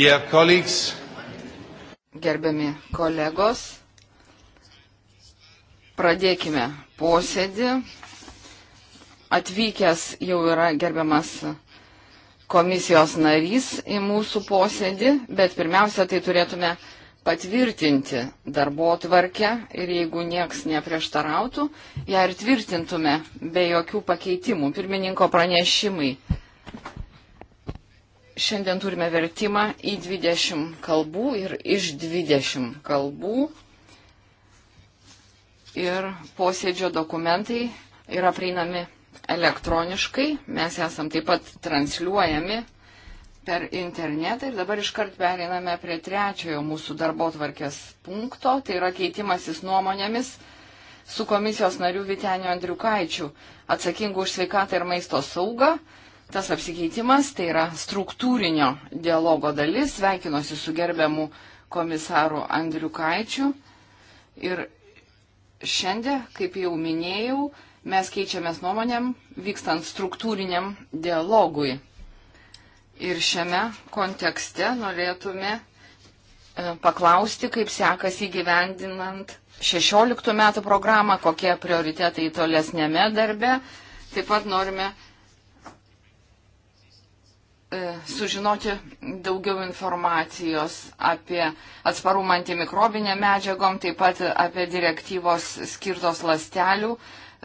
Gerbiami kolegos, pradėkime posėdį. Atvykęs jau yra gerbiamas komisijos narys į mūsų posėdį, bet pirmiausia, tai turėtume patvirtinti darbo tvarkę ir jeigu nieks neprieštarautų, ją ir tvirtintume be jokių pakeitimų. Pirmininko pranešimai Šiandien turime vertimą į 20 kalbų ir iš 20 kalbų. Ir posėdžio dokumentai yra prieinami elektroniškai. Mes esam taip pat transliuojami per internetą ir dabar iškart periname prie trečiojo mūsų darbo tvarkės punkto, tai yra keitimasis nuomonėmis su komisijos nariu Viteniu Andriukaičiu, atsakingu už sveikatą ir maisto saugą Tas apsikeitimas tai yra struktūrinio dialogo dalis. Sveikinuosi su gerbiamu komisaru Andriu Kaičiu. Ir šiandien, kaip jau minėjau, mes keičiamės nuomonėm vykstant struktūriniam dialogui. Ir šiame kontekste norėtume e, paklausti, kaip sekasi gyvendinant 16 metų programą, kokie prioritetai tolesnėme darbe. Taip pat norime E, sužinoti daugiau informacijos apie atsparumą antimikrobinę medžiagom, taip pat apie direktyvos skirtos lastelių,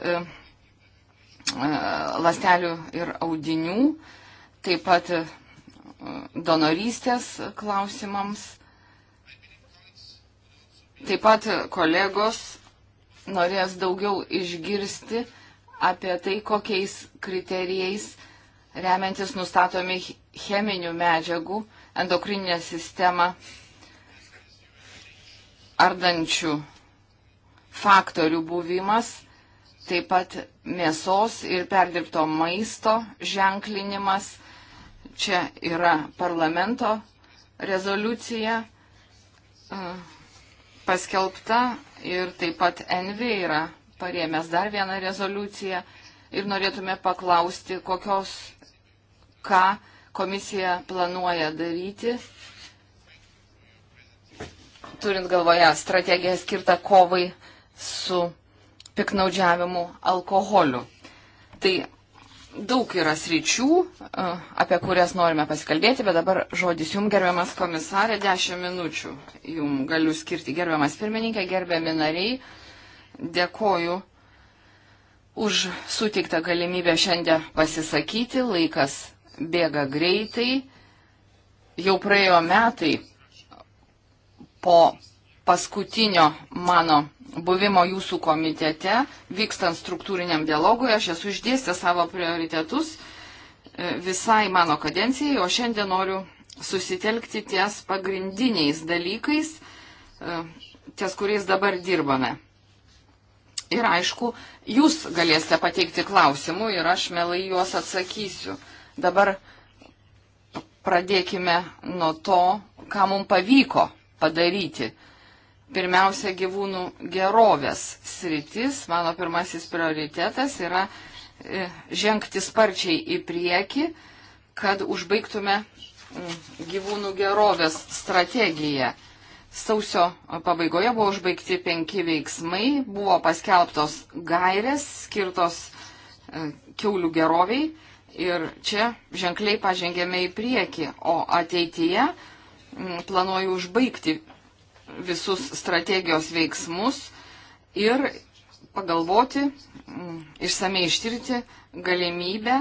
e, e, lastelių ir audinių, taip pat donorystės klausimams. Taip pat kolegos norės daugiau išgirsti apie tai, kokiais kriterijais remiantis nustatomi cheminių medžiagų endokrininę sistemą ardančių faktorių buvimas, taip pat mėsos ir perdirbto maisto ženklinimas. Čia yra parlamento rezoliucija e, paskelbta ir taip pat NV yra parėmęs dar vieną rezoliuciją ir norėtume paklausti, kokios ką komisija planuoja daryti, turint galvoje strategiją skirtą kovai su piknaudžiavimu alkoholiu. Tai daug yra sričių, e, apie kurias norime pasikalbėti, bet dabar žodis jums, gerbiamas komisarė, dešimt minučių jums galiu skirti. Gerbiamas pirmininkė, gerbiami nariai, dėkoju už suteiktą galimybę šiandien pasisakyti. Laikas bėga greitai. Jau praėjo metai po paskutinio mano buvimo jūsų komitete, vykstant struktūriniam dialogui, aš esu išdėstę savo prioritetus e, visai mano kadencijai, o šiandien noriu susitelkti ties pagrindiniais dalykais, e, ties kuriais dabar dirbame. Ir aišku, jūs galėsite pateikti klausimų ir aš melai juos atsakysiu. Dabar pradėkime nuo to, ką mums pavyko padaryti. Pirmiausia, gyvūnų gerovės sritis, mano pirmasis prioritetas yra e, žengti sparčiai į priekį, kad užbaigtume gyvūnų gerovės strategiją. Sausio pabaigoje buvo užbaigti penki veiksmai, buvo paskelbtos gairės skirtos e, kiaulių geroviai Ir čia ženkliai pažengėme į priekį, o ateityje mm, planuoju užbaigti visus strategijos veiksmus ir pagalvoti, mm, išsamei ištirti galimybę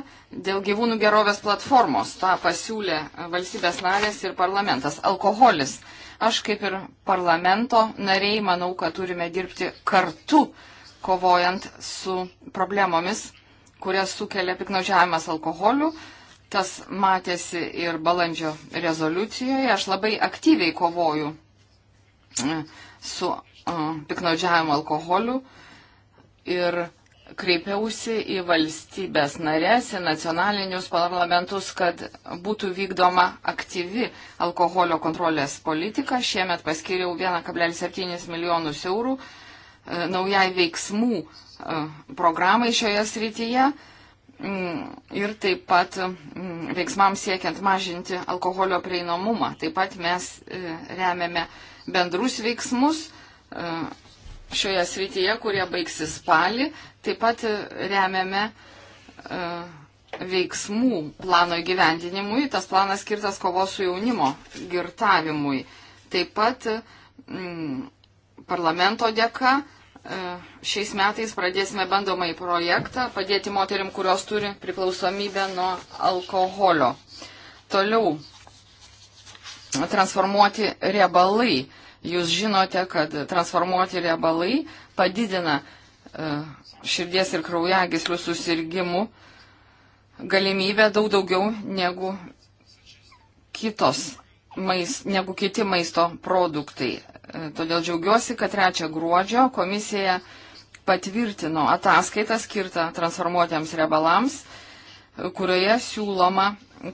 dėl gyvūnų gerovės platformos. Ta pasiūlė valstybės narės ir parlamentas. Alkoholis. Aš kaip ir parlamento nariai manau, kad turime dirbti kartu, kovojant su problemomis kurias sukelia piknaudžiavimas alkoholiu. Tas matėsi ir balandžio rezoliucijoje. Aš labai aktyviai kovoju e, su e, piknaudžiavimu alkoholiu ir kreipiausi į valstybės narės, į nacionalinius parlamentus, kad būtų vykdoma aktyvi alkoholio kontrolės politika. Šiemet paskiriau 1,7 milijonus eurų e, naujai veiksmų programai šioje srityje mm, ir taip pat mm, veiksmams siekiant mažinti alkoholio prieinamumą. Taip pat mes e, remiame bendrus veiksmus e, šioje srityje, kurie baigsis spalį. Taip pat e, remiame veiksmų plano įgyvendinimui. Tas planas skirtas kovos su jaunimo girtavimui. Taip pat m, mm, parlamento dėka šiais metais pradėsime bandomąjį projektą padėti moterim, kurios turi priklausomybę nuo alkoholio. Toliau transformuoti riebalai. Jūs žinote, kad transformuoti riebalai padidina e, širdies ir kraujagyslių susirgymų galimybę daug daugiau negu, kitos, mais, negu kiti maisto produktai. E, todėl džiaugiuosi, kad 3 gruodžio komisija patvirtino ataskaitą skirtą transformuotiems riebalams, kurioje siūloma,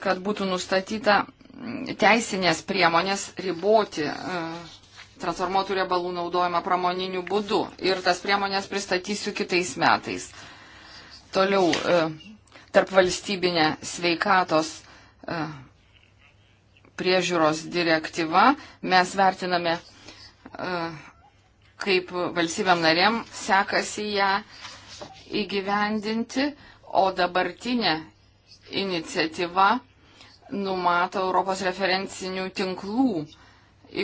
kad būtų nustatyta teisinės priemonės riboti e, transformuotų riebalų naudojimą pramoniniu būdu. Ir tas priemonės pristatysiu kitais metais. Toliau e, tarp valstybinė sveikatos e, priežiūros direktyva. Mes vertiname kaip valstybėm narėm sekasi ją įgyvendinti, o dabartinė iniciatyva numato Europos referencinių tinklų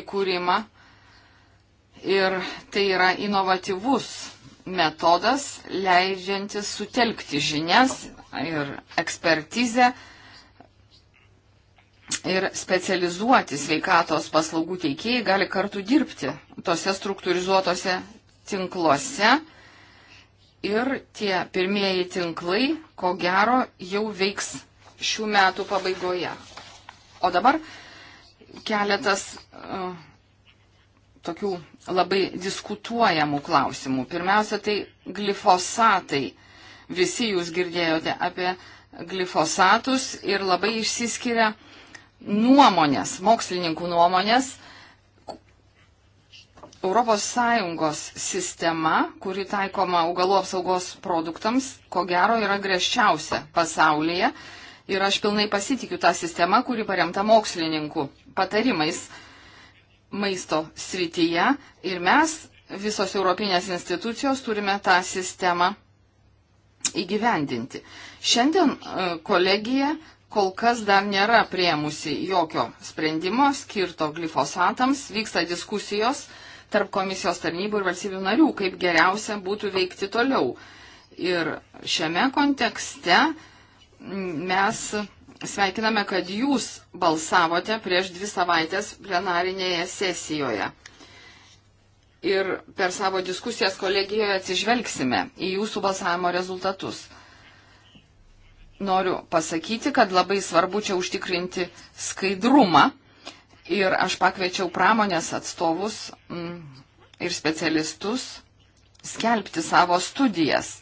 įkūrimą ir tai yra inovatyvus metodas, leidžiantis sutelkti žinias ir ekspertizę ir specializuoti sveikatos paslaugų teikėjai gali kartu dirbti tose struktūrizuotose tinkluose. Ir tie pirmieji tinklai, ko gero, jau veiks šių metų pabaigoje. O dabar keletas uh, tokių labai diskutuojamų klausimų. Pirmiausia, tai glifosatai. Visi jūs girdėjote apie glifosatus ir labai išsiskiria uh, nuomonės, mokslininkų nuomonės, ES sistema, kuri taikoma augalų apsaugos produktams, ko gero yra greščiausia pasaulyje. Ir aš pilnai pasitikiu tą sistemą, kuri paremta mokslininkų patarimais maisto srityje. Ir mes, visos europinės institucijos, turime tą sistemą įgyvendinti. Šiandien e, kolegija kol kas dar nėra priemusi jokio sprendimo skirto glifosatams, vyksta diskusijos tarp komisijos tarnybų ir valstybių narių, kaip geriausia būtų veikti toliau. Ir šiame kontekste mes sveikiname, kad jūs balsavote prieš dvi savaitės plenarinėje sesijoje. Ir per savo diskusijas kolegijoje atsižvelgsime į jūsų balsavimo rezultatus noriu pasakyti, kad labai svarbu čia užtikrinti skaidrumą. Ir aš pakviečiau pramonės atstovus mm, ir specialistus skelbti savo studijas.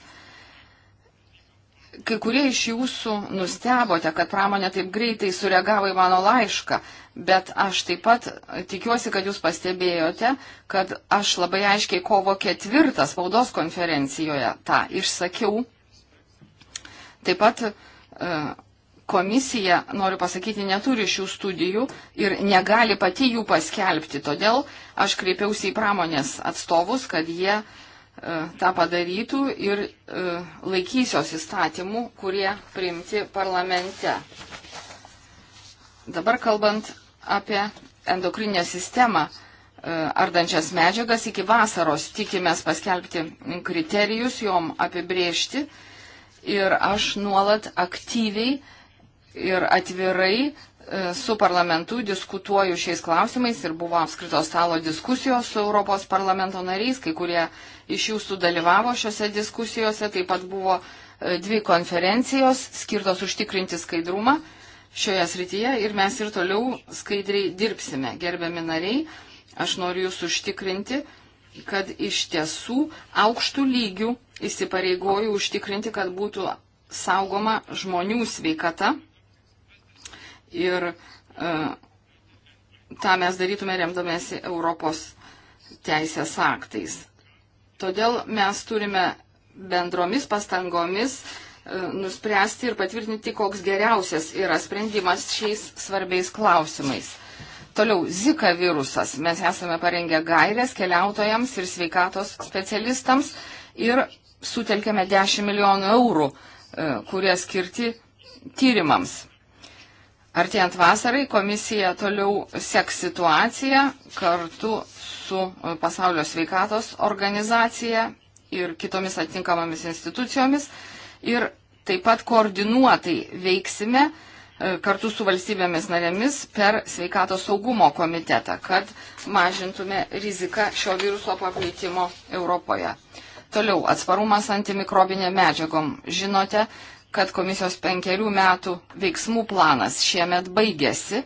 Kai kurie iš jūsų nustebote, kad pramonė taip greitai sureagavo į mano laišką, bet aš taip pat tikiuosi, kad jūs pastebėjote, kad aš labai aiškiai kovo ketvirtą spaudos konferencijoje tą išsakiau. Taip pat E, komisija, noriu pasakyti, neturi šių studijų ir negali pati jų paskelbti. Todėl aš kreipiausi į pramonės atstovus, kad jie e, tą padarytų ir e, laikysios įstatymų, kurie priimti parlamente. Dabar kalbant apie endokrinę sistemą ardančias medžiagas, iki vasaros tikimės paskelbti kriterijus, jom apibriežti ir aš nuolat aktyviai ir atvirai e, su parlamentu diskutuoju šiais klausimais ir buvo apskrito stalo diskusijos su Europos parlamento nariais, kai kurie iš jūsų dalyvavo šiuose diskusijose, taip pat buvo e, dvi konferencijos skirtos užtikrinti skaidrumą šioje srityje ir mes ir toliau skaidriai dirbsime. Gerbiami nariai, aš noriu jūs užtikrinti, kad iš tiesų aukštų lygių įsipareigoju užtikrinti, kad būtų saugoma žmonių sveikata ir e, tą mes darytume remdamėsi Europos teisės aktais. Todėl mes turime bendromis pastangomis e, nuspręsti ir patvirtinti, koks geriausias yra sprendimas šiais svarbiais klausimais. Toliau, Zika virusas. Mes esame parengę gairės keliautojams ir sveikatos specialistams ir sutelkėme 10 milijonų eurų, e, kurie skirti tyrimams. Artėjant vasarai komisija toliau seks situaciją kartu su e, Pasaulio sveikatos organizacija ir kitomis atinkamomis institucijomis ir taip pat koordinuotai veiksime e, kartu su valstybėmis narėmis per sveikatos saugumo komitetą, kad mažintume riziką šio viruso paplitimo Europoje. Toliau, atsparumas antimikrobinėm medžiagom. Žinote, kad komisijos penkerių metų veiksmų planas šiemet baigėsi.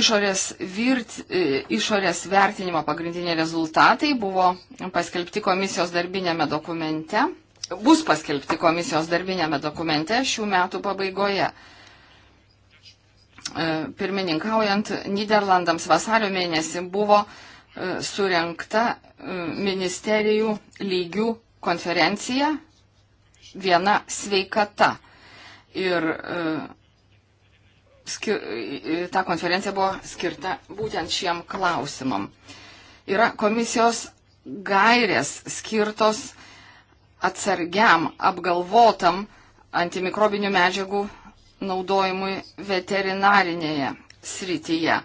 Išorės, virt, e, išorės vertinimo pagrindiniai rezultatai buvo paskelbti komisijos darbinėme dokumente, bus paskelbti komisijos darbinėme dokumente šių metų pabaigoje. E, pirmininkaujant Niderlandams vasario mėnesį buvo e, surinkta ministerijų lygių konferencija viena sveikata. Ir e, skir, e, ta konferencija buvo skirta būtent šiem klausimam. Yra komisijos gairės skirtos atsargiam, apgalvotam antimikrobinių medžiagų naudojimui veterinarinėje srityje.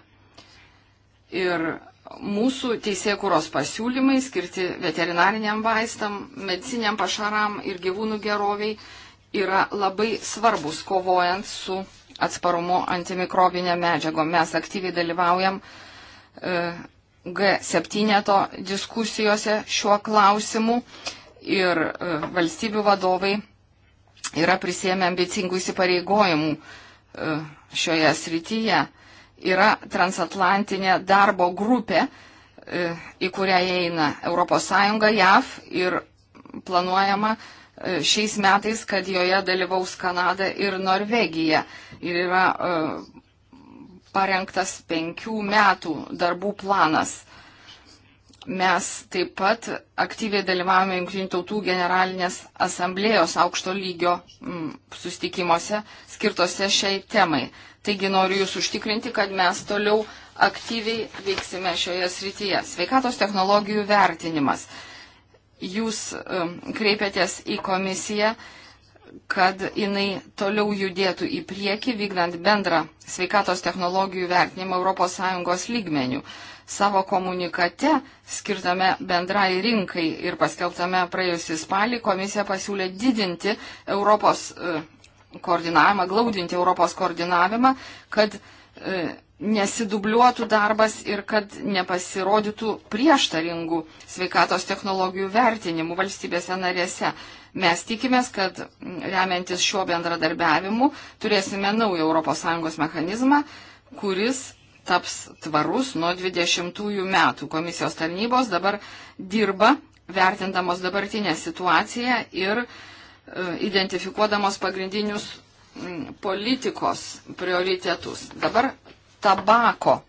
Ir mūsų teisėkuros pasiūlymai skirti veterinariniam vaistam, mediciniam pašaram ir gyvūnų geroviai yra labai svarbus kovojant su atsparumu antimikrobinė medžiago. Mes aktyviai dalyvaujam e, G7 diskusijose šiuo klausimu ir e, valstybių vadovai yra prisėmę ambicingų įsipareigojimų e, šioje srityje yra transatlantinė darbo grupė, e, į kurią įeina ES, JAV ir planuojama e, šiais metais, kad joje dalyvaus Kanada ir Norvegija. Ir yra e, parengtas penkių metų darbų planas. Mes taip pat aktyviai dalyvavome Junktinių tautų generalinės asamblėjos aukšto lygio mm, sustikimuose skirtose šiai temai. Taigi noriu Jūs užtikrinti, kad mes toliau aktyviai veiksime šioje srityje. Sveikatos technologijų vertinimas. Jūs um, kreipiatės į komisiją, kad jinai toliau judėtų į priekį, vykdant bendrą sveikatos technologijų vertinimą ES lygmenių. Savo komunikate, skirtame bendrai rinkai ir paskelbtame praėjusį spalį, komisija pasiūlė didinti Europos uh, koordinavimą, glaudinti Europos koordinavimą, kad e, nesidubliuotų darbas ir kad nepasirodytų prieštaringų sveikatos technologijų vertinimų valstybėse narėse. Mes tikimės, kad remiantis šiuo bendradarbiavimu turėsime naują ES mechanizmą, kuris taps tvarus nuo 20 metų. Komisijos tarnybos dabar dirba, vertindamos dabartinę situaciją ir uh, E, identifikuodamos pagrindinius politikos prioritetus. Dabar tabako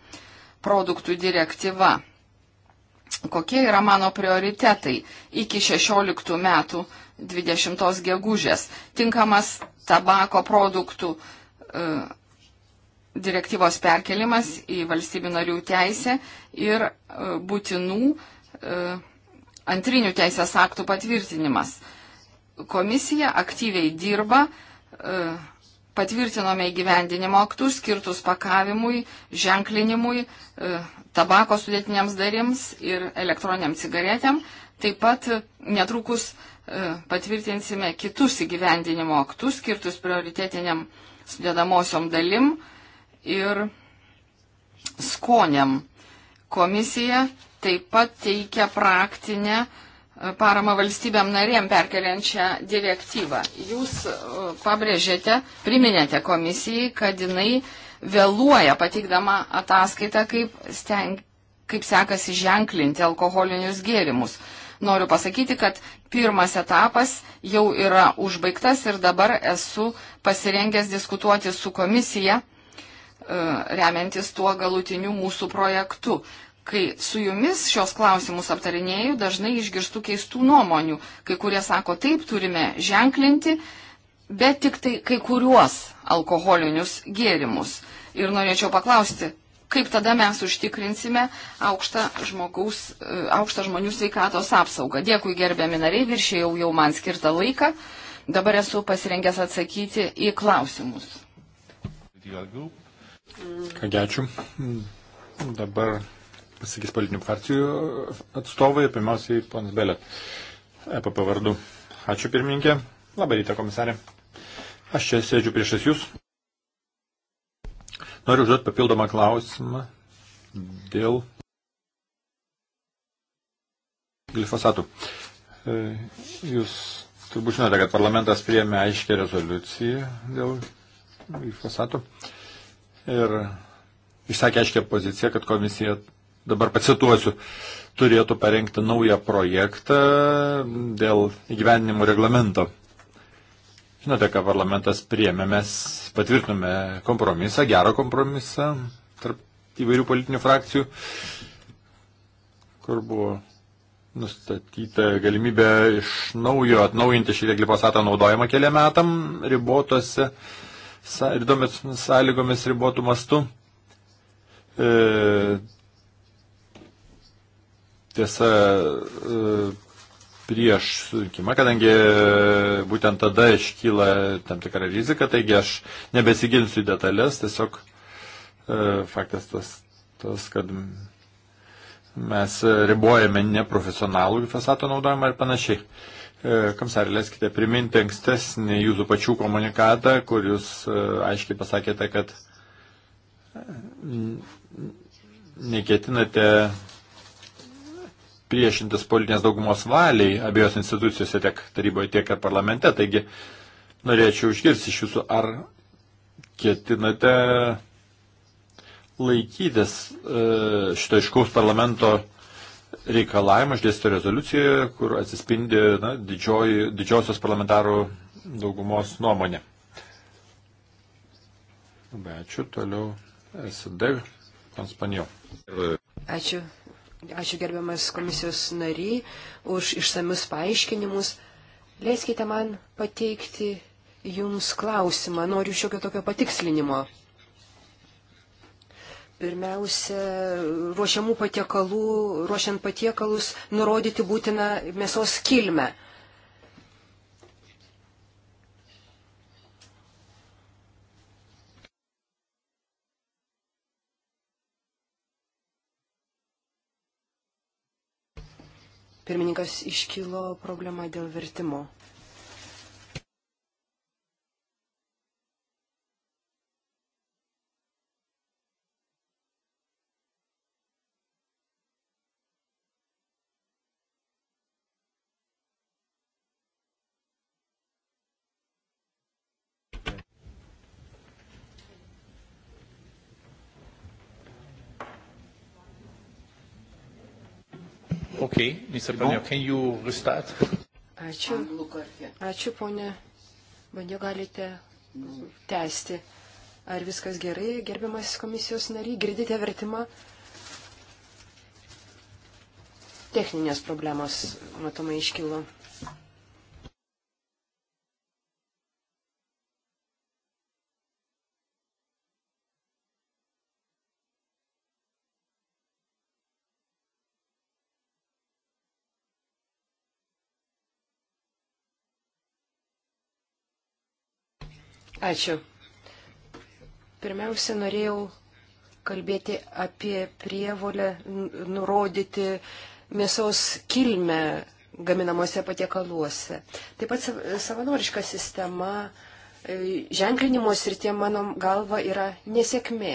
produktų direktyva. Kokie yra mano prioritetai iki 16 metų 20 gegužės? Tinkamas tabako produktų e, direktyvos perkelimas į valstybių narių teisę ir e, būtinų antrinių teisės aktų patvirtinimas komisija aktyviai dirba, e, patvirtinome įgyvendinimo aktus skirtus pakavimui, ženklinimui, e, tabako sudėtiniams darims ir elektroniniam cigaretėm. Taip pat netrukus e, patvirtinsime kitus įgyvendinimo aktus skirtus prioritetiniam sudėdamosiom dalim ir skoniam. Komisija taip pat teikia praktinę uh, parama valstybėm narėm perkeliančią direktyvą. Jūs e, pabrėžėte, priminėte komisijai, kad jinai vėluoja patikdama ataskaitą, kaip, steng, kaip sekasi ženklinti alkoholinius gėrimus. Noriu pasakyti, kad pirmas etapas jau yra užbaigtas ir dabar esu pasirengęs diskutuoti su komisija e, remiantis tuo galutiniu mūsų projektu kai su jumis šios klausimus aptarinėjau, dažnai išgirstu keistų nuomonių. Kai kurie sako, taip, turime ženklinti, bet tik tai kai kuriuos alkoholinius gėrimus. Ir norėčiau paklausti, kaip tada mes užtikrinsime aukštą, žmogaus, e, aukštą žmonių sveikatos apsaugą. Dėkui gerbiami nariai, viršėjau jau man skirtą laiką. Dabar esu pasirengęs atsakyti į klausimus. Kągi ačiū. Dabar pasakys politinių partijų atstovai, pirmiausiai ponas Belėt, EPP vardu. Ačiū pirmininkė, labai ryte komisarė. Aš čia sėdžiu priešas jūs. Noriu užduoti papildomą klausimą dėl glifosatų. E, jūs turbūt žinote, kad parlamentas priėmė aiškę rezoliuciją dėl glifosatų ir išsakė aiškę poziciją, kad komisija dabar pacituosiu, turėtų parengti naują projektą dėl įgyvenimo reglamento. Žinote, ką parlamentas priėmė, mes patvirtinome kompromisą, gerą kompromisą tarp įvairių politinių frakcijų, kur buvo nustatyta galimybė iš naujo atnaujinti šį glifosatą naudojimą keliam metam ribotose įdomios sąlygomis ribotų mastu. E, tiesa e, prieš surinkimą, kadangi e, būtent tada iškyla tam tikra rizika, taigi aš nebesigilinsiu į detalės, tiesiog e, faktas tas, tas kad mes ribojame neprofesionalų glifosato naudojimą ir panašiai. Kamsarė, leiskite priminti ankstesnį jūsų pačių komunikatą, kur jūs aiškiai pasakėte, kad neketinate priešintis politinės daugumos valiai abiejose institucijose, tiek taryboje, tiek ir parlamente. Taigi norėčiau išgirsti iš jūsų, ar ketinate laikytis e, šito iškaus parlamento reikalavimą išdėstyti rezoliucijoje, kur atsispindi na, didžioji, didžiosios parlamentarų daugumos nuomonė. Labai ačiū, toliau SD Konspanijo. Ačiū, Ačiū gerbiamas komisijos nariai už išsamius paaiškinimus. Leiskite man pateikti Jums klausimą. Noriu šiokio tokio patikslinimo. Pirmiausia, ruošiamų patiekalų, ruošiant patiekalus, nurodyti būtiną mėsos kilmę. pirmininkas iškilo problema dėl vertimo. Okay, Mr. Banjo, can you restart? Ačiū. Ačiū, ponė. Banjo, galite tęsti. Ar viskas gerai, gerbiamas komisijos nariai, girdite vertimą? Techninės problemos matomai iškilo. Ačiū. Pirmiausia, norėjau kalbėti apie prievolę nurodyti mėsos kilmę gaminamuose patiekaluose. Taip pat savanoriška sistema e, ženklinimo srityje, mano galva, yra nesėkmė.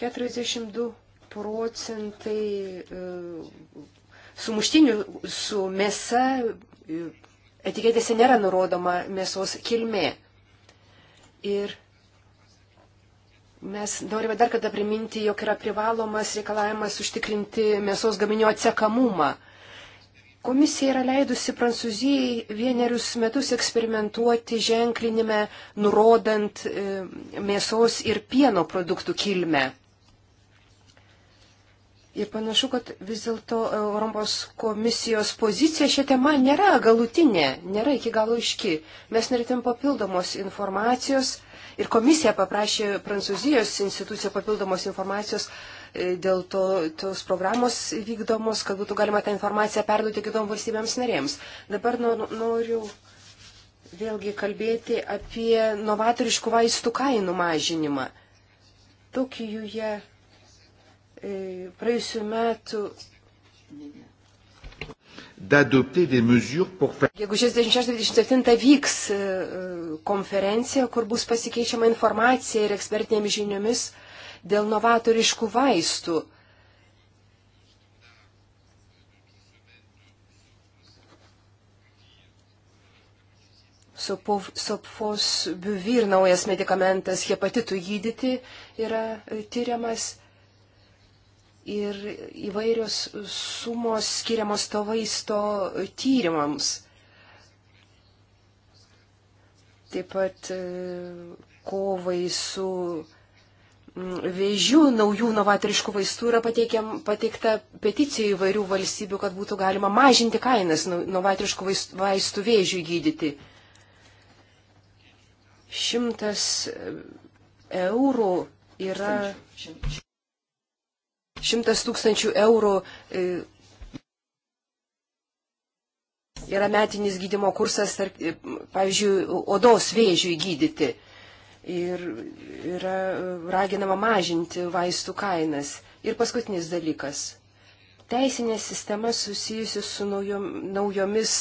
42 procentai e, sumuštinių su mėsa e, etiketėse nėra nurodoma mėsos kilmė. Ir mes norime dar kada priminti, jog yra privalomas reikalavimas užtikrinti mėsos gaminio atsekamumą. Komisija yra leidusi Prancūzijai vienerius metus eksperimentuoti ženklinime, nurodant e, mėsos ir pieno produktų kilmę. Ir panašu, kad vis dėlto Europos komisijos pozicija šią temą nėra galutinė, nėra iki galo iški. Mes norėtum papildomos informacijos ir komisija paprašė Prancūzijos instituciją papildomos informacijos e, dėl to, tos programos vykdomos, kad būtų galima tą informaciją perduoti kitom valstybėms narėms. Dabar noriu vėlgi kalbėti apie novatoriškų vaistų kainų mažinimą. Tokijuje. Jie praėjusiu metu. Gegužės 26-27 vyks e, konferencija, kur bus pasikeičiama informacija ir ekspertinėmis žiniomis dėl novatoriškų vaistų. Sopfos buvir naujas medikamentas hepatitų gydyti yra e, tyriamas ir įvairios sumos skiriamos to vaisto tyrimams. Taip pat e, kovai su vėžių naujų novatoriškų vaistų yra pateikiam, pateikta peticija įvairių valstybių, kad būtų galima mažinti kainas novatoriškų vaistų, vaistų vėžių gydyti. Šimtas e, eurų yra. 100 tūkstančių eurų e, yra metinis gydimo kursas, e, pavyzdžiui, odos vėžiui gydyti. Ir yra raginama mažinti vaistų kainas. Ir paskutinis dalykas. Teisinė sistema susijusi su naujom, naujomis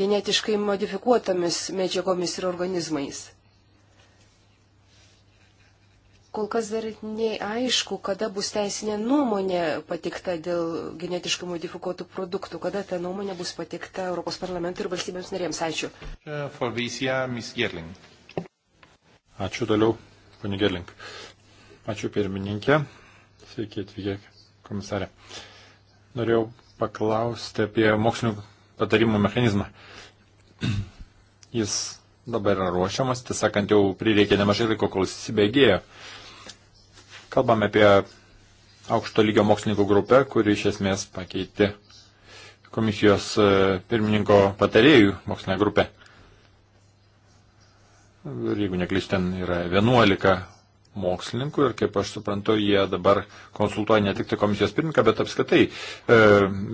genetiškai modifikuotomis medžiagomis ir organizmais. Kol kas dar neaišku, kada bus teisinė nuomonė patikta dėl genetiškai modifikuotų produktų, kada ta nuomonė bus patikta Europos parlamentui ir valstybėms narėms. Ačiū. Ačiū toliau, ponė Gerling. Ačiū pirmininkė. Sveiki atvykę, komisarė. Norėjau paklausti apie mokslinių patarimų mechanizmą. Jis dabar yra ruošiamas, tiesąkant jau prireikė nemažai laiko, kol jis įsibėgėjo. Kalbame apie aukšto lygio mokslininkų grupę, kuri iš esmės pakeitė komisijos e, pirmininko patarėjų mokslinę grupę. Ir jeigu neklyst, ten yra 11 mokslininkų ir, kaip aš suprantu, jie dabar konsultuoja ne tik tai komisijos pirmininką, bet apskritai e,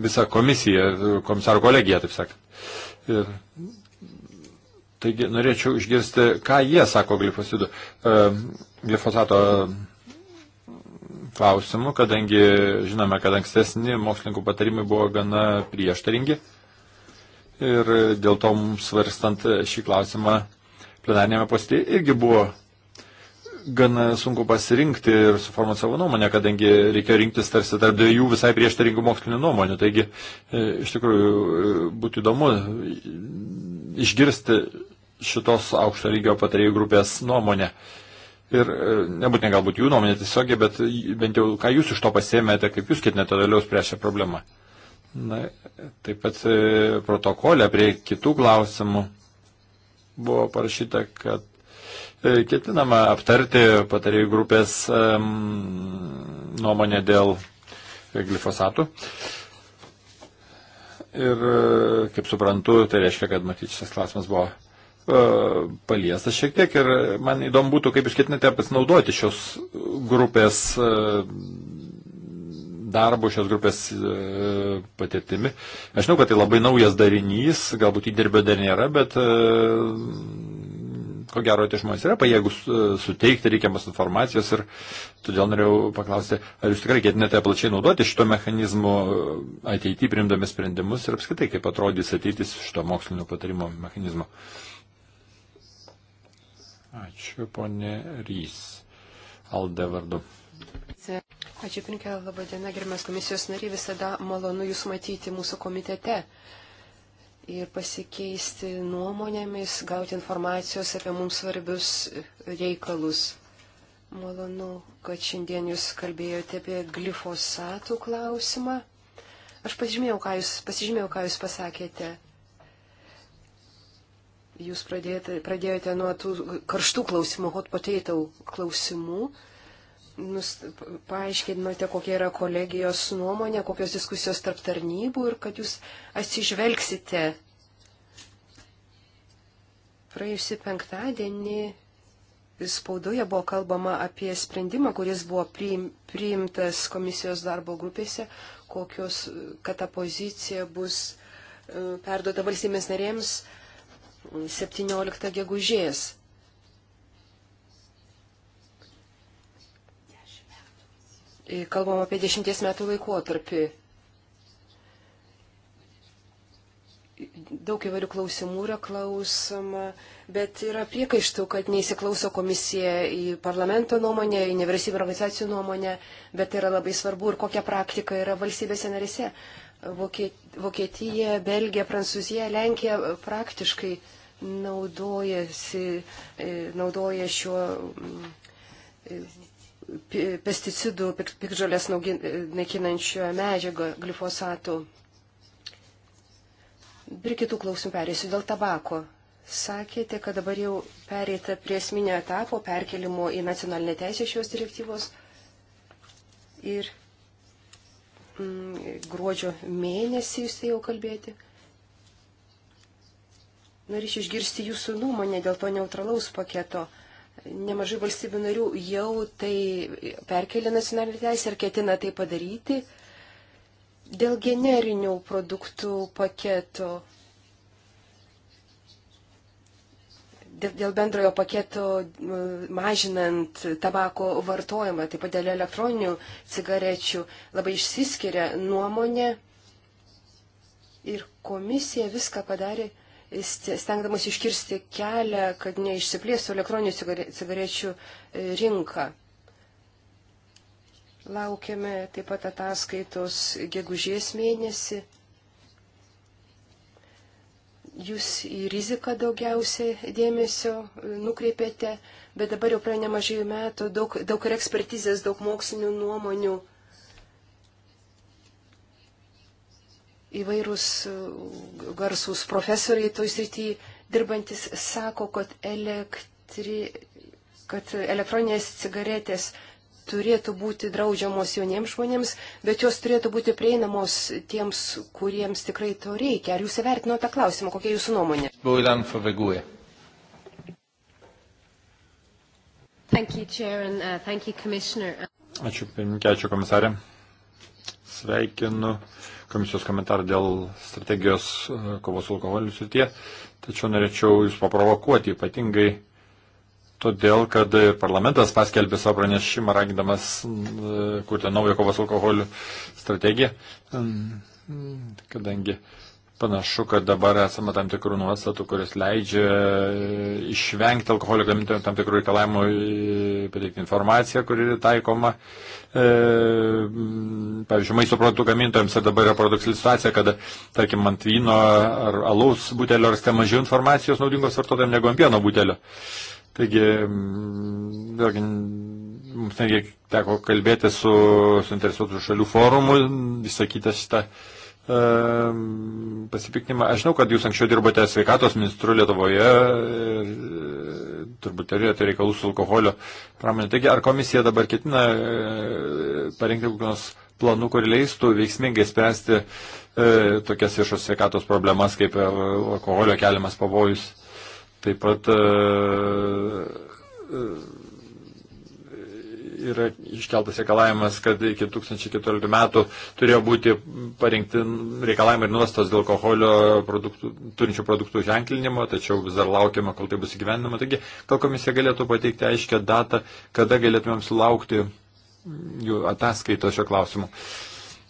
visą komisiją, komisarų kolegiją, taip sakant. Ir, taigi norėčiau išgirsti, ką jie sako glifosidu, e, glifosato klausimų, kadangi žinome, kad ankstesni mokslininkų patarimai buvo gana prieštaringi. Ir dėl to mums svarstant šį klausimą plenarnėme postėje irgi buvo gana sunku pasirinkti ir suformuoti savo nuomonę, kadangi reikėjo rinktis tarsi tarp dviejų visai prieštaringų mokslinių nuomonių. Taigi, e, iš tikrųjų, e, būtų įdomu išgirsti šitos aukšto lygio patarėjų grupės nuomonę. E, Ir e, nebūtinai galbūt jų nuomonė tiesiogiai, bet bent jau ką jūs iš to pasėmėte, kaip jūs ketinate toliau spręsti šią problemą. Na, taip pat e, protokolė prie kitų klausimų buvo parašyta, kad e, ketinama aptarti patarėjų grupės nuomonę dėl glifosatų. Ir, kaip suprantu, tai reiškia, kad matyt šis klausimas buvo E, paliestas šiek tiek ir man įdomu būtų, kaip išketinate pasinaudoti šios grupės e, darbu, šios grupės e, patirtimi. Aš žinau, kad tai labai naujas darinys, galbūt įdirbio dar nėra, bet ko gero tie žmonės yra pajėgus suteikti reikiamas informacijos ir todėl norėjau paklausti, ar jūs tikrai ketinate plačiai naudoti šito mechanizmo ateityje primdami sprendimus ir apskritai, kaip atrodys ateitis šito mokslinio patarimo mechanizmo. Uh, Ačiū, ponė Rys. Alde vardu. Ačiū, Pinkė, laba diena, gerbiamas komisijos nariai, visada malonu Jūs matyti mūsų komitete ir pasikeisti nuomonėmis, gauti informacijos apie mums svarbius reikalus. Malonu, kad šiandien jūs kalbėjote apie glifosatų klausimą. Aš pasižymėjau, ką jūs, pasižymėjau, ką jūs pasakėte. Jūs pradėjote, pradėjote nuo tų karštų klausimų, hot potato klausimų. Nus, paaiškinote, kokia yra kolegijos nuomonė, kokios diskusijos tarp tarnybų ir kad jūs atsižvelgsite. Praėjusį penktadienį spaudoje buvo kalbama apie sprendimą, kuris buvo priim, priimtas komisijos darbo grupėse, kokios, kad ta pozicija bus e, perduota valstybės narėms 17 gegužės. Kalbam apie 10 metų laikotarpį. Daug įvairių klausimų yra klausoma, bet yra priekaištų, kad neįsiklauso komisija į parlamento nuomonę, į nevyriausybinio organizacijų nuomonę, bet tai yra labai svarbu ir kokia praktika yra valstybėse narėse. Vokietija, Belgija, Prancūzija, Lenkija praktiškai naudojasi, e, naudoja šiuo mm, pesticidų pikžolės e, naikinančio medžiago glifosatų. Ir kitų klausimų perėsiu dėl tabako. Sakėte, kad dabar jau pereita prie esminio etapo perkelimo į nacionalinę teisę šios direktyvos. Ir Mm, gruodžio mėnesį jūs jau kalbėti. Norėčiau išgirsti jūsų nuomonę dėl to neutralaus paketo. Nemažai valstybių narių jau tai perkelia nacionalinį teisę ir ketina tai padaryti. Dėl generinių produktų paketo dėl bendrojo paketo mažinant tabako vartojimą, taip pat dėl elektroninių cigarečių, labai išsiskiria nuomonė ir komisija viską padarė, stengdamas iškirsti kelią, kad neišsiplėstų elektroninių cigarečių e, rinka. Laukiame taip pat ataskaitos gegužės mėnesį jūs į riziką daugiausiai dėmesio e, nukreipėte, bet dabar jau praėjo nemažai metų, daug, daug ir ekspertizės, daug mokslinių nuomonių. Įvairūs e, garsus profesoriai toj srity dirbantis sako, kad, elektri, kad elektroninės cigaretės turėtų būti draudžiamos jauniems žmonėms, bet jos turėtų būti prieinamos tiems, kuriems tikrai to reikia. Ar jūs įvertinote klausimą, kokia jūsų nuomonė? Uh, ačiū, pirmininkė, ačiū komisarė. Sveikinu komisijos komentarą dėl strategijos uh, kovos su alkoholiu srityje, tačiau norėčiau jūs paprovokuoti ypatingai todėl kad parlamentas paskelbė savo pranešimą, ragindamas mm, kurti naują kovos alkoholių strategiją, mm, kadangi panašu, kad dabar esame tam tikrų nuostatų, kuris leidžia e, išvengti alkoholio gamintojų tam tikrų reikalavimų e, pateikti informaciją, kuri yra taikoma. E, mm, pavyzdžiui, maisto produktų gamintojams ir dabar yra paradoksali situacija, kad, tarkim, ant vyno ar alaus butelio rasta mažiau informacijos naudingos vartotojams negu ant pieno butelio. E, Taigi, vėlgi, mums netgi teko kalbėti su suinteresuotų šalių forumu, išsakytą šitą e, pasipiktinimą. Aš žinau, kad jūs anksčiau dirbote sveikatos ministru Lietuvoje, e, turbūt turėjote reikalų su alkoholio pramonė. Taigi, ar komisija dabar ketina e, parinkti kokios planų, kur leistų veiksmingai spręsti e, tokias viešos sveikatos problemas kaip alkoholio keliamas pavojus? Taip pat e, e, yra iškeltas reikalavimas, kad iki 2014 metų turėjo būti parengti reikalavimai ir nuostas dėl alkoholio produktų, turinčių produktų ženklinimo, tačiau vis dar laukiama, kol tai bus įgyvendinama. Taigi, gal komisija galėtų pateikti aiškę datą, kada galėtumėm sulaukti jų ataskaito šio klausimu.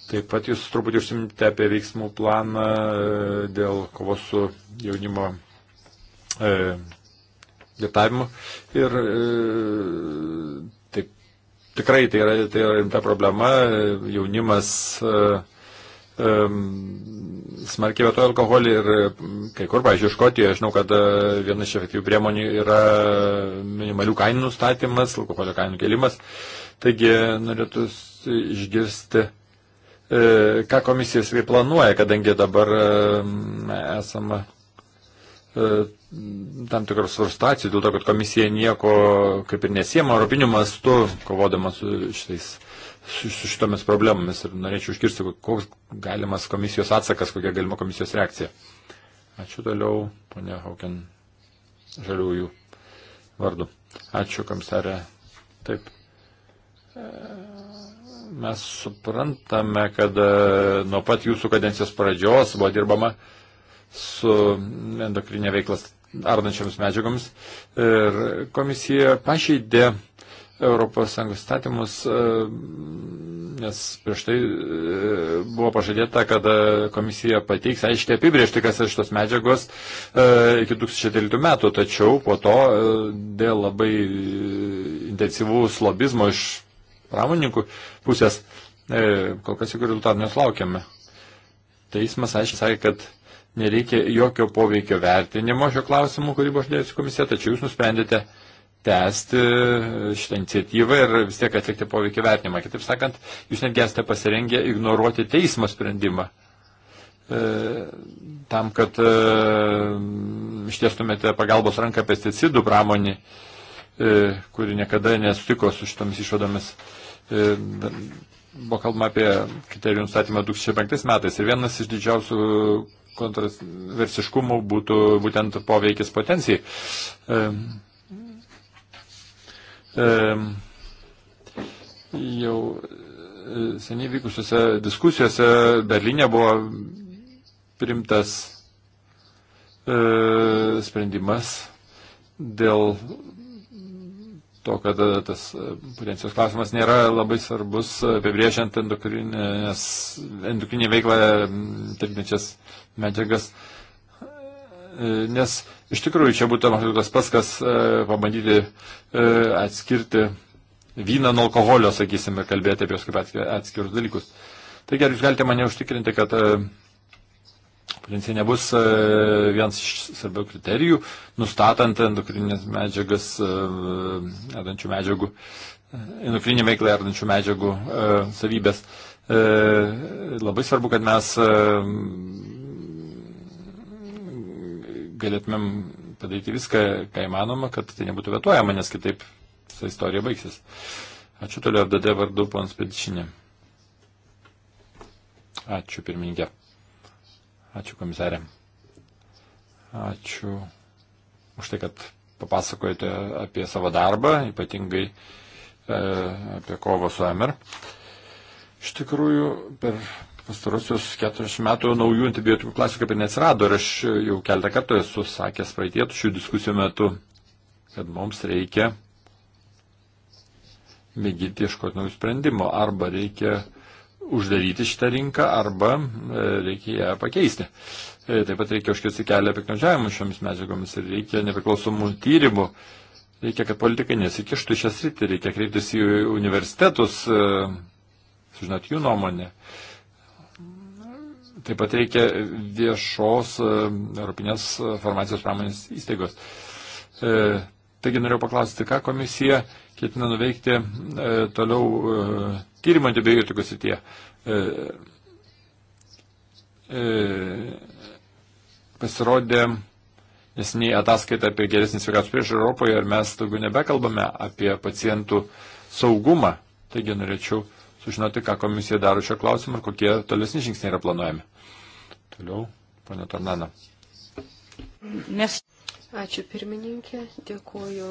Taip pat jūs truputį užsimintė apie veiksmų planą e, dėl kovos su jaunimo e, lietavimo. Ir e, taip, tikrai tai yra, tai yra rimta problema. Jaunimas e, e, smarkiai vartoja alkoholį ir kai kur, pažiūrėjau, Škotijoje, žinau, kad e, viena iš efektyvių priemonių yra minimalių kainų nustatymas, alkoholio kainų kelimas. Taigi norėtų išgirsti e, ką komisijos planuoja, kadangi dabar e, esama E, tam tikros svarstacijų dėl to, kad komisija nieko kaip ir nesiema europiniu mastu, kovodama su, šitais, su, su šitomis problemomis. Ir norėčiau iškirsti, koks galimas komisijos atsakas, kokia galima komisijos reakcija. Ačiū toliau, ponia Hauken, žaliųjų vardu. Ačiū, komisarė. Taip. E, mes suprantame, kad e, nuo pat jūsų kadencijos pradžios buvo dirbama uh, su endokrinė veiklas ardančiams medžiagoms. Ir komisija pažeidė ES statymus, e, nes prieš tai e, buvo pažadėta, kad e, komisija pateiks aiškiai apibriežti, kas yra šitos medžiagos iki 2013 metų, tačiau po to dėl labai intensyvaus lobizmo iš pramoninkų pusės kol kas jokių rezultatų neslaukėme. Teismas aiškiai sakė, kad nereikia jokio poveikio vertinimo šio klausimu, kurį buvo uždėjusi komisija, tačiau jūs nusprendėte tęsti e, šitą iniciatyvą ir vis tiek atlikti poveikio vertinimą. Kitaip sakant, jūs netgi esate pasirengę ignoruoti teismo sprendimą e, tam, kad e, ištiestumėte pagalbos ranką pesticidų pramonį, e, kuri niekada nesutiko su šitomis išvadomis. E, buvo kalbama apie kriterijų nustatymą 2005 metais ir vienas iš didžiausių kontrversiškumų būtų būtent poveikis potencijai. E, e, jau seniai vykusiuose diskusijose Berlinė buvo primtas e, sprendimas dėl to, kad tas potencijos klausimas nėra labai svarbus, apibrėžiant endokrininę veiklą trikdančias medžiagas. E, nes iš tikrųjų čia būtų tas pats, kas e, pabandyti e, atskirti vyną nuo alkoholio, sakysime, kalbėti apie juos kaip atskirus dalykus. Taigi ar jūs galite mane užtikrinti, kad potencija nebus vienas iš svarbių kriterijų, nustatant endokrininės medžiagas, ardančių medžiagų, endokrininį veiklą ardančių medžiagų savybės. Labai svarbu, kad mes galėtumėm padaryti viską, ką įmanoma, kad tai nebūtų vetuojama, nes kitaip visa istorija baigsis. Ačiū toliau FDD vardu, ponas Pedišinė. Ačiū pirmininkė. Ačiū komisarė. Ačiū už tai, kad papasakojate apie savo darbą, ypatingai e, apie kovą su Amer. Iš tikrųjų, per pastarosius 40 metų naujų antibiotikų klasių kaip ir neatsirado ir aš jau keltą kartų esu sakęs praeitėtų šių diskusijų metu, kad mums reikia mėginti ieškoti naujų sprendimų. Arba reikia uždaryti šitą rinką, arba e, reikia ją pakeisti. E, taip pat reikia užkirsti kelią piknaudžiavimu šiomis medžiagomis ir reikia nepriklausomų tyrimų. Reikia, kad politikai nesikištų į šią sritį, reikia kreiptis į universitetus, e, sužinoti jų nuomonę. Uh, taip pat reikia viešos e, Europinės farmacijos pramonės įstaigos. E, taigi norėjau paklausyti, ką komisija ketina nuveikti e, toliau tyrimo antibiotikų sitie. Pasirodė nesiniai ataskaita apie geresnį sveikatos priežiūrą Europoje ir mes daugiau nebekalbame apie pacientų saugumą. Taigi norėčiau uh, sužinoti, ką komisija daro šio klausimu ir kokie tolesni žingsniai yra planuojami. Toliau, ponė Tornana. Nes... Ačiū pirmininkė, dėkuoju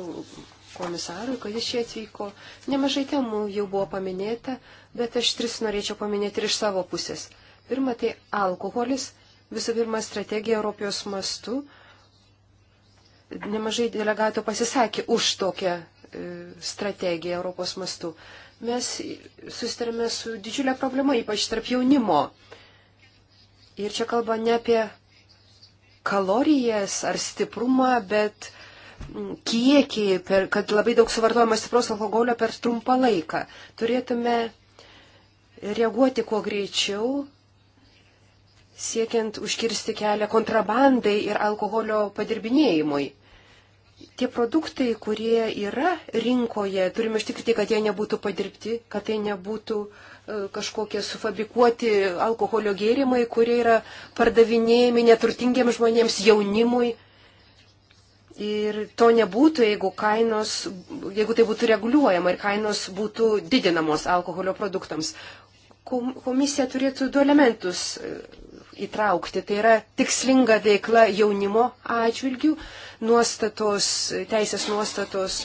komisarui, kad jis čia atvyko. Nemažai temų jau buvo paminėta, bet aš tris norėčiau paminėti ir iš savo pusės. Pirma, tai alkoholis, visų pirma, strategija Europos mastu. Nemažai delegatų pasisakė už tokią e, strategiją Europos mastu mes susitarėme su didžiulė problema, ypač tarp jaunimo. Ir čia kalba ne apie kalorijas ar stiprumą, bet mm, kiekį, per, kad labai daug suvartojama stipraus alkoholio per trumpą laiką. Turėtume reaguoti kuo greičiau, siekiant užkirsti kelią kontrabandai ir alkoholio padirbinėjimui tie produktai, kurie yra rinkoje, turime ištikrinti, kad jie nebūtų padirbti, kad tai nebūtų e, kažkokie sufabrikuoti alkoholio gėrimai, kurie yra pardavinėjami neturtingiems žmonėms, jaunimui. Ir to nebūtų, jeigu, kainos, jeigu tai būtų reguliuojama ir kainos būtų didinamos alkoholio produktams. Komisija turėtų du elementus e, įtraukti. Tai yra tikslinga veikla jaunimo atžvilgių, nuostatos, teisės nuostatos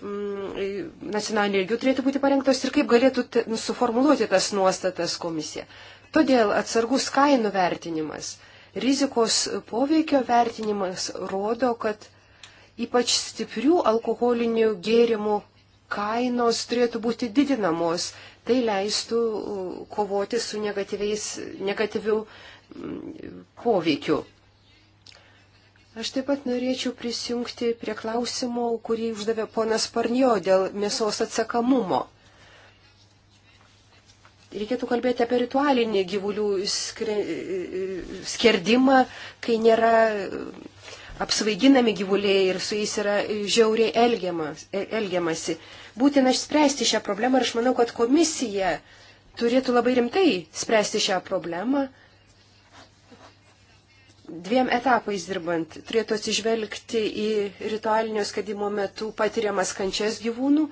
mm, nacionaliniu lygiu turėtų būti parengtos ir kaip galėtų nu, suformuluoti tas nuostatas komisija. Todėl atsargus kainų vertinimas, rizikos poveikio vertinimas rodo, kad ypač stiprių alkoholinių gėrimų kainos turėtų būti didinamos. Tai leistų uh, kovoti su negatyviu poveikiu. Aš taip pat norėčiau prisijungti prie klausimo, kurį uždavė ponas Parnio dėl mėsos atsakamumo. Reikėtų kalbėti apie ritualinį gyvulių skre... skerdimą, kai nėra apsvaiginami gyvuliai ir su jais yra žiauriai elgiamas, e- elgiamasi. Būtina išspręsti šią problemą ir aš manau, kad komisija turėtų labai rimtai spręsti šią problemą dviem etapais dirbant. Turėtų atsižvelgti į ritualinio skadimo metu patiriamas kančias gyvūnų.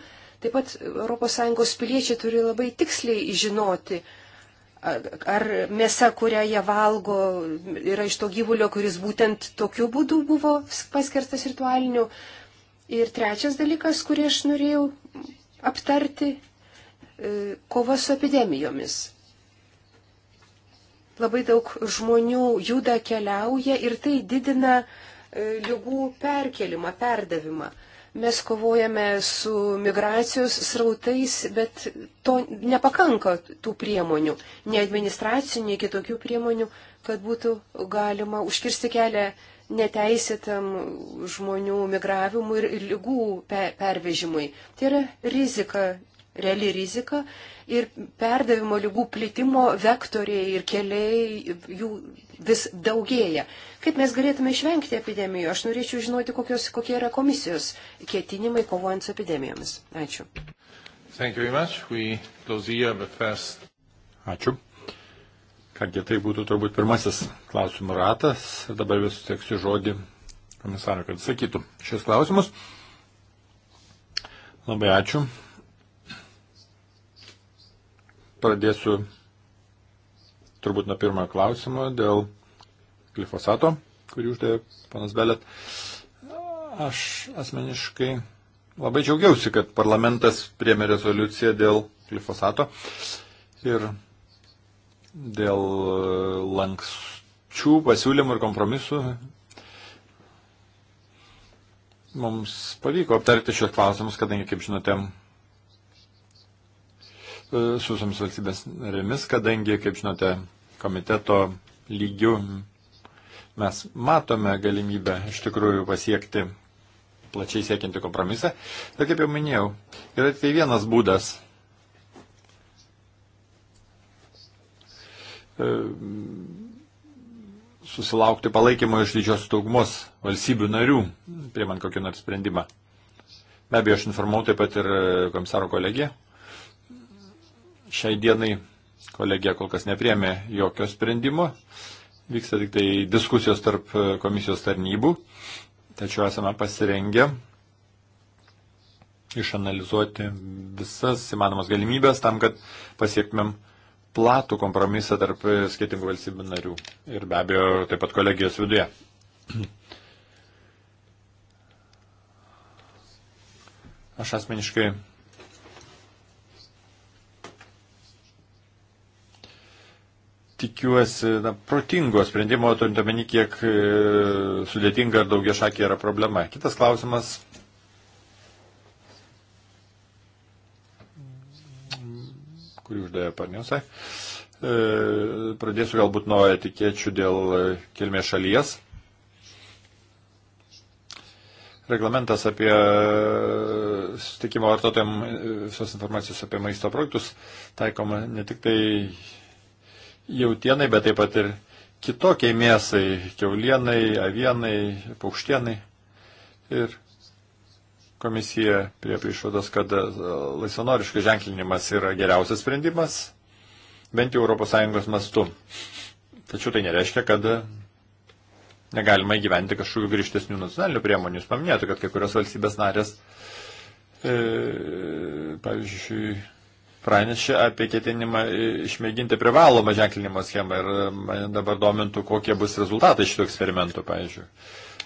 Taip pat ES piliečiai turi labai tiksliai žinoti, ar mėsa, kurią jie valgo, yra iš to gyvulio, kuris būtent tokiu būdu buvo paskirtas ritualiniu. Ir trečias dalykas, kurį aš norėjau aptarti, e, kova su epidemijomis labai daug žmonių juda, keliauja ir tai didina e, lygų perkelimą, perdavimą. Mes kovojame su migracijos srautais, bet to nepakanka tų priemonių, nei administracinių, nei kitokių priemonių, kad būtų galima užkirsti kelią neteisėtam žmonių migravimui ir lygų pervežimui. Tai yra rizika reali rizika ir perdavimo lygų plitimo vektoriai ir keliai jų vis daugėja. Kaip mes galėtume išvengti epidemijų? Aš norėčiau žinoti, kokios, kokie yra komisijos ketinimai kovojant su epidemijomis. Ačiū. First... Ačiū. Kągi tai būtų turbūt pirmasis klausimų ratas. Dabar vis suteiksiu žodį komisarui, kad sakytų šios klausimus. Labai ačiū. Pradėsiu turbūt nuo pirmojo klausimo dėl glifosato, kurį uždavė panas Belet. Aš asmeniškai labai džiaugiausi, kad parlamentas priemė rezoliuciją dėl glifosato ir dėl lankščių pasiūlymų ir kompromisų mums pavyko aptarti šios klausimus, kadangi, kaip žinote, su visomis valstybės narėmis, kadangi, kaip žinote, komiteto lygių mes matome galimybę iš tikrųjų pasiekti plačiai siekinti kompromisą. Bet kaip jau minėjau, yra tai vienas būdas e, susilaukti palaikymo iš didžios daugumos valstybių narių, priimant kokį nors sprendimą. Be abejo, aš informau taip pat ir e, komisaro kolegiją, šiai dienai kolegija kol kas nepriemė jokio sprendimo. Vyksta tik tai diskusijos tarp e, komisijos tarnybų. Tačiau esame pasirengę išanalizuoti visas įmanomas galimybės tam, kad pasiektumėm platų kompromisą tarp e, skirtingų valstybių narių ir be abejo taip pat kolegijos viduje. Aš asmeniškai tikiuosi na, protingo sprendimo, turint omeny, kiek e, sudėtinga ar daugia šakė yra problema. Kitas klausimas. kurį uždavė Parniusai. E, pradėsiu galbūt nuo etikėčių dėl kilmės šalies. Reglamentas apie e, sutikimo vartotojams e, visos informacijos apie maisto produktus taikoma ne tik tai jautienai, bet taip pat ir kitokiai mėsai, keulienai, avienai, paukštienai. Ir komisija prie išvados, kad e, laisvanoriškas ženklinimas yra geriausias sprendimas, bent jau ES mastu. Tačiau tai nereiškia, kad e, negalima įgyventi kažkokių grįžtesnių nacionalinių priemonių. Jūs paminėjote, kad kai kurios valstybės narės, e, pavyzdžiui, pranešė apie ketinimą e, išmėginti privalomą ženklinimo schemą ir e, mane dabar domintų, kokie bus rezultatai šitų eksperimentų, pavyzdžiui.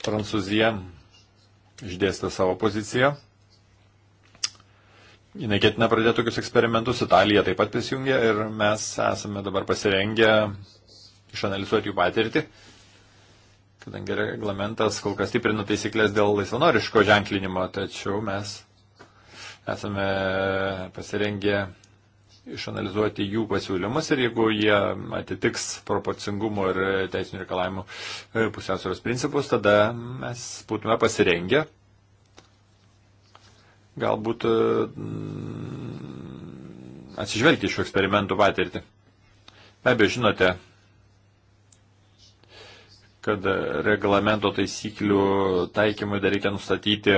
Prancūzija išdėstė savo poziciją. Jis ketina pradėti tokius eksperimentus, Italija taip pat prisijungė ir mes esame dabar pasirengę išanalizuoti jų patirtį, kadangi reglamentas kol kas stiprina taisyklės dėl laisvanoriško ženklinimo, tačiau mes esame pasirengę išanalizuoti jų pasiūlymus ir jeigu jie atitiks proporcingumo ir teisinių reikalavimų e, pusiausvėros principus, tada mes būtume pasirengę galbūt e, mm, atsižvelgti šių eksperimentų patirtį. Be abejo, žinote, kad reglamento taisyklių taikymui dar reikia nustatyti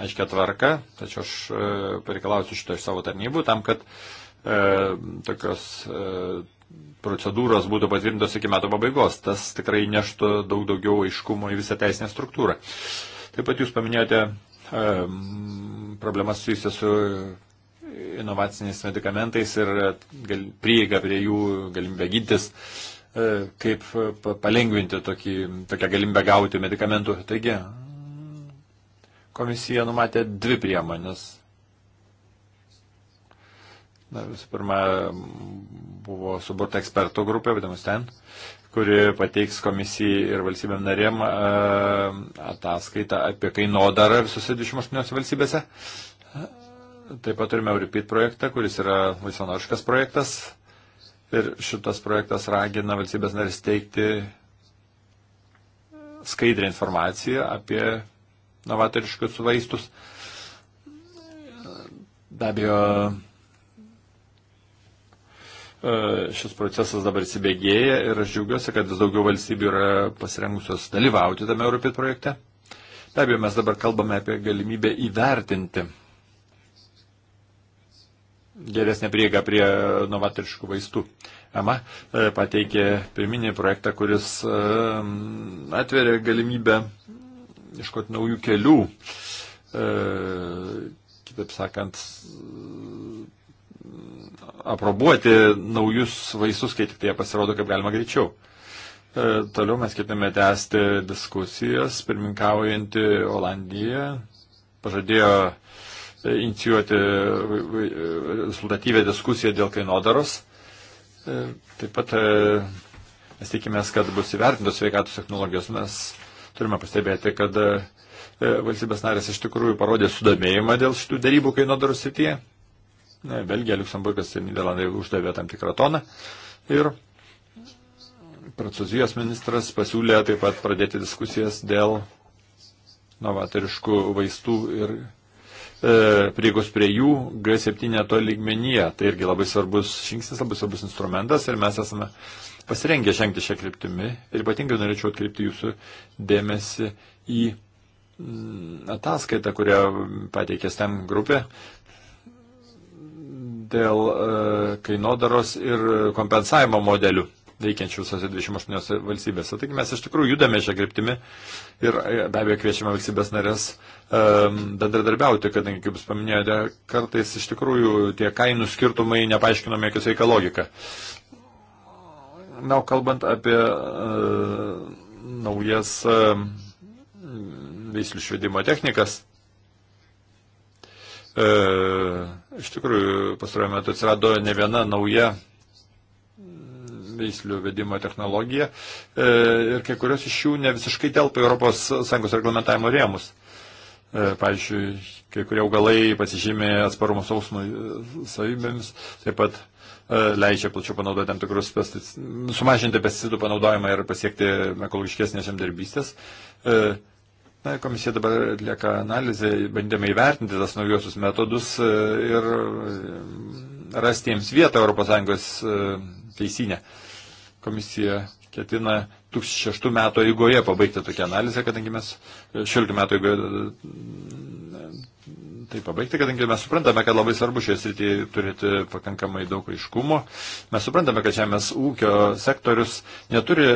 aiškia tvarka, tačiau aš e, pareikalausiu šito iš savo tarnybų tam, kad uh, e, tokios e, procedūros būtų patvirtintos iki metų pabaigos. Tas tikrai neštų daug daugiau aiškumo į visą teisinę struktūrą. Taip pat jūs paminėjote e, problemas susijusias su inovaciniais medikamentais ir gal, prieiga prie jų galimybę gydytis, e, kaip palengvinti tokį, tokią galimybę gauti medikamentų. Taigi, komisija numatė dvi priemonės Na, visų pirma, buvo suburta ekspertų grupė, vadinamas ten, kuri pateiks komisijai ir valstybėm narėm e, ataskaitą apie kainodarą visose 28 valstybėse. Taip pat turime Euripid projektą, kuris yra laisvanoriškas projektas. Ir šitas projektas ragina valstybės narės teikti skaidrę informaciją apie novatoriškus vaistus. Be abejo, E, šis procesas dabar įsibėgėja ir aš džiaugiuosi, kad vis daugiau valstybių yra pasirengusios dalyvauti tame Europėt projekte. Be abejo, mes dabar kalbame apie galimybę įvertinti geresnę prieigą prie novatoriškų vaistų. EMA e, pateikė pirminį projektą, kuris e, atveria galimybę iškoti naujų kelių, kitaip sakant, aprobuoti naujus vaistus, kai tik tai jie pasirodo kaip galima greičiau. E, toliau mes ketiname tęsti diskusijas, pirmininkaujantį Olandiją pažadėjo e, inicijuoti rezultatyvę diskusiją dėl kainodaros. E, taip pat e, mes tikimės, kad bus įvertintos sveikatos technologijos. Mes turime pastebėti, kad e, valstybės narės iš tikrųjų parodė sudomėjimą dėl šitų darybų kainodaros srityje na, Belgija, Luksemburgas ir Niderlandai uždavė tam tikrą toną. Ir prancūzijos ministras pasiūlė taip pat pradėti diskusijas dėl novatoriškų vaistų ir e, prieigos prie jų G7 to lygmenyje. Tai irgi labai svarbus žingsnis, labai svarbus instrumentas ir mes esame pasirengę žengti šią kryptimį. Ir ypatingai norėčiau atkreipti jūsų dėmesį į mm, ataskaitą, kurią pateikė STEM grupė dėl e, kainodaros ir kompensavimo modelių veikiančių visose 28 valstybėse. Taigi mes iš tikrųjų judame šią kryptimį ir e, be abejo kviečiame valstybės narės um, bendradarbiauti, kadangi, kaip jūs paminėjote, kartais iš tikrųjų tie kainų skirtumai nepaaiškinami jokia sveika logika. Na, o kalbant apie uh, naujas uh, veislių švedimo technikas, uh, Iš tikrųjų, pastarojame metu atsirado ne viena nauja veislių vedimo technologija e, ir kai kurios iš jų ne visiškai telpa ES reglamentavimo rėmus. E, pavyzdžiui, kai kurie augalai pasižymė atsparumo sausmų e, savybėmis, taip pat leidžia plačiau panaudoti tam tikrus, sumažinti pesticidų panaudojimą ir pasiekti ekologiškesnės žemdirbystės. Na, komisija dabar atlieka analizę, bandėme įvertinti tas naujosius metodus e, ir e, rasti jiems vietą ES e, teisinę. Komisija ketina 2006 metų eigoje pabaigti tokią analizę, kadangi mes 16 metų eigoje tai pabaigti, kadangi mes suprantame, kad labai svarbu šioje srityje turėti pakankamai daug aiškumo. Mes suprantame, kad žemės ūkio sektorius neturi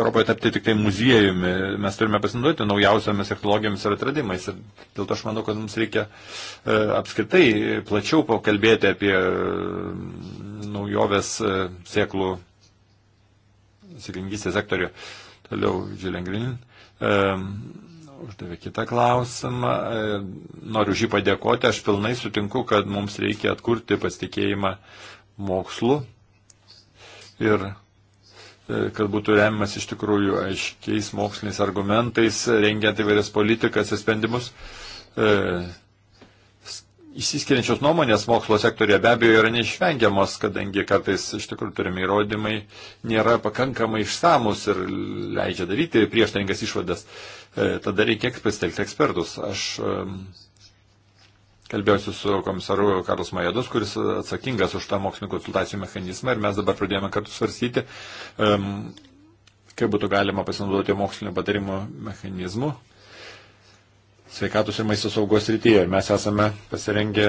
Europoje tapti tik tai muziejumi. Mes turime pasinaudoti naujausiamis technologijomis ir atradimais. Ir dėl to aš manau, kad mums reikia e, apskritai plačiau pakalbėti apie naujovės e, sėklų sėklingystės sektorių. Toliau, Džiulengrin. Um, uždavė kitą klausimą. Noriu už jį padėkoti. Aš pilnai sutinku, kad mums reikia atkurti pasitikėjimą mokslu ir e, kad būtų remiamas iš tikrųjų aiškiais moksliniais argumentais, rengiant įvairias politikas ir sprendimus. Įsiskiriančios e, nuomonės mokslo sektorija be abejo yra neišvengiamos, kadangi kartais iš tikrųjų turime įrodymai nėra pakankamai išsamus ir leidžia daryti prieštaringas išvadas. E, tada reikia pasitelkti ekspertus. Aš kalbėjausi su komisaru Karlos Majedos, kuris atsakingas už tą mokslinio konsultacijų mechanizmą ir mes dabar pradėjome kartu svarstyti, kaip būtų galima pasinaudoti mokslinio patarimo mechanizmu sveikatos ir maisto saugos rytyje. Ir mes esame pasirengę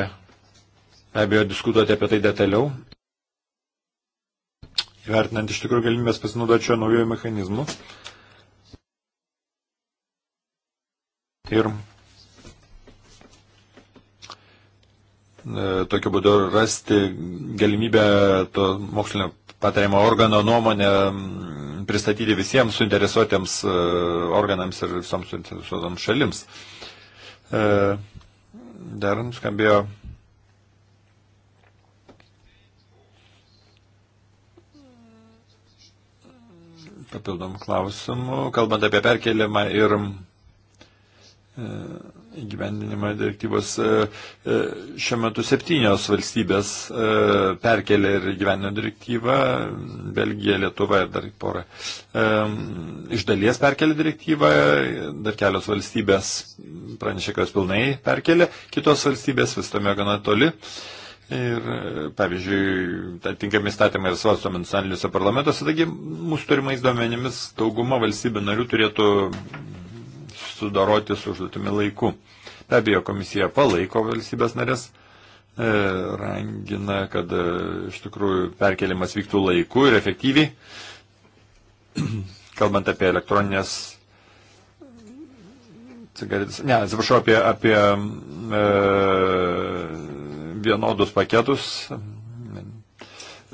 be abejo diskutuoti apie tai detaliau, įvertinant iš tikrųjų galimybės pasinaudoti šio naujojo mechanizmu. Ir e, tokiu būdu rasti galimybę to mokslinio patariamo organo nuomonę mm, pristatyti visiems suinteresuotiems e, organams ir visoms suinteresuotams šalims. E, dar nuskambėjo papildomų klausimų, kalbant apie perkelimą ir E, įgyvendinimą direktyvos e, e, šiuo metu septynios valstybės perkelė ir įgyvendino direktyvą, Belgija, Lietuva ir dar pora. Iš dalies perkelė direktyvą, dar kelios valstybės pranešė, kad jos pilnai perkelė, kitos valstybės vis tome gana toli. Ir, pavyzdžiui, atitinkami statymai ir svarstomi nacionaliniuose parlamentuose, taigi mūsų turimais duomenimis dauguma valstybių narių turėtų sudoroti su užduotimi laiku. Be abejo, komisija palaiko valstybės narės, e, rangina, kad e, iš tikrųjų perkelimas vyktų laiku ir efektyviai. Kalbant apie elektroninės cigaretės, ne, atsiprašau, apie, apie e, vienodus paketus.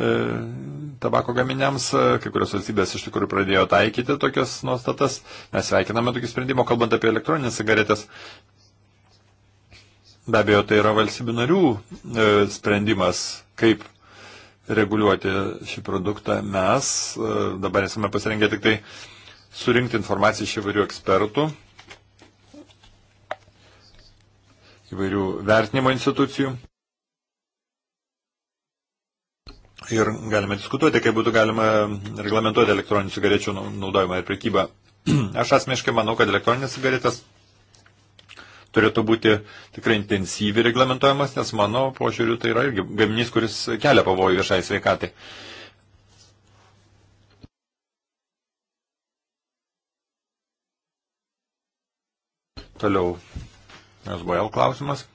E, tabako gaminiams. Kai kurios valstybės iš tikrųjų pradėjo taikyti tokias nuostatas. Mes sveikiname tokį sprendimą, kalbant apie elektroninės cigaretės. Be abejo, tai yra valstybių narių e, sprendimas, kaip reguliuoti šį produktą. Mes e, dabar esame pasirengę tik tai surinkti informaciją iš įvairių ekspertų, įvairių vertinimo institucijų. Ir galime diskutuoti, kaip būtų galima reglamentuoti elektroninių cigarečių naudojimą ir prekybą. Aš asmeniškai manau, kad elektroninės cigaretės turėtų būti tikrai intensyviai reglamentojamas, nes mano požiūriu tai yra irgi gaminys, kuris kelia pavojų viešai sveikatai. Toliau SBL klausimas.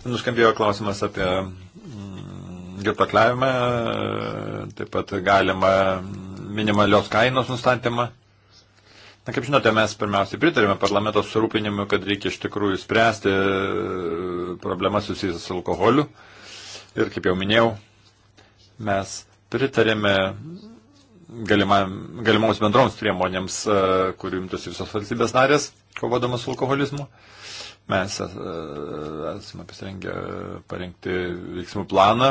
Nuskambėjo klausimas apie mm, girtuokliavimą, taip pat galima minimalios kainos nustatymą. Na, kaip žinote, mes pirmiausiai pritarėme parlamento surūpinimui, kad reikia iš tikrųjų spręsti e, problemas susijusias su alkoholiu. Ir kaip jau minėjau, mes pritarėme galimoms bendroms priemonėms, e, kurių imtųsi visos valstybės narės, kovodamas su alkoholizmu. Uh, Mes e, esame pasirengę parengti veiksmų planą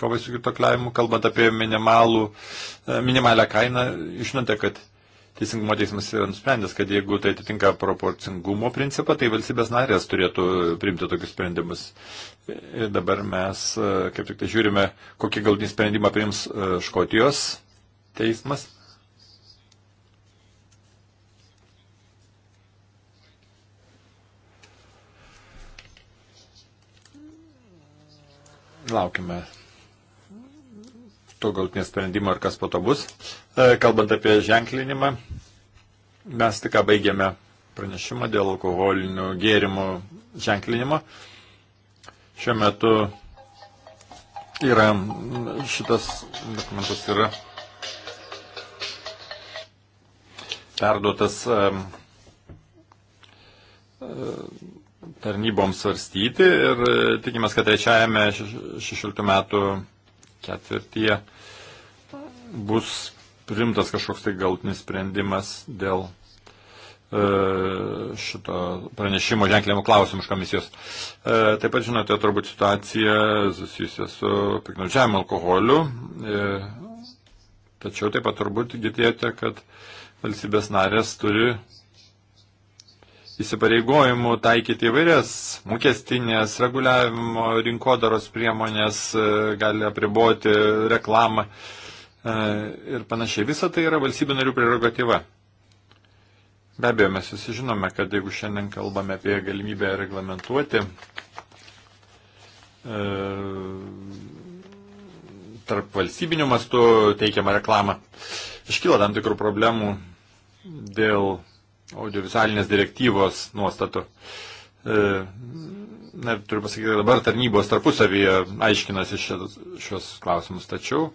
kovai su kitokliavimu, kalbant apie minimalų, e, minimalią kainą. Žinote, kad Teisingumo teismas yra nusprendęs, kad jeigu tai atitinka proporcingumo principą, tai valstybės narės turėtų priimti tokius sprendimus. Ir dabar mes e, kaip tik tai žiūrime, kokį galutinį sprendimą priims Škotijos teismas. laukime to galtinio sprendimo ir kas po to bus. E, kalbant apie ženklinimą, mes tik ką baigėme pranešimą dėl alkoholinių gėrimų ženklinimo. Šiuo metu yra šitas dokumentas yra perduotas um, um, tarnyboms svarstyti ir e, tikimės, kad trečiajame 16 metų ketvirtyje bus primtas kažkoks tai galtinis sprendimas dėl e, šito pranešimo ženklimo klausimų iš komisijos. E, taip pat žinote turbūt situaciją susijusią su piknaudžiavimu alkoholiu. Tačiau taip pat turbūt girdėjote, kad valstybės narės turi įsipareigojimų taikyti įvairias mokestinės, reguliavimo, rinkodaros priemonės, e, gali apriboti reklamą e, ir panašiai. Visa tai yra valstybių narių prerogatyva. Be abejo, mes visi žinome, kad jeigu šiandien kalbame apie galimybę reglamentuoti e, tarp valstybinių mastų teikiamą reklamą, iškyla tam tikrų problemų dėl audiovizualinės direktyvos nuostatų. E, na, turiu pasakyti, dabar tarnybos tarpusavyje aiškinasi šios, šios klausimus, tačiau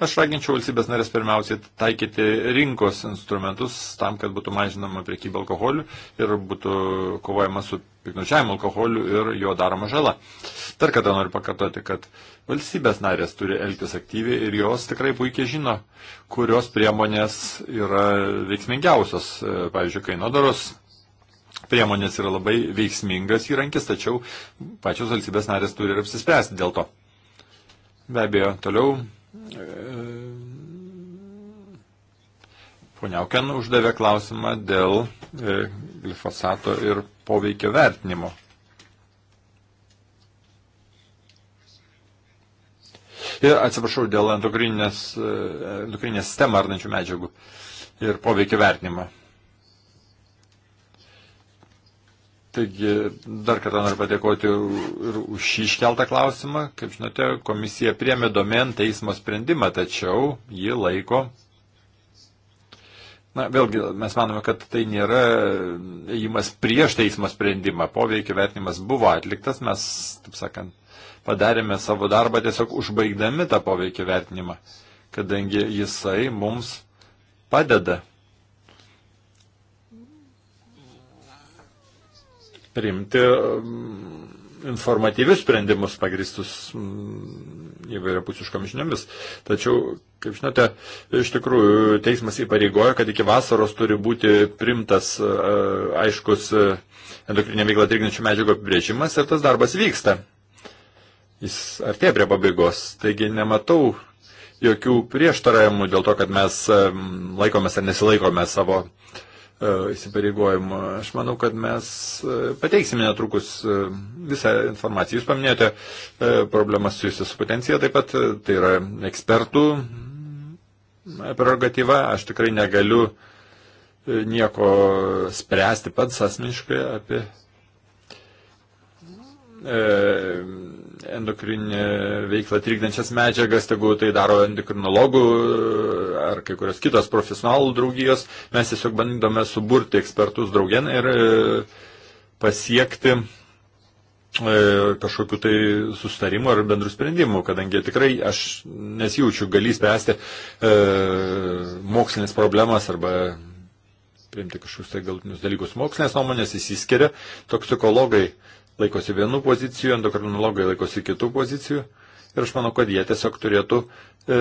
aš raginčiau valstybės narės pirmiausiai taikyti rinkos instrumentus tam, kad būtų mažinama priekyba alkoholiu ir būtų kovojama su piknaudžiavimo alkoholiu ir jo daroma žala. Dar kada noriu pakartoti, kad valstybės narės turi elgtis aktyviai ir jos tikrai puikiai žino, kurios priemonės yra veiksmingiausios. E, pavyzdžiui, kainodaros priemonės yra labai veiksmingas įrankis, tačiau pačios valstybės narės turi ir apsispręsti dėl to. Be abejo, toliau. E, Poniaukian uždavė klausimą dėl e, glifosato ir poveikio vertinimo. Ir atsiprašau dėl endokrininės, e, endokrininės sistemą ardančių medžiagų ir poveikio vertinimą. Taigi dar kartą noriu padėkoti ir už šį iškeltą klausimą. Kaip žinote, komisija priemė domen teismo sprendimą, tačiau jį laiko Na, vėlgi, mes manome, kad tai nėra įjimas prieš teismo sprendimą. Poveikio vertinimas buvo atliktas, mes, taip sakant, padarėme savo darbą tiesiog užbaigdami tą poveikio vertinimą, kadangi jisai mums padeda priimti mm, informatyvius sprendimus pagristus mm, įvairiapusiškom žiniomis. Tačiau, kaip žinote, iš tikrųjų teismas įpareigojo, kad iki vasaros turi būti primtas e, aiškus e, endokrinė veikla trikdančių medžiagų apibrėžimas ir tas darbas vyksta. Jis artėja prie pabaigos, taigi nematau jokių prieštaravimų dėl to, kad mes e, laikomės ar nesilaikomės savo uh, E, įsipareigojimų. Aš manau, kad mes e, pateiksime netrukus e, visą informaciją. Jūs paminėjote problemas susijusią su potencija, taip pat tai yra ekspertų prerogatyva. Aš tikrai negaliu nieko spręsti pats asmeniškai apie endokrininę veiklą trikdančias medžiagas, tegu tai daro endokrinologų e, ar kai kurios kitos profesionalų draugijos. Mes tiesiog bandydome suburti ekspertus draugien ir e, pasiekti e, kažkokiu tai sustarimu ar bendru sprendimu, kadangi tikrai aš nesijaučiu galį spręsti e, mokslinės problemas arba priimti kažkokius tai galutinius dalykus. Mokslinės nuomonės įsiskiria, toksikologai e, laikosi vienų pozicijų, endokrinologai laikosi kitų pozicijų. Ir aš manau, kad jie tiesiog turėtų e,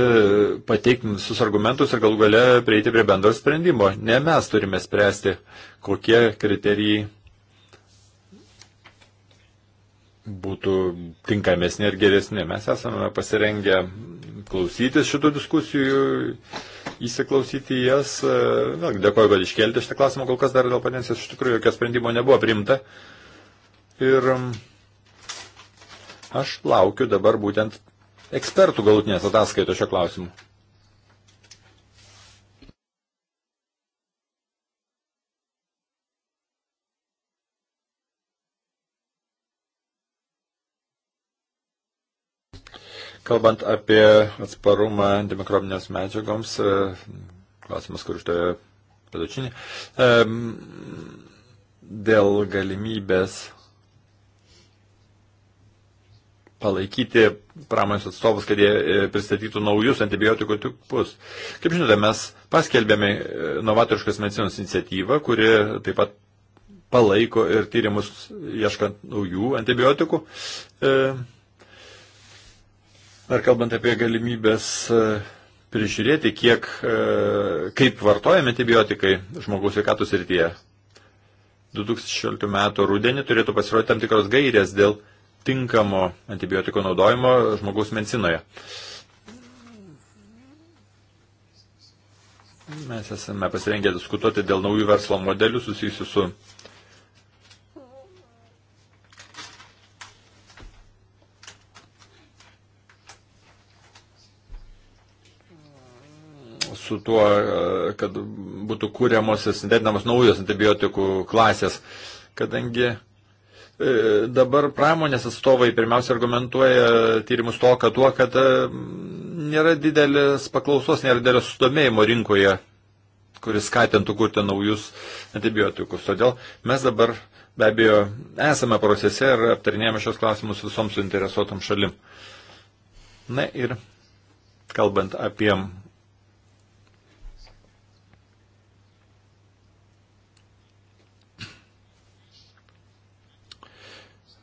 pateikti visus argumentus ir galų gale prieiti prie bendro sprendimo. Ne mes turime spręsti, kokie kriterijai būtų tinkamesni ir geresni. Mes esame pasirengę klausytis šitų diskusijų, įsiklausyti jas. Na, e, dėkoju, kad iškelti šitą klausimą, kol kas dar dėl patencijos iš tikrųjų jokio sprendimo nebuvo priimta. E, Ir um, aš laukiu dabar būtent ekspertų galutinės ataskaitos šio klausimu. Kalbant apie atsparumą antimikrobinės medžiagoms, e, klausimas, kur užtojo pedočinį, e, dėl galimybės palaikyti pramonės atstovus, kad jie e, pristatytų naujus antibiotikų tipus. Kaip žinote, mes paskelbėme e, novatoriškas medicinos iniciatyvą, kuri taip pat palaiko ir tyrimus ieškant naujų antibiotikų. E, dar kalbant apie galimybės prižiūrėti, kiek, kaip vartojami antibiotikai žmogaus sveikatos rytyje. 2016 m. rudenį turėtų pasirodyti tam tikros gairės dėl tinkamo antibiotiko naudojimo žmogaus medicinoje. Mes esame pasirengę diskutuoti dėl naujų verslo modelių susijusių su su tuo, kad būtų kūriamos ir sintetinamos naujos antibiotikų klasės, kadangi E, dabar pramonės atstovai pirmiausia argumentuoja tyrimus to, kad tuo, kad e, nėra didelės paklausos, nėra didelės sudomėjimo rinkoje, kuris skatintų kurti naujus antibiotikus. Todėl mes dabar be abejo esame procese ir aptarinėjame šios klausimus visoms suinteresuotam šalim. Na ir kalbant apie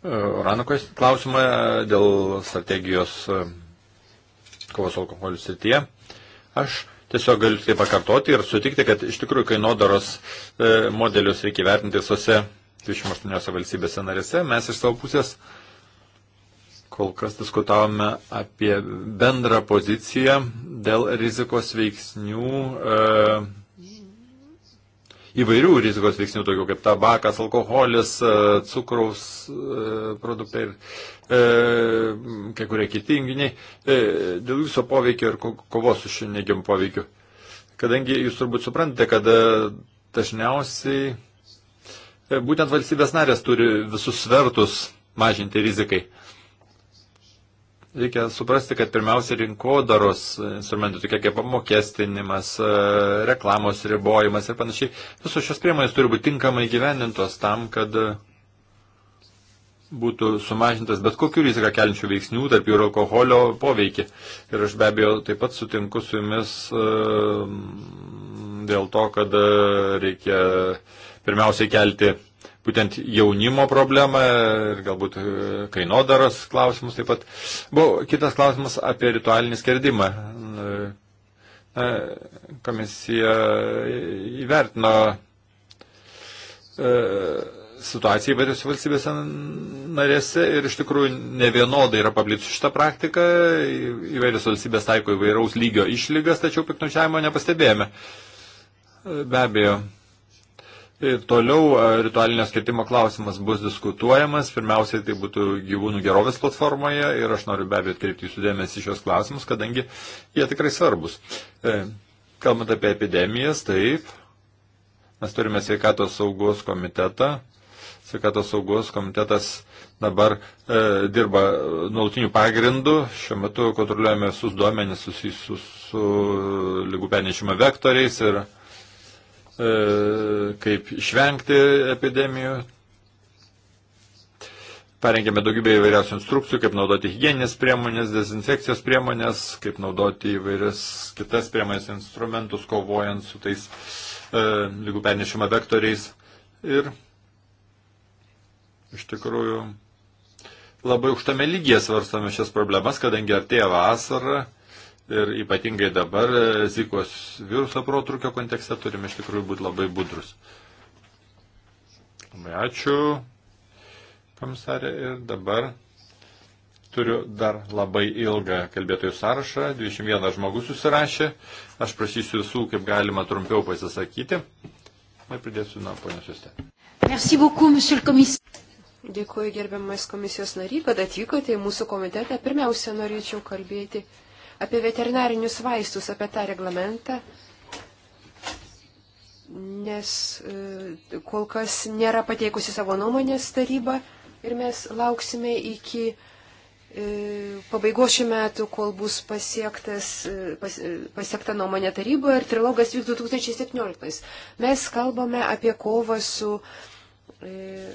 Urano klausimą dėl strategijos e, kovos alkoholių srityje. Aš tiesiog galiu tai pakartoti ir sutikti, kad iš tikrųjų kainodaros e, modelius reikia vertinti visose 28 valstybėse narėse. Mes iš savo pusės kol kas diskutavome apie bendrą poziciją dėl rizikos veiksnių. E, įvairių rizikos veiksnių, tokių kaip tabakas, alkoholis, e, cukraus e, produktai ir e, kai kurie kiti inginiai, e, dėl viso poveikio ir kovos su šiuo neigiamu poveikiu. Kadangi jūs turbūt suprantate, kad e, dažniausiai e, būtent valstybės narės turi visus svertus mažinti rizikai. Reikia suprasti, kad pirmiausia rinkodaros instrumentų, tokie kaip apmokestinimas, e, reklamos ribojimas ir panašiai, visos šios priemonės turi būti tinkamai gyvenintos tam, kad e, būtų sumažintas bet kokių riziką keliančių veiksnių, tarp jų ir alkoholio poveikį. Ir aš be abejo taip pat sutinku su jumis e, dėl to, kad reikia pirmiausiai kelti būtent jaunimo problemą ir galbūt e, kainodaros klausimus taip pat. Buvo kitas klausimas apie ritualinį skerdimą. E, e, komisija įvertino situacija įvairiose valstybėse narėse ir iš tikrųjų ne vienodai yra paplitusi šitą praktiką. Įvairios valstybės taiko įvairaus lygio išlygas, tačiau piknučiavimo nepastebėjome. Be abejo, E, toliau e, ritualinio skirtimo klausimas bus diskutuojamas. Pirmiausiai tai būtų gyvūnų gerovės platformoje ir aš noriu be abejo atkreipti jūsų dėmesį šios klausimus, kadangi jie tikrai svarbus. E, kalbant apie epidemijas, taip, mes turime sveikatos saugos komitetą. Sveikatos saugos komitetas dabar e, dirba nuolatiniu pagrindu. Šiuo metu kontroliuojame visus duomenys susijusius su lygų penešimo vektoriais ir e, E, kaip išvengti epidemijų. Parengėme daugybę įvairiausių instrukcijų, kaip naudoti hygieninės priemonės, dezinfekcijos priemonės, kaip naudoti įvairias kitas priemonės instrumentus, kovojant su tais e, lygų pernešimo vektoriais. Ir iš tikrųjų labai aukštame lygyje svarstame šias problemas, kadangi artėja vasara Ir ypatingai dabar e, Zikos viruso protrukio kontekste turime iš tikrųjų būti labai budrus. Labai ačiū, komisarė. Ir dabar turiu dar labai ilgą kalbėtojų sąrašą. 21 žmogus susirašė. Aš prašysiu visų, kaip galima trumpiau pasisakyti. Ir pridėsiu nuo ponios Juste. Merci beaucoup, monsieur le commissaire. Dėkuoju gerbiamas komisijos nary, kad atvykote į mūsų komitetą. Pirmiausia, norėčiau kalbėti Apie veterinarinius vaistus, apie tą reglamentą, nes e, kol kas nėra pateikusi savo nuomonės taryba ir mes lauksime iki e, pabaigos šių metų, kol bus pasiektas, e, pas, pasiekta nuomonė taryboje ir trilogas vyks 2017. Mes kalbame apie kovą su e,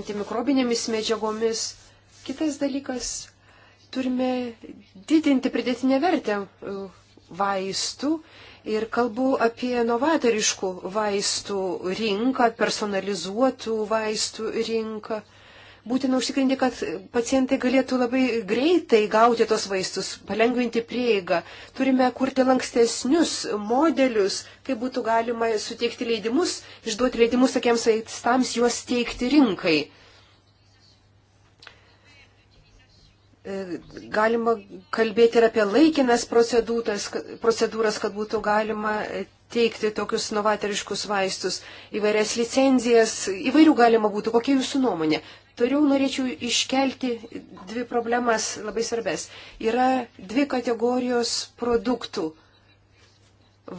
antimikrobinėmis medžiagomis. Kitas dalykas turime didinti pridėtinę vertę e, vaistų ir kalbu apie novatoriškų vaistų rinką, personalizuotų vaistų rinką. Būtina užtikrinti, kad pacientai galėtų labai greitai gauti tos vaistus, palengvinti prieigą. Turime kurti lankstesnius modelius, kaip būtų galima suteikti leidimus, išduoti leidimus tokiems vaistams, juos teikti rinkai. E, galima kalbėti ir apie laikinas procedūras, procedūras, kad būtų galima e, teikti tokius novatoriškus vaistus, įvairias licenzijas, įvairių galima būtų. Kokia jūsų nuomonė? Toliau norėčiau iškelti dvi problemas labai svarbės. Yra dvi kategorijos produktų.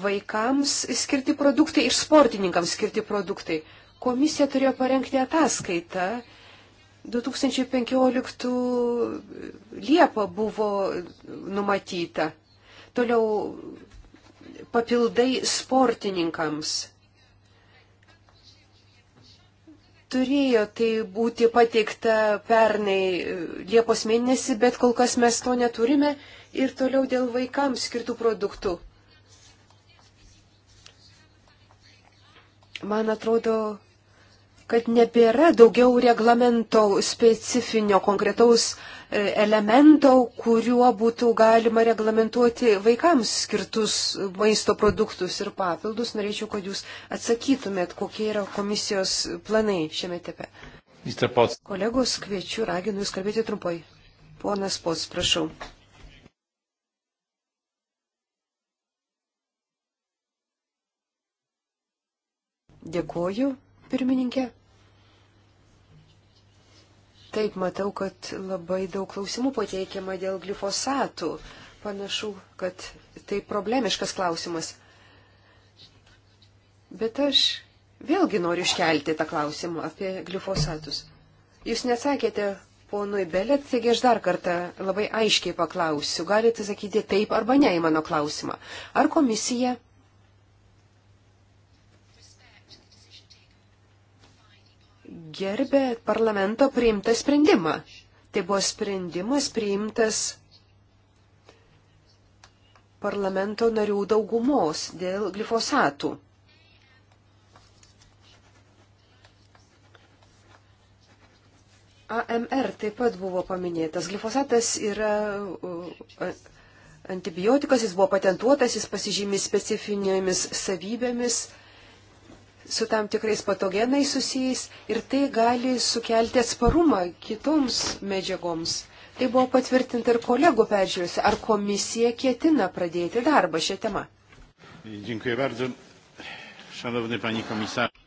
Vaikams skirti produktai ir sportininkams skirti produktai. Komisija turėjo parengti ataskaitą 2015 Liepa buvo numatyta. Toliau papildai sportininkams. Turėjo tai būti pateikta pernai Liepos mėnesį, bet kol kas mes to neturime ir toliau dėl vaikams skirtų produktų. Man atrodo, kad nebėra daugiau reglamento specifinio konkretaus e, elemento, kuriuo būtų galima reglamentuoti vaikams skirtus maisto produktus ir papildus. Norėčiau, kad jūs atsakytumėt, kokie yra komisijos planai šiame tepe. Kolegos, kviečiu, raginu jūs kalbėti trumpai. Ponas Pots, prašau. Dėkuoju pirmininkė. Taip, matau, kad labai daug klausimų pateikiama dėl glifosatų. Panašu, kad tai problemiškas klausimas. Bet aš vėlgi noriu iškelti tą klausimą apie glifosatus. Jūs neatsakėte ponui Belet, taigi aš dar kartą labai aiškiai paklausiu. Galite sakyti taip arba ne į mano klausimą. Ar komisija gerbė parlamento priimtą sprendimą. Tai buvo sprendimas priimtas parlamento narių daugumos dėl glifosatų. AMR taip pat buvo paminėtas. Glifosatas yra uh, antibiotikas, jis buvo patentuotas, jis pasižymi specifinėmis savybėmis su tam tikrais patogenai susijęs ir tai gali sukelti atsparumą kitoms medžiagoms. Tai buvo patvirtinta ir kolegų peržiūrėse. Ar komisija ketina pradėti darbą šią temą? Dziękuję bardzo. Szanowny Pani Komisarz.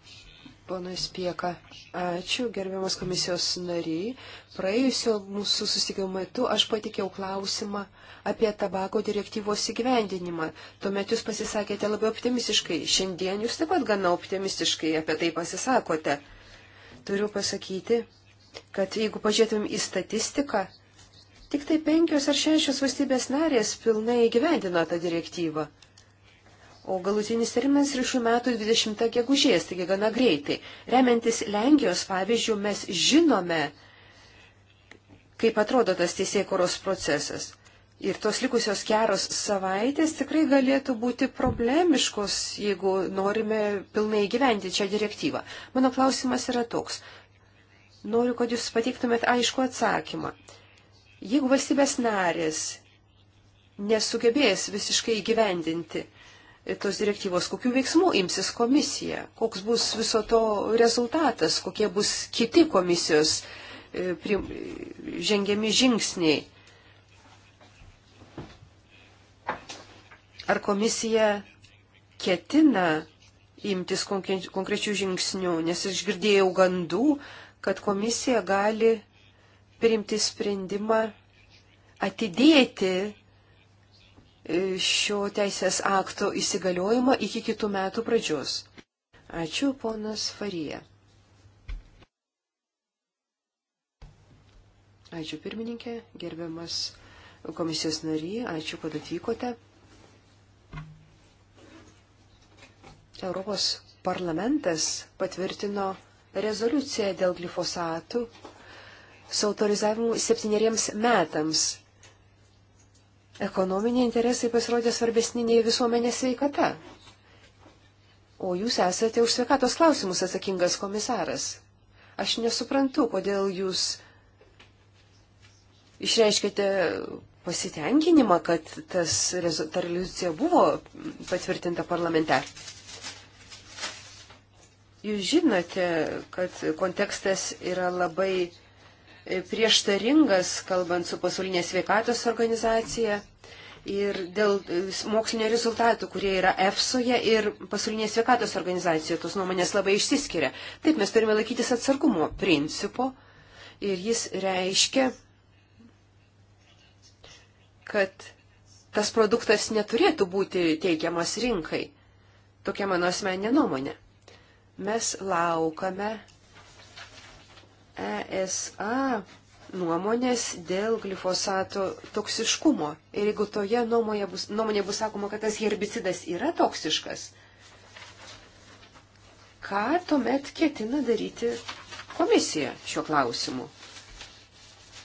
Ponas Pieka, ačiū, gerbiamas komisijos nariai. Praėjusio mūsų susitikimo metu aš patikėjau klausimą apie tabako direktyvos įgyvendinimą. Tuomet jūs pasisakėte labai optimistiškai. Šiandien jūs taip pat gana optimistiškai apie tai pasisakote. Turiu pasakyti, kad jeigu pažiūrėtum į statistiką, tik tai penkios ar šešios valstybės narės pilnai įgyvendino tą direktyvą o galutinis terminas yra šių metų 20 gegužės, taigi gana greitai. Remiantis Lenkijos pavyzdžių, mes žinome, kaip atrodo tas teisėkoros procesas. Ir tos likusios geros savaitės tikrai galėtų būti problemiškos, jeigu norime pilnai gyventi čia direktyvą. Mano klausimas yra toks. Noriu, kad jūs pateiktumėt aišku atsakymą. Jeigu valstybės narės nesugebės visiškai gyvendinti tos direktyvos, kokiu veiksmu imsis komisija, koks bus viso to rezultatas, kokie bus kiti komisijos e, žengiami žingsniai. Ar komisija ketina imtis konkrečių žingsnių, nes išgirdėjau gandų, kad komisija gali priimti sprendimą atidėti šio teisės akto įsigaliojimą iki kitų metų pradžios. Ačiū, ponas Farija. Ačiū, pirmininkė, gerbiamas komisijos nary, ačiū, kad atvykote. Europos parlamentas patvirtino rezoliuciją dėl glifosatų su autorizavimu septyneriems metams ekonominiai interesai pasirodė svarbesni nei visuomenės sveikata. O jūs esate už sveikatos klausimus atsakingas komisaras. Aš nesuprantu, kodėl jūs išreiškite pasitenkinimą, kad tas, ta rezoliucija buvo patvirtinta parlamente. Jūs žinote, kad kontekstas yra labai prieštaringas, kalbant su pasaulinė sveikatos organizacija ir dėl e, mokslinio rezultatų, kurie yra EFSOje ir pasaulinėje sveikatos organizacijoje, tos nuomonės labai išsiskiria. Taip, mes turime laikytis atsargumo principo ir jis reiškia, kad tas produktas neturėtų būti teikiamas rinkai. Tokia mano asmeninė nuomonė. Mes laukame ESA nuomonės dėl glifosato toksiškumo. Ir jeigu toje nuomonėje bus, nuomonė bus sakoma, kad tas herbicidas yra toksiškas, ką tuomet ketina daryti komisija šiuo klausimu?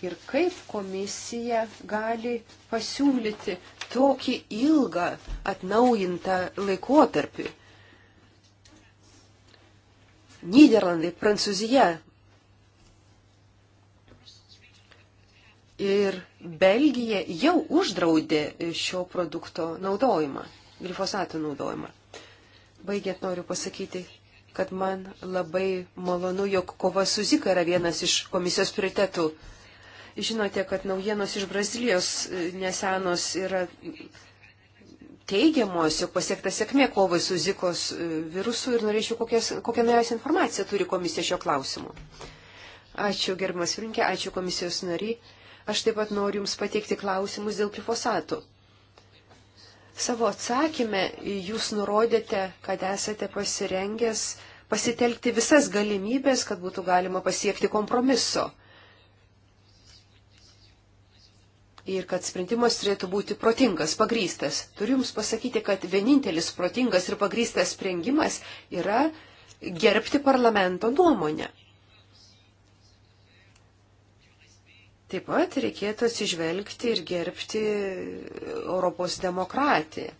Ir kaip komisija gali pasiūlyti tokį ilgą atnaujintą laikotarpį? Niderlandai, Prancūzija Ir Belgija jau uždraudė šio produkto naudojimą, glifosato naudojimą. Baigėt noriu pasakyti, kad man labai malonu, jog kova su Zika yra vienas iš komisijos prioritetų. Žinote, kad naujienos iš Brazilijos e, nesenos yra teigiamos, jog pasiekta sėkmė kovai su Zikos e, virusu ir norėčiau, kokias, kokią naujausią informaciją turi komisija šio klausimu. Ačiū gerbimas Rinkė, ačiū komisijos nariai. Aš taip pat noriu Jums pateikti klausimus dėl glifosatų. Savo atsakymę Jūs nurodėte, kad esate pasirengęs pasitelkti visas galimybės, kad būtų galima pasiekti kompromiso. ir kad sprendimas turėtų būti protingas, pagrystas. Turiu Jums pasakyti, kad vienintelis protingas ir pagrystas sprendimas yra gerbti parlamento nuomonę. Taip pat reikėtų atsižvelgti ir gerbti Europos demokratiją,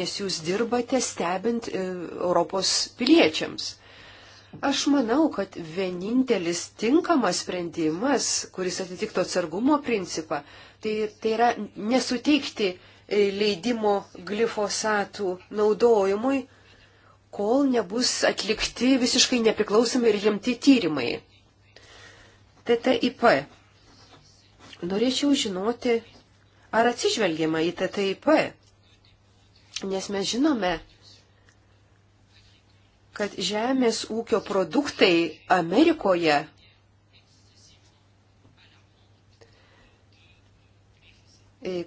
nes jūs dirbate stebint e, Europos piliečiams. Aš manau, kad vienintelis tinkamas sprendimas, kuris atitiktų atsargumo principą, tai, tai yra nesuteikti e, leidimo glifosatų naudojimui, kol nebus atlikti visiškai nepriklausomi ir rimti tyrimai. TTIP Norėčiau žinoti, ar atsižvelgiama į TTIP, nes mes žinome, kad žemės ūkio produktai Amerikoje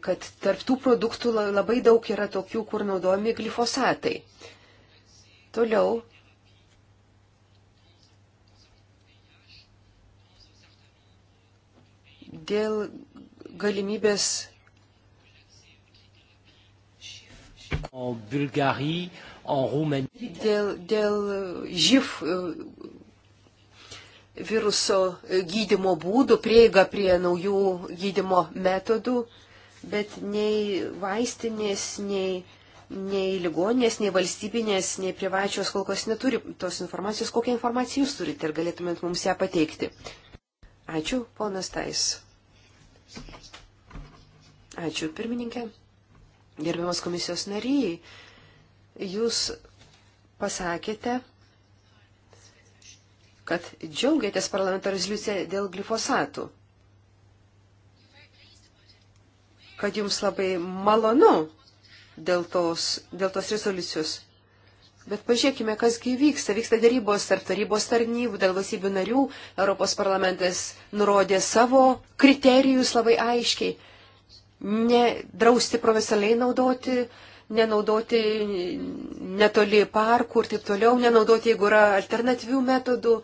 kad tarptų produktų labai daug yra tokių, kur naudojami glifosatai. Toliau dėl galimybės. Dėl, dėl živ e, viruso gydimo būdų, prieiga prie naujų gydimo metodų, bet nei vaistinės, nei, nei ligoninės, nei valstybinės, nei privačios kol kas neturi tos informacijos. Kokią informaciją jūs turite ir galėtumėt mums ją pateikti? Ačiū, ponas Tais. Ačiū, pirmininkė. Gerbiamas komisijos nariai, jūs pasakėte, kad džiaugiatės parlamento rezoliuciją dėl glifosatų. Kad jums labai malonu dėl tos, dėl tos rezoliucijos. Bet pažiūrėkime, kasgi vyksta. Vyksta dėrybos tarp tarybos tarnybų, dėl valstybių narių. Europos parlamentas nurodė savo kriterijus labai aiškiai. Nedrausti profesionaliai naudoti, nenaudoti netoli parkų ir taip toliau, nenaudoti, jeigu yra alternatyvių metodų.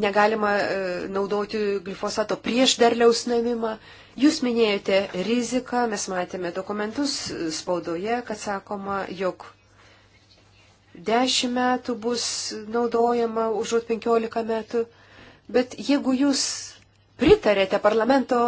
negalima e, naudoti glifosato prieš derliaus nuėmimą Jūs minėjote riziką, mes matėme dokumentus spaudoje, kad sakoma, jog 10 metų bus naudojama užuot 15 metų, bet jeigu jūs pritarėte parlamento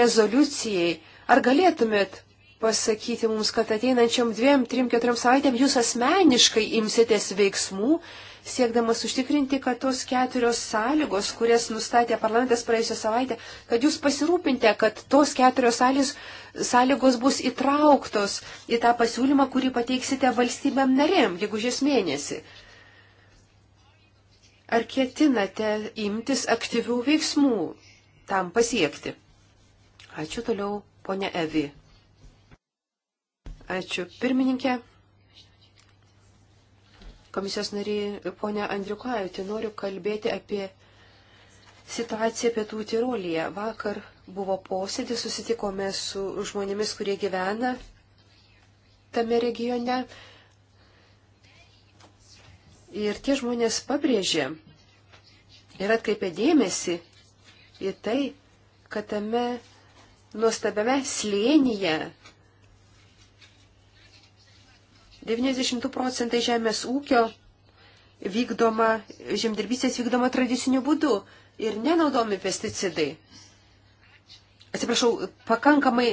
rezoliucijai, ar galėtumėt pasakyti mums, kad ateinančiam dviem, trim, keturiam savaitėm jūs asmeniškai imsitės veiksmų siekdamas užtikrinti, kad tos keturios sąlygos, kurias nustatė parlamentas praėjusią savaitę, kad jūs pasirūpinte, kad tos keturios sąlygos, sąlygos bus įtrauktos į tą pasiūlymą, kurį pateiksite valstybėm narėm, jeigu žies mėnesį. Ar ketinate imtis aktyvių veiksmų tam pasiekti? Ačiū toliau, ponė Evi. Ačiū pirmininkė. Komisijos nariai ponia Andriukaitė, noriu kalbėti apie situaciją pietų Tirolyje. Vakar buvo posėdis, susitikome su žmonėmis, kurie gyvena tame regione. Ir tie žmonės pabrėžė ir atkreipė dėmesį į tai, kad tame nuostabiame slėnyje 90 procentai žemės ūkio vykdoma, žemdirbystės vykdoma tradiciniu būdu ir nenaudomi pesticidai. Atsiprašau, pakankamai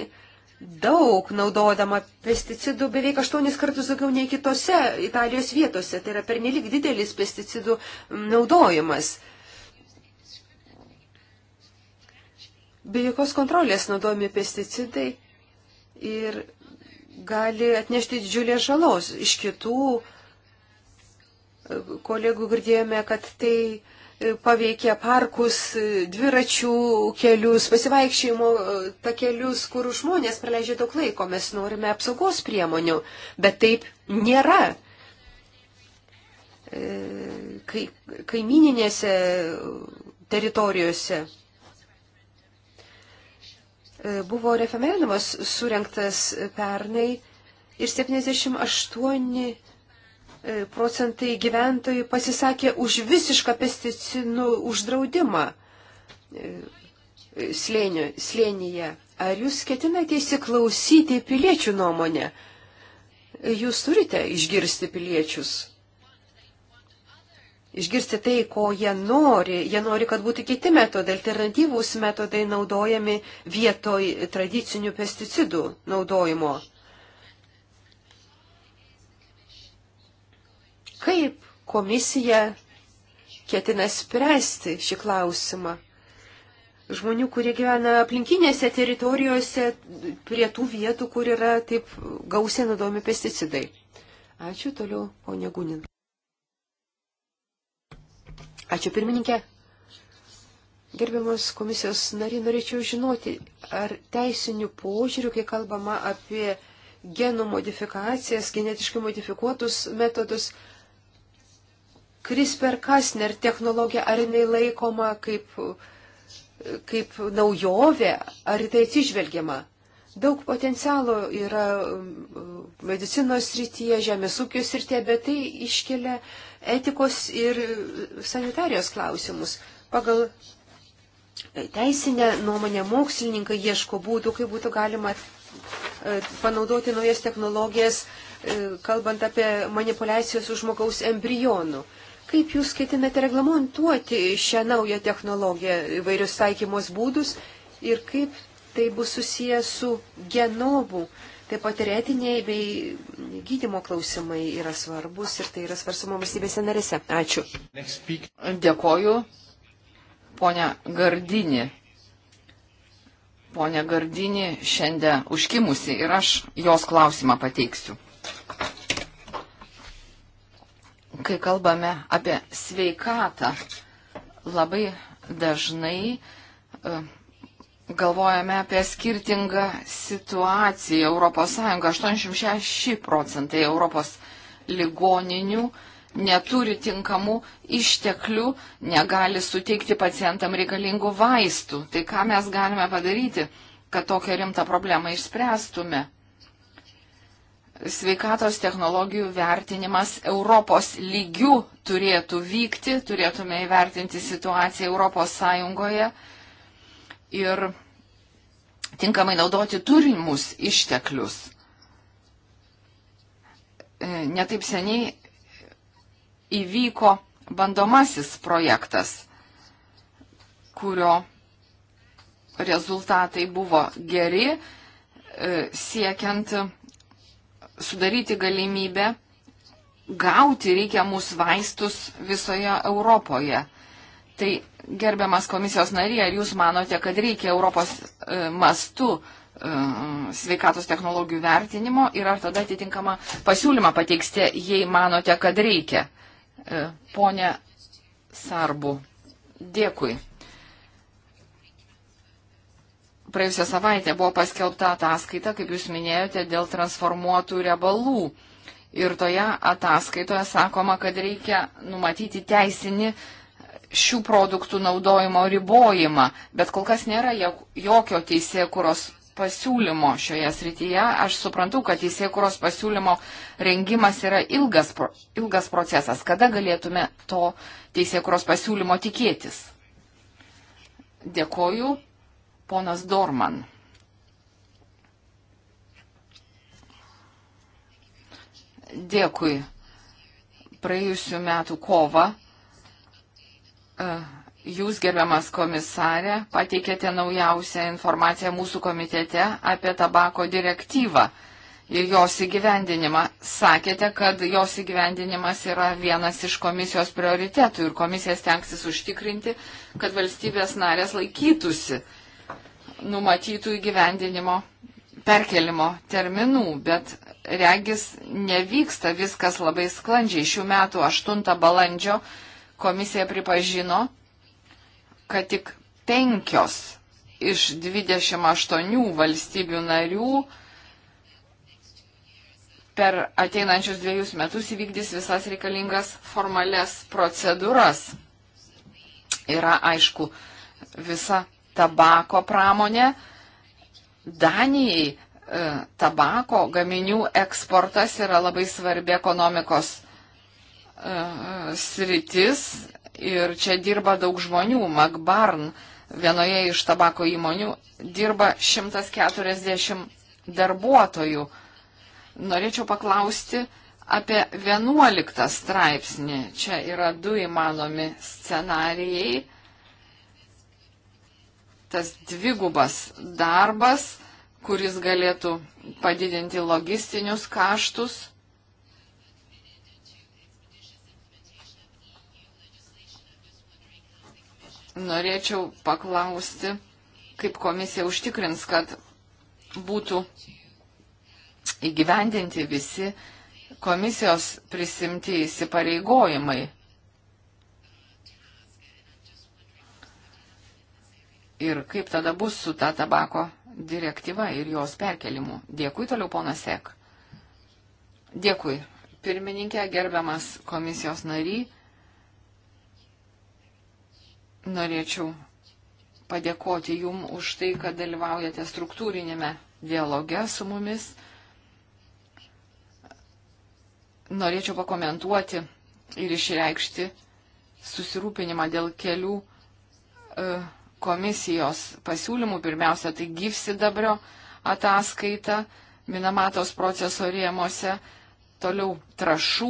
daug naudodama pesticidų, beveik aštuonis kartus daugiau nei kitose Italijos vietose. Tai yra pernelik didelis pesticidų mm, naudojimas. Be jokios kontrolės naudojami pesticidai ir gali atnešti didžiulės žalos. Iš kitų e, kolegų girdėjome, kad tai e, paveikia parkus, e, dviračių kelius, pasivaikščiojimo takelius, kur žmonės praleidžia daug laiko. Mes norime apsaugos priemonių, bet taip nėra. Kai, kaimininėse teritorijose E, buvo referendumas surinktas pernai ir 78 e, procentai gyventojų pasisakė už visišką pesticidų uždraudimą e, slėnių, slėnyje. Ar jūs ketinate įsiklausyti piliečių nuomonę? Jūs turite išgirsti piliečius išgirsti tai, ko jie nori. Jie nori, kad būtų kiti metodai, alternatyvūs metodai naudojami vietoj tradicinių pesticidų naudojimo. Kaip komisija ketina spręsti šį klausimą? Žmonių, kurie gyvena aplinkinėse teritorijose, prie tų vietų, kur yra taip gausiai naudojami pesticidai. Ačiū toliau, ponia Gunin. Ačiū pirmininkė. Gerbiamas komisijos nariai, norėčiau žinoti, ar teisinių požiūrių, kai kalbama apie genų modifikacijas, genetiškai modifikuotus metodus, CRISPR-Kasner technologija, ar jinai laikoma kaip, kaip naujovė, ar į tai atsižvelgiama? Daug potencialo yra um, medicinos srityje, žemės ūkio srityje, bet tai iškelia etikos ir sanitarijos klausimus. Pagal teisinę nuomonę mokslininkai ieško būdų, kaip būtų galima e, panaudoti naujas technologijas, e, kalbant apie manipulacijos už žmogaus embrionų. Kaip jūs ketinate reglamentuoti šią naują technologiją, įvairius taikymos būdus ir kaip tai bus susijęs su genomų Taip pat ir etiniai bei gydimo klausimai yra svarbus ir tai yra svarsuma valstybėse narėse. Ačiū. Dėkoju, ponia Gardinė. Pone Gardinį šiandien užkimusi ir aš jos klausimą pateiksiu. Kai kalbame apie sveikatą, labai dažnai e, galvojame apie skirtingą situaciją Europos Sąjunga. 86 procentai Europos ligoninių neturi tinkamų išteklių, negali suteikti pacientam reikalingų vaistų. Tai ką mes galime padaryti, kad tokią rimtą problemą išspręstume? Sveikatos technologijų vertinimas Europos lygių turėtų vykti, turėtume įvertinti situaciją Europos Sąjungoje ir tinkamai naudoti turimus išteklius. E, Netaip seniai įvyko bandomasis projektas, kurio rezultatai buvo geri, e, siekiant sudaryti galimybę gauti reikiamus vaistus visoje Europoje. Tai gerbiamas komisijos narė, ar jūs manote, kad reikia Europos e, mastu e, sveikatos technologijų vertinimo ir ar tada atitinkamą pasiūlymą pateiksite, jei manote, kad reikia? E, pone Sarbu, dėkui. Praėjusią savaitę buvo paskelbta ataskaita, kaip jūs minėjote, dėl transformuotų riebalų. Ir toje ataskaitoje sakoma, kad reikia numatyti teisinį uh, šių produktų naudojimo ribojimą, bet kol kas nėra jokio teisėkuros pasiūlymo šioje srityje. Aš suprantu, kad teisėkuros pasiūlymo rengimas yra ilgas, ilgas procesas. Kada galėtume to teisėkuros pasiūlymo tikėtis? Dėkoju, ponas Dorman. Dėkui. Praėjusiu metu kovą Jūs, gerbiamas komisarė, pateikėte naujausią informaciją mūsų komitete apie tabako direktyvą ir jos įgyvendinimą. Sakėte, kad jos įgyvendinimas yra vienas iš komisijos prioritetų ir komisija stengsis užtikrinti, kad valstybės narės laikytųsi numatytų įgyvendinimo perkelimo terminų, bet regis nevyksta viskas labai sklandžiai. Šių metų 8 balandžio Komisija pripažino, kad tik penkios iš 28 valstybių narių per ateinančius dviejus metus įvykdys visas reikalingas formales procedūras. Yra aišku, visa tabako pramonė. Danijai e, tabako gaminių eksportas yra labai svarbi ekonomikos sritis ir čia dirba daug žmonių. McBarn vienoje iš tabako įmonių dirba 140 darbuotojų. Norėčiau paklausti apie 11 straipsnį. Čia yra du įmanomi scenarijai. Tas dvigubas darbas, kuris galėtų padidinti logistinius kaštus norėčiau paklausti, kaip komisija užtikrins, kad būtų įgyvendinti visi komisijos prisimti įsipareigojimai. Ir kaip tada bus su ta tabako direktyva ir jos perkelimu. Dėkui toliau, ponas Sek. Dėkui. Pirmininkė, gerbiamas komisijos nariai norėčiau padėkoti Jum už tai, kad dalyvaujate struktūrinėme dialoge su mumis. Norėčiau pakomentuoti ir išreikšti susirūpinimą dėl kelių e, komisijos pasiūlymų. Pirmiausia, tai gyvsidabrio ataskaita Minamatos proceso rėmose, toliau trašų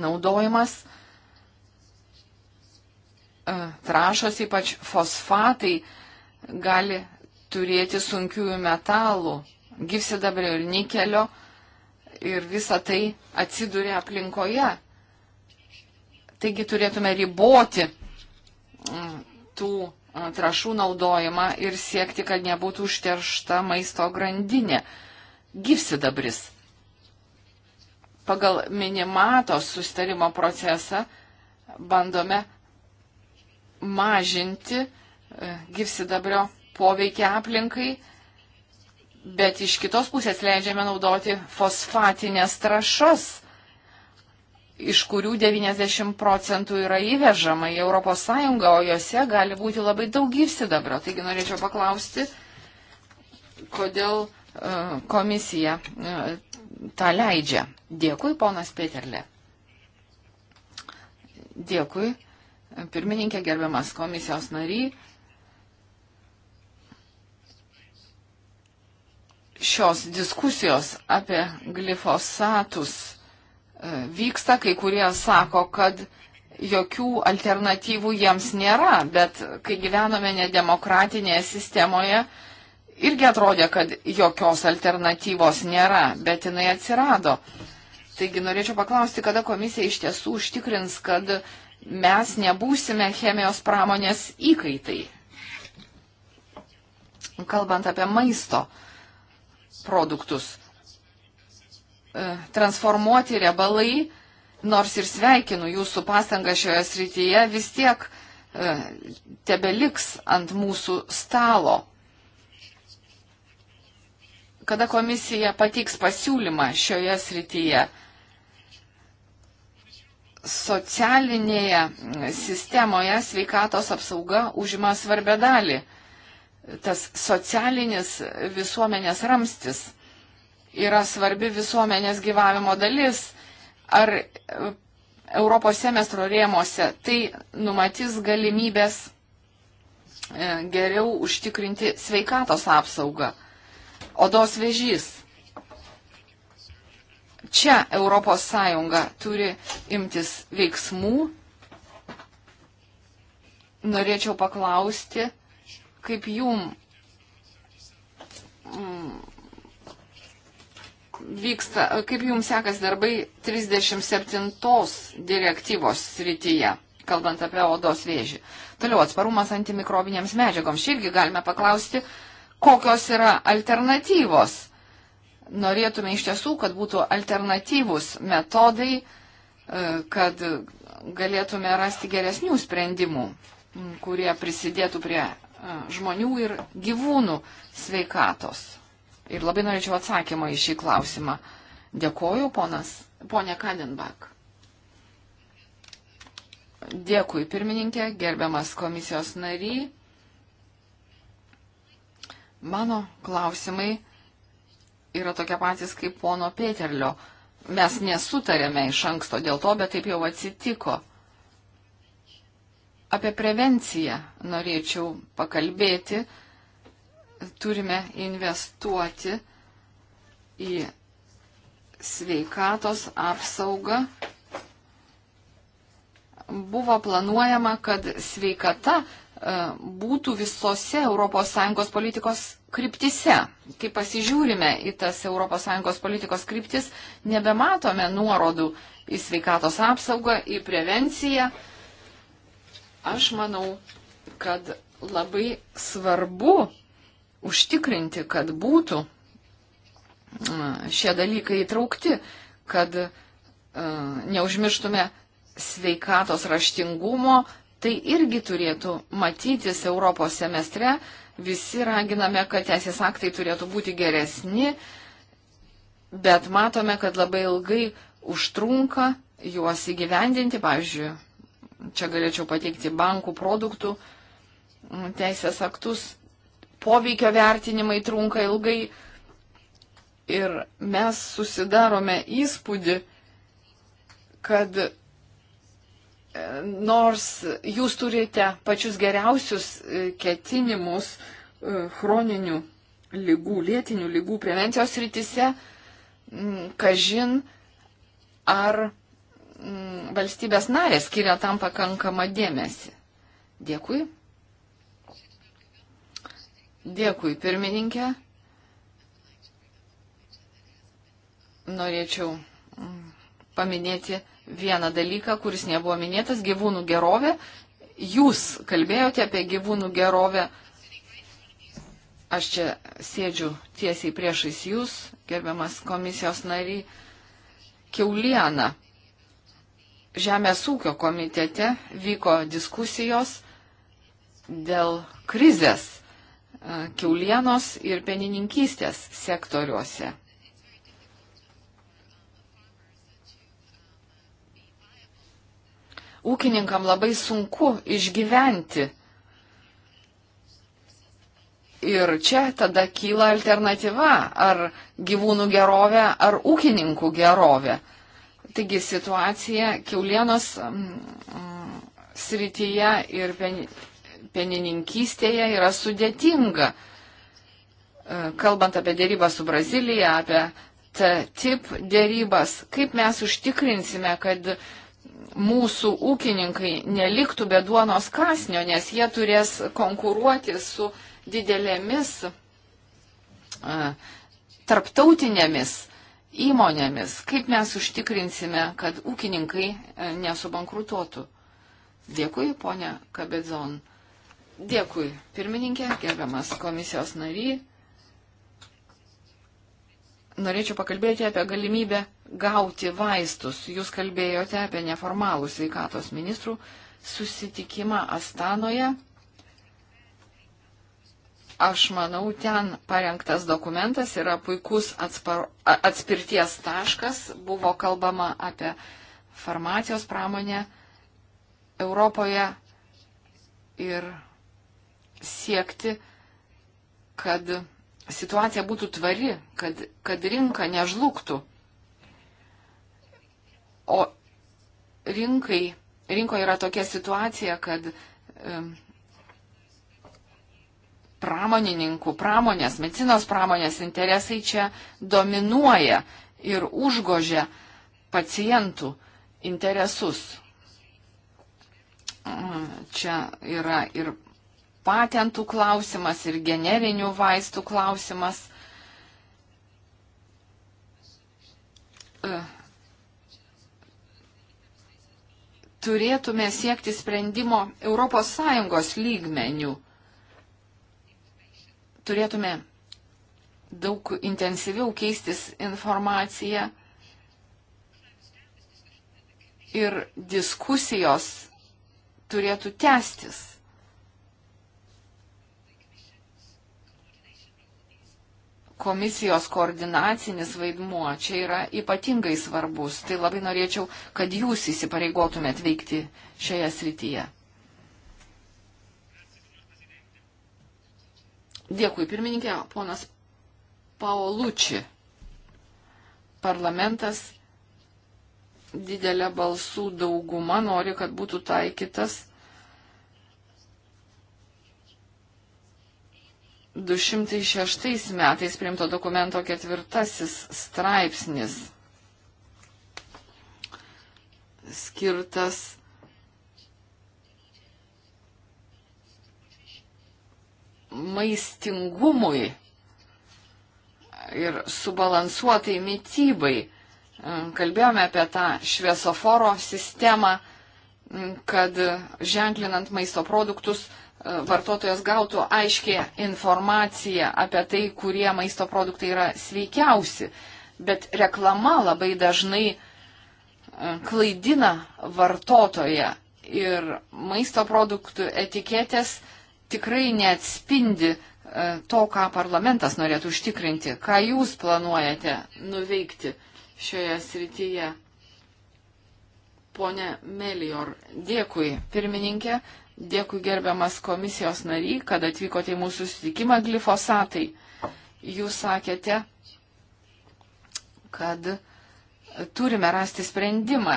naudojimas E, trašos, ypač fosfatai, gali turėti sunkiųjų metalų, gyvsidabrio ir nikelio ir visa tai atsiduria aplinkoje. Taigi turėtume riboti mm, tų e, trašų naudojimą ir siekti, kad nebūtų užteršta maisto grandinė. Gyvsidabris. Pagal minimatos sustarimo procesą bandome mažinti e, gyvsidabrio poveikį aplinkai, bet iš kitos pusės leidžiame naudoti fosfatinės trašas, iš kurių 90 procentų yra įvežama į ES, o juose gali būti labai daug gyvsidabrio. Taigi norėčiau paklausti, kodėl e, komisija e, tą leidžia. Dėkui, ponas Peterle. Dėkui pirmininkė, gerbiamas komisijos nariai. Šios diskusijos apie glifosatus e, vyksta, kai kurie sako, kad jokių alternatyvų jiems nėra, bet kai gyvenome nedemokratinėje sistemoje, irgi atrodė, kad jokios alternatyvos nėra, bet jinai atsirado. Taigi norėčiau paklausti, kada komisija iš tiesų užtikrins, kad mes nebūsime chemijos pramonės įkaitai. Kalbant apie maisto produktus, e, transformuoti riebalai, nors ir sveikinu jūsų pastangą šioje srityje, vis tiek e, tebeliks ant mūsų stalo. Kada komisija patiks pasiūlymą šioje srityje, socialinėje sistemoje sveikatos apsauga užima svarbę dalį. Tas socialinis visuomenės ramstis yra svarbi visuomenės gyvavimo dalis. Ar e, Europos semestro rėmose tai numatys galimybės e, geriau užtikrinti sveikatos apsaugą. Odos vėžys čia ES turi imtis veiksmų. Norėčiau paklausti, kaip jum mm, vyksta, kaip jums sekas darbai 37 direktyvos srityje, kalbant apie odos vėžį. Toliau atsparumas antimikrobinėms medžiagoms. Irgi galime paklausti, kokios yra alternatyvos norėtume iš tiesų, kad būtų alternatyvus metodai, e, kad galėtume rasti geresnių sprendimų, kurie prisidėtų prie e, žmonių ir gyvūnų sveikatos. Ir labai norėčiau atsakymą į šį klausimą. Dėkoju, ponas, ponė Kadenbach. Dėkui, pirmininkė, gerbiamas komisijos nary. Mano klausimai yra tokie patys kaip pono Peterlio. Mes nesutarėme iš anksto dėl to, bet taip jau atsitiko. Apie prevenciją norėčiau pakalbėti. Turime investuoti į sveikatos apsaugą. Buvo planuojama, kad sveikata E, būtų visose ES politikos kryptise. Kai pasižiūrime į tas ES politikos kryptis, nebematome nuorodų į sveikatos apsaugą, į prevenciją. Aš manau, kad labai svarbu užtikrinti, kad būtų e, šie dalykai įtraukti, kad e, neužmirštume sveikatos raštingumo, tai irgi turėtų matytis Europos semestre. Visi raginame, kad teisės aktai turėtų būti geresni, bet matome, kad labai ilgai užtrunka juos įgyvendinti. Pavyzdžiui, čia galėčiau pateikti bankų produktų mm, teisės aktus. Poveikio vertinimai trunka ilgai ir mes susidarome įspūdį, kad nors jūs turite pačius geriausius e, ketinimus e, chroninių lygų, lėtinių lygų prevencijos rytise, kažin ar valstybės narės skiria tam pakankamą dėmesį. Dėkui. Dėkui, pirmininkė. Norėčiau paminėti vieną dalyką, kuris nebuvo minėtas - gyvūnų gerovė. Jūs kalbėjote apie gyvūnų gerovę. Aš čia sėdžiu tiesiai priešais jūs, gerbiamas komisijos nariai, keulieną. Žemės ūkio komitete vyko diskusijos dėl krizės e, keulienos ir penininkystės sektoriuose. ūkininkam labai sunku išgyventi. Ir čia tada kyla alternatyva ar gyvūnų gerovė, ar ūkininkų gerovė. Taigi situacija kiaulienos mm, mm, srityje ir penininkystėje yra sudėtinga. E, kalbant apie dėrybą su Brazilija, apie T-tip dėrybas, kaip mes užtikrinsime, kad uh, mūsų ūkininkai neliktų be duonos kasnio, nes jie turės konkuruoti su didelėmis a, e, tarptautinėmis įmonėmis. Kaip mes užtikrinsime, kad ūkininkai a, e, nesubankrutuotų? Dėkui, ponia Kabedzon. Dėkui, pirmininkė, gerbiamas komisijos nary. Norėčiau pakalbėti apie galimybę gauti vaistus. Jūs kalbėjote apie neformalų sveikatos ministrų susitikimą Astanoje. Aš manau, ten parengtas dokumentas yra puikus atspar, atspirties taškas. Buvo kalbama apie farmacijos pramonę Europoje ir siekti, kad situacija būtų tvari, kad, kad rinka nežlugtų. O rinkai, rinkoje yra tokia situacija, kad um, pramonininkų, pramonės, medicinos pramonės interesai čia dominuoja ir užgožia pacientų interesus. Mm, čia yra ir patentų klausimas, ir generinių vaistų klausimas. Uh turėtume siekti sprendimo ES lygmenių. Turėtume daug intensyviau keistis informaciją ir diskusijos turėtų tęstis. komisijos koordinacinis vaidmuo čia yra ypatingai svarbus. Tai labai norėčiau, kad jūs įsipareigotumėt veikti šioje srityje. Dėkui, pirmininkė, ponas Paoluči. Parlamentas didelė balsų dauguma nori, kad būtų taikytas 206 metais priimto dokumento ketvirtasis straipsnis skirtas maistingumui ir subalansuotai mytybai. Kalbėjome apie tą šviesoforo sistemą, kad ženklinant maisto produktus vartotojas gautų aiškę informaciją apie tai, kurie maisto produktai yra sveikiausi. Bet reklama labai dažnai e, klaidina vartotoją ir maisto produktų etiketės tikrai neatspindi e, to, ką parlamentas norėtų užtikrinti, ką jūs planuojate nuveikti šioje srityje. Pone Melior, dėkui pirmininkė, Dėkui gerbiamas komisijos nary, kad atvykote į mūsų susitikimą glifosatai. Jūs sakėte, kad turime rasti sprendimą.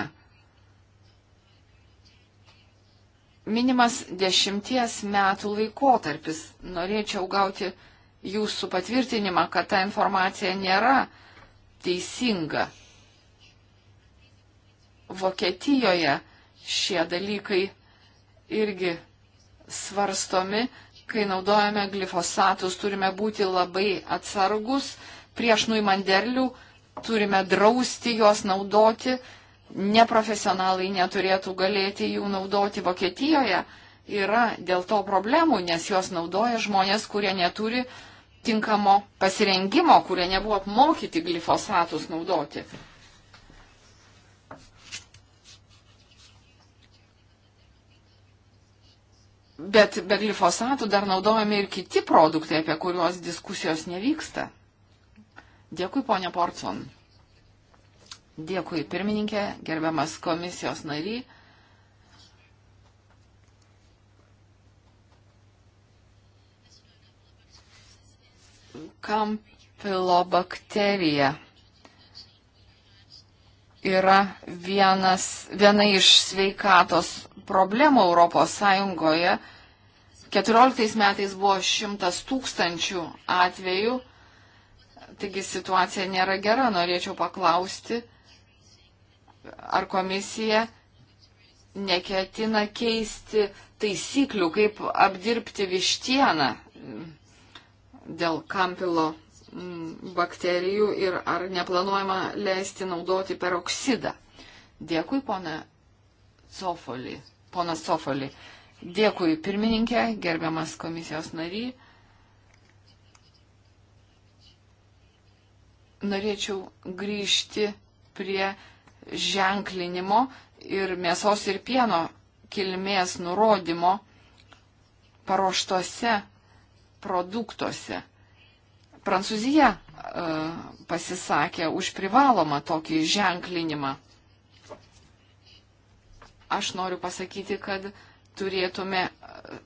Minimas dešimties metų laikotarpis. Norėčiau gauti jūsų patvirtinimą, kad ta informacija nėra teisinga. Vokietijoje šie dalykai irgi svarstomi, kai naudojame glifosatus, turime būti labai atsargus, prieš nuimant derlių turime drausti juos naudoti, neprofesionalai neturėtų galėti jų naudoti Vokietijoje. Yra dėl to problemų, nes juos naudoja žmonės, kurie neturi tinkamo pasirengimo, kurie nebuvo apmokyti glifosatus naudoti. Bet be glifosatų dar naudojami ir kiti produktai, apie kuriuos diskusijos nevyksta. Dėkui, ponia Porcon. Dėkui, pirmininkė, gerbiamas komisijos nary. Kampilobakterija yra vienas, viena iš sveikatos problemų Europos Sąjungoje. 14 metais buvo 100 tūkstančių atvejų, taigi situacija nėra gera. Norėčiau paklausti, ar komisija neketina keisti taisyklių, kaip apdirbti vištieną dėl kampilo mm, bakterijų ir ar neplanuojama leisti naudoti peroksidą. Dėkui, pone Sofolį ponas Sofoli. Dėkui pirmininkė, gerbiamas komisijos nary. Norėčiau grįžti prie ženklinimo ir mėsos ir pieno kilmės nurodymo paruoštose produktuose. Prancūzija e, pasisakė už privalomą tokį ženklinimą aš noriu pasakyti, kad turėtume e,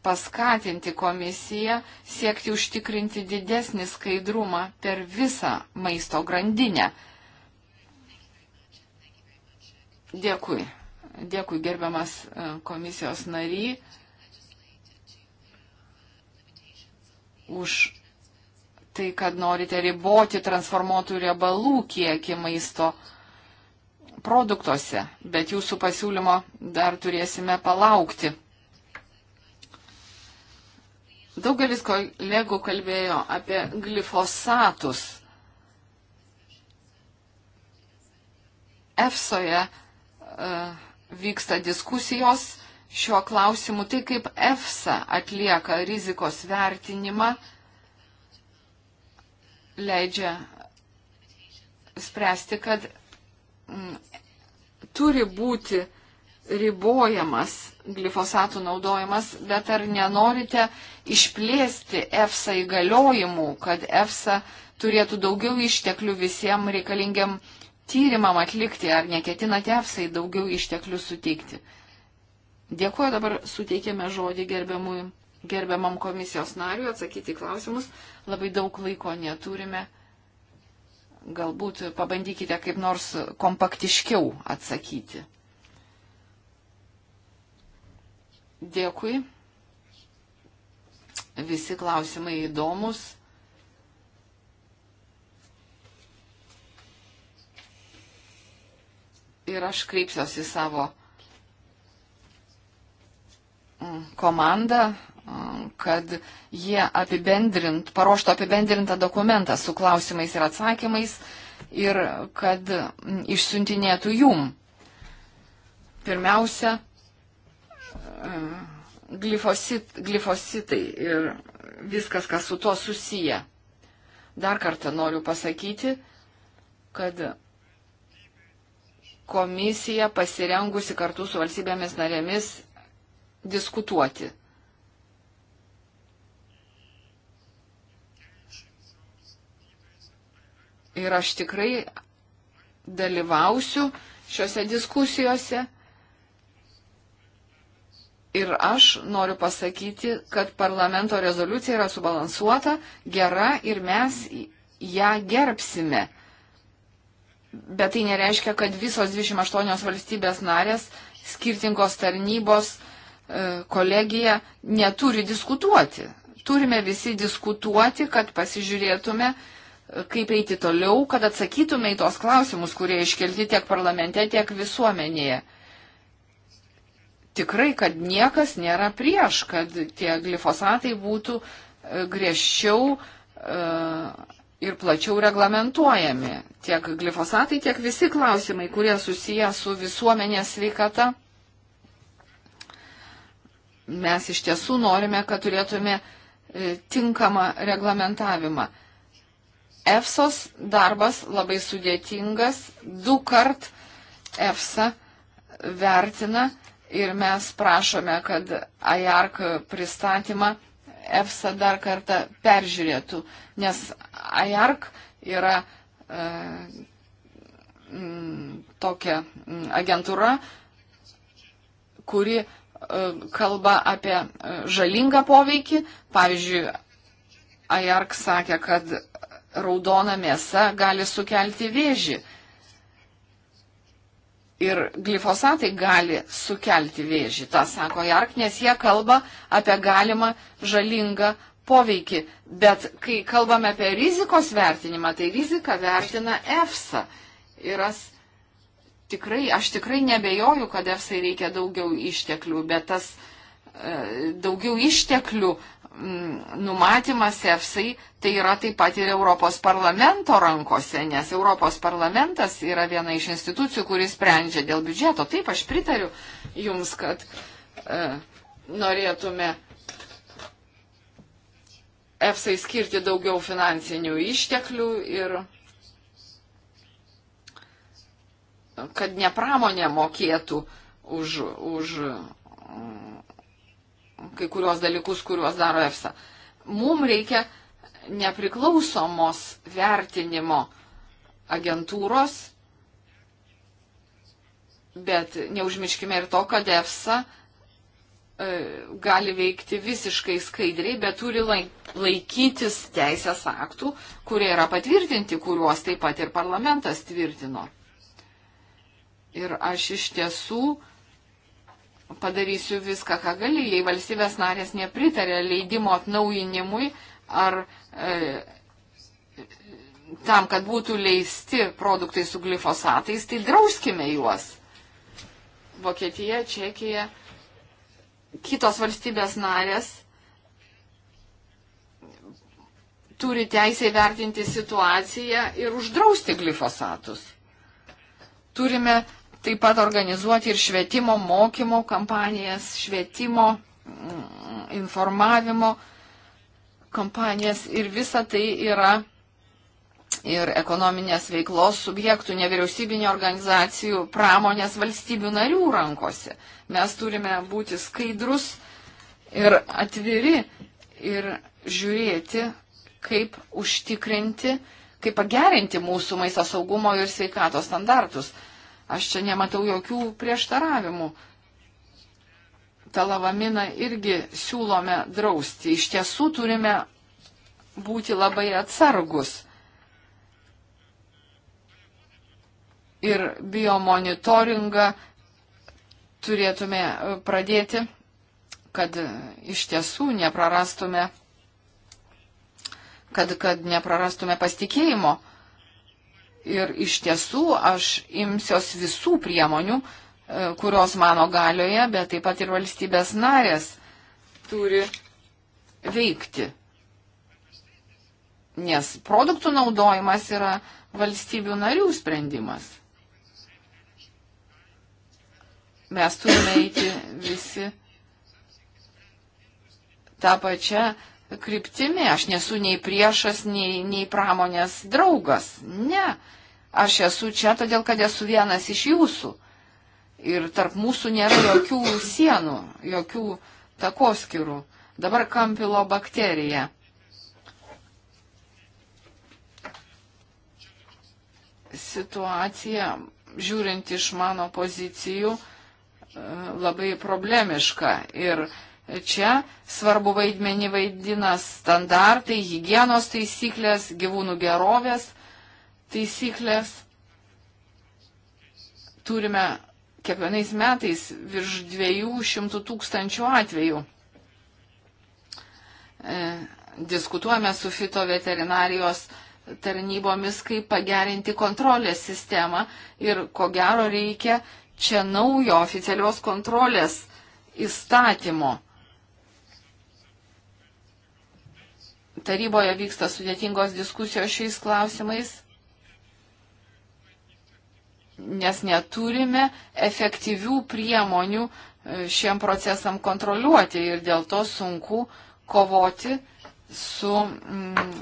paskatinti komisiją siekti užtikrinti didesnį skaidrumą per visą maisto grandinę. Dėkui. Dėkui, gerbiamas e, komisijos nary, už tai, kad norite riboti transformuotų riebalų kiekį maisto grandinę produktuose, bet jūsų pasiūlymo dar turėsime palaukti. Daugelis kolegų kalbėjo apie glifosatus. EFSOje uh, vyksta diskusijos šiuo klausimu, tai kaip EFSA atlieka rizikos vertinimą, leidžia spręsti, kad Mm, turi būti ribojamas glifosatų naudojimas, bet ar nenorite išplėsti EFSA įgaliojimų, kad EFSA turėtų daugiau išteklių visiems reikalingiam tyrimam atlikti, ar neketinate EFSA daugiau išteklių suteikti? Dėkuoju, dabar suteikėme žodį gerbiamui, gerbiamam komisijos nariui atsakyti klausimus, labai daug laiko neturime. Galbūt pabandykite kaip nors kompaktiškiau atsakyti. Dėkui. Visi klausimai įdomus. Ir aš kreipsiuosi savo komandą, Mm, kad jie apibendrint, paruoštų apibendrintą dokumentą su klausimais ir atsakymais ir kad mm, išsiuntinėtų jum. Pirmiausia, e, glifosit, glifositai ir viskas, kas su tuo susiję. Dar kartą noriu pasakyti, kad komisija pasirengusi kartu su valstybėmis narėmis diskutuoti ir aš tikrai dalyvausiu šiuose diskusijose. Ir aš noriu pasakyti, kad parlamento rezoliucija yra subalansuota, gera ir mes ją gerbsime. Bet tai nereiškia, kad visos 28 valstybės narės, skirtingos tarnybos, e, kolegija neturi diskutuoti. Turime visi diskutuoti, kad pasižiūrėtume, kaip eiti toliau, kad atsakytume į tos klausimus, kurie iškelti tiek parlamente, tiek visuomenėje. Tikrai, kad niekas nėra prieš, kad tie glifosatai būtų e, griežčiau e, ir plačiau reglamentuojami. Tiek glifosatai, tiek visi klausimai, kurie susiję su visuomenės sveikata. Mes iš tiesų norime, kad turėtume e, tinkamą reglamentavimą. EFSOS darbas labai sudėtingas, du kart EFSA vertina ir mes prašome, kad AJARK pristatymą EFSA dar kartą peržiūrėtų, nes AJARK yra e, m, tokia agentūra, kuri e, kalba apie e, žalingą poveikį. Pavyzdžiui, AJARK sakė, kad raudona mėsa gali sukelti vėžį. Ir glifosatai gali sukelti vėžį, tą sako Jark, nes jie kalba apie galimą žalingą poveikį. Bet kai kalbame apie rizikos vertinimą, tai rizika vertina EFSA. Ir as, tikrai, aš tikrai nebejoju, kad EFSA reikia daugiau išteklių, bet tas e, daugiau išteklių Mm, numatymas EFSAI tai yra taip pat ir Europos parlamento rankose, nes Europos parlamentas yra viena iš institucijų, kuris sprendžia dėl biudžeto. Taip, aš pritariu Jums, kad e, norėtume EFSAI skirti daugiau finansinių išteklių ir kad ne pramonė mokėtų už, už kai kuriuos dalykus, kuriuos daro EFSA. Mums reikia nepriklausomos vertinimo agentūros, bet neužmirškime ir to, kad EFSA e, gali veikti visiškai skaidriai, bet turi laikytis teisės aktų, kurie yra patvirtinti, kuriuos taip pat ir parlamentas tvirtino. Ir aš iš tiesų padarysiu viską, ką gali, jei valstybės narės nepritarė leidimo atnaujinimui ar e, tam, kad būtų leisti produktai su glifosatais, tai drauskime juos. Vokietija, Čekija, kitos valstybės narės turi teisę įvertinti situaciją ir uždrausti glifosatus. Turime taip pat organizuoti ir švietimo mokymo kampanijas, švietimo mm, informavimo kampanijas ir visa tai yra ir ekonominės veiklos subjektų, nevyriausybinio organizacijų, pramonės valstybių narių rankose. Mes turime būti skaidrus ir atviri ir žiūrėti, kaip užtikrinti, kaip pagerinti mūsų maisto saugumo ir sveikatos standartus. Aš čia nematau jokių prieštaravimų. Talavaminą irgi siūlome drausti. Iš tiesų turime būti labai atsargus. ir biomonitoringą turėtume pradėti, kad iš tiesų neprarastume, kad, kad neprarastume pasitikėjimo Ir iš tiesų aš imsiuos visų priemonių, e, kurios mano galioje, bet taip pat ir valstybės narės turi veikti. Nes produktų naudojimas yra valstybių narių sprendimas. Mes turime eiti visi tą pačią kryptimi. Aš nesu nei priešas, nei, nei pramonės draugas. Ne. Aš esu čia todėl, kad esu vienas iš jūsų. Ir tarp mūsų nėra jokių sienų, jokių takoskirų. Dabar kampilo bakterija. Situacija, žiūrint iš mano pozicijų, e, labai problemiška. Ir uh, Čia svarbu vaidmenį vaidina standartai, hygienos taisyklės, gyvūnų gerovės taisyklės. Turime kiekvienais metais virš 200 tūkstančių atvejų. E, diskutuojame su fito veterinarijos tarnybomis, kaip pagerinti kontrolės sistemą ir ko gero reikia čia naujo oficialios kontrolės įstatymo taryboje vyksta sudėtingos diskusijos šiais klausimais, nes neturime efektyvių priemonių e, šiem procesam kontroliuoti ir dėl to sunku kovoti su mm,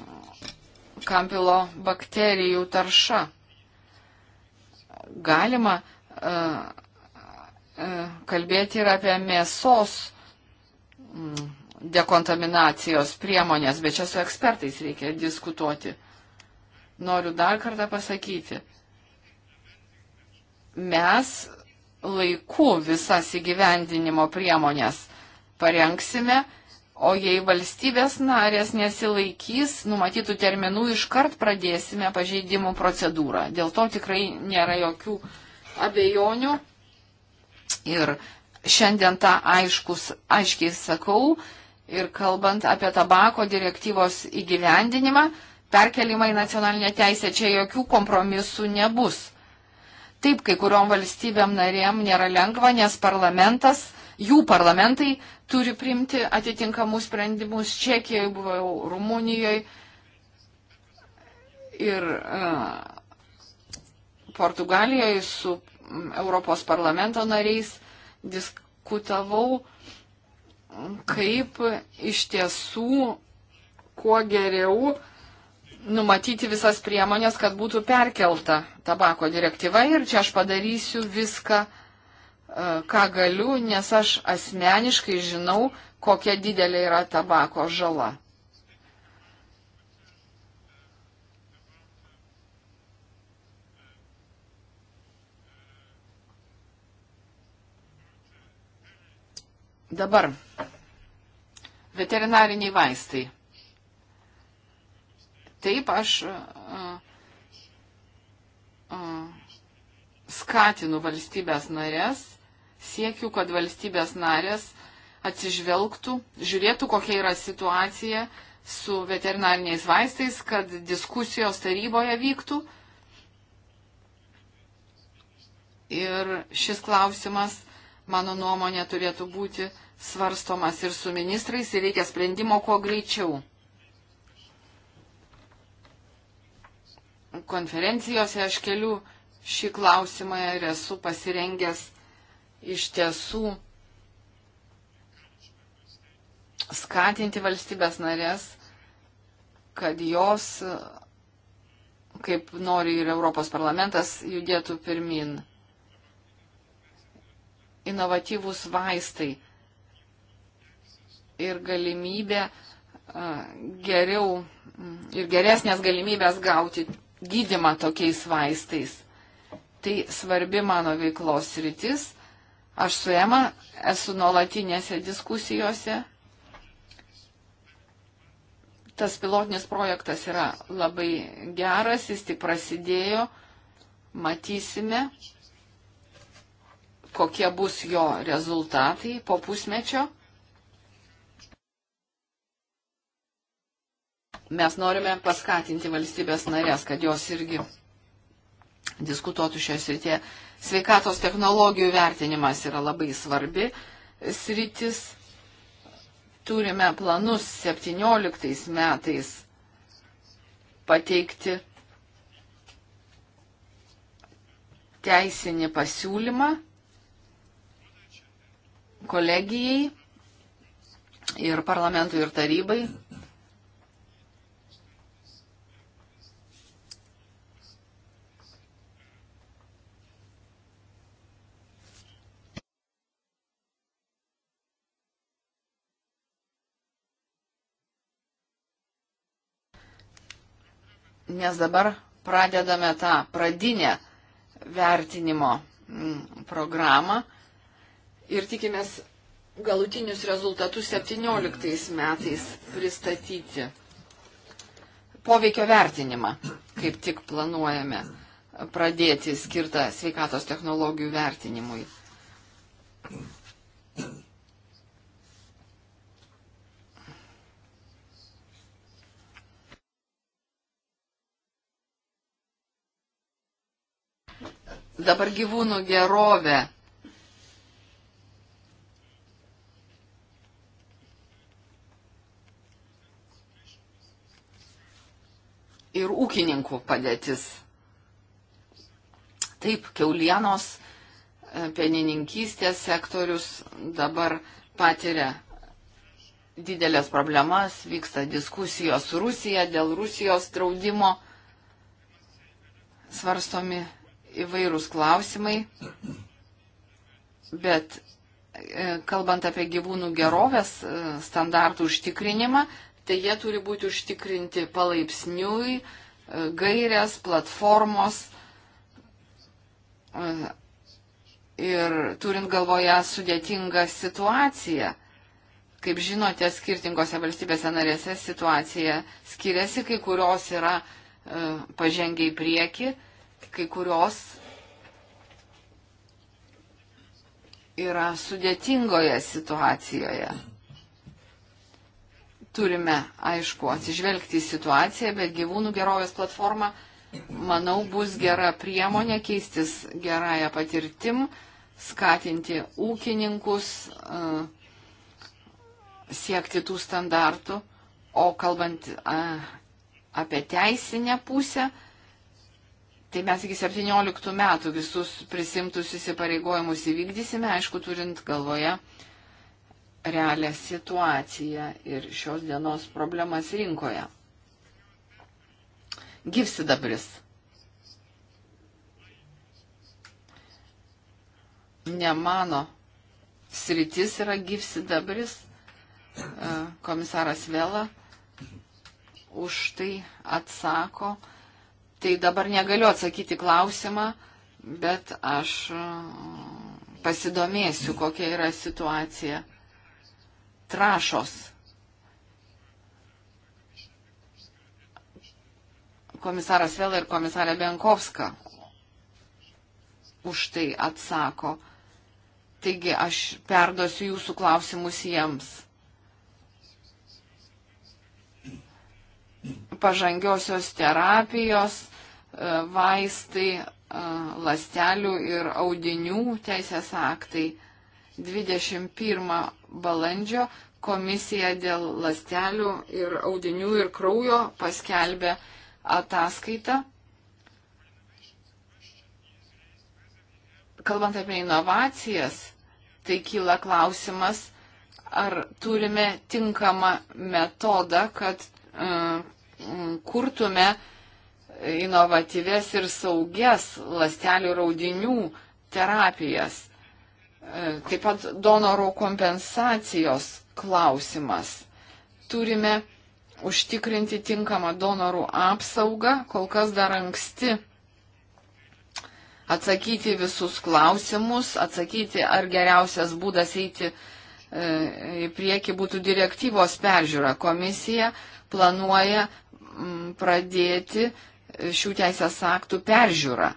kampilo bakterijų tarša. Galima uh, uh, kalbėti ir apie mėsos mm, dekontaminacijos priemonės, bet čia su ekspertais reikia diskutuoti. Noriu dar kartą pasakyti, mes laiku visas įgyvendinimo priemonės parengsime, o jei valstybės narės nesilaikys numatytų terminų, iškart pradėsime pažeidimų procedūrą. Dėl to tikrai nėra jokių abejonių. Ir šiandien tą aiškus, aiškiai sakau, ir kalbant apie tabako direktyvos įgyvendinimą, perkelimą į nacionalinę teisę čia jokių kompromisų nebus. Taip, kai kuriuom valstybėm narėm nėra lengva, nes parlamentas, jų parlamentai turi priimti atitinkamus sprendimus. Čekijoje buvau, Rumunijoje ir uh, Portugalijoje su Europos parlamento nariais diskutavau. Uh, kaip iš tiesų kuo geriau numatyti visas priemonės, kad būtų perkelta tabako direktyva ir čia aš padarysiu viską, e, ką galiu, nes aš asmeniškai žinau, kokia didelė yra tabako žala. Dabar Veterinariniai vaistai. Taip aš skatinu valstybės narės, siekiu, kad valstybės narės atsižvelgtų, žiūrėtų, kokia yra situacija su veterinariniais vaistais, kad diskusijos taryboje vyktų. Ir šis klausimas, mano nuomonė, turėtų būti svarstomas ir su ministrais ir reikia sprendimo kuo greičiau. Konferencijose aš keliu šį klausimą ir esu pasirengęs iš tiesų skatinti valstybės narės, kad jos, kaip nori ir Europos parlamentas, judėtų pirmin. Inovatyvūs vaistai ir galimybę geriau ir geresnės galimybės gauti gydimą tokiais vaistais. Tai svarbi mano veiklos rytis. Aš su Ema esu nuolatinėse diskusijose. Tas pilotinis projektas yra labai geras, jis tik prasidėjo. Matysime, kokie bus jo rezultatai po pusmečio. Mes norime paskatinti valstybės narės, kad jos irgi diskutuotų šioje srityje. Sveikatos technologijų vertinimas yra labai svarbi sritis. Turime planus 17 metais pateikti teisinį pasiūlymą kolegijai ir parlamentui ir tarybai nes dabar pradedame tą pradinę vertinimo mm, programą ir tikimės galutinius rezultatus 17 metais pristatyti. Poveikio vertinimą, kaip tik planuojame pradėti skirtą sveikatos technologijų vertinimui. Dabar gyvūnų gerovė. Ir ūkininkų padėtis. Taip, keulienos e, pienininkystės sektorius dabar patiria didelės problemas, vyksta diskusijos su Rusija dėl Rusijos draudimo, svarstomi įvairūs klausimai, bet e, kalbant apie gyvūnų gerovės e, standartų užtikrinimą, tai jie turi būti užtikrinti palaipsniui, e, gairės, platformos ir turint galvoje sudėtingą situaciją. Kaip žinote, skirtingose valstybėse narėse situacija skiriasi, kai kurios yra pažengiai prieki, kai kurios yra sudėtingoje situacijoje. Turime, aišku, atsižvelgti į situaciją, bet gyvūnų gerovės platforma, manau, bus gera priemonė keistis gerąją patirtim, skatinti ūkininkus, e, siekti tų standartų. O kalbant e, apie teisinę pusę, Tai mes iki 17 metų visus prisimtus įsipareigojimus įvykdysime, aišku, turint galvoje realią situaciją ir šios dienos problemas rinkoje. Gyvsidabris. Ne mano sritis yra gyvsidabris. Komisaras Vela už tai atsako Tai dabar negaliu atsakyti klausimą, bet aš e, pasidomėsiu, kokia yra situacija. Trašos. Komisaras Vėl ir komisarė Benkovska už tai atsako. Taigi aš perduosiu jūsų klausimus jiems. pažangiosios terapijos, e, vaistai, e, lastelių ir audinių teisės aktai. 21 balandžio komisija dėl lastelių ir audinių ir kraujo paskelbė ataskaitą. Kalbant apie inovacijas, tai kyla klausimas, ar turime tinkamą metodą, kad e, Mm, kurtume inovatyves ir saugias lastelių raudinių terapijas. E, taip pat donoro kompensacijos klausimas. Turime užtikrinti tinkamą donorų apsaugą, kol kas dar anksti atsakyti visus klausimus, atsakyti, ar geriausias būdas eiti e, į priekį būtų direktyvos peržiūra. Komisija planuoja pradėti šių teisės aktų peržiūrą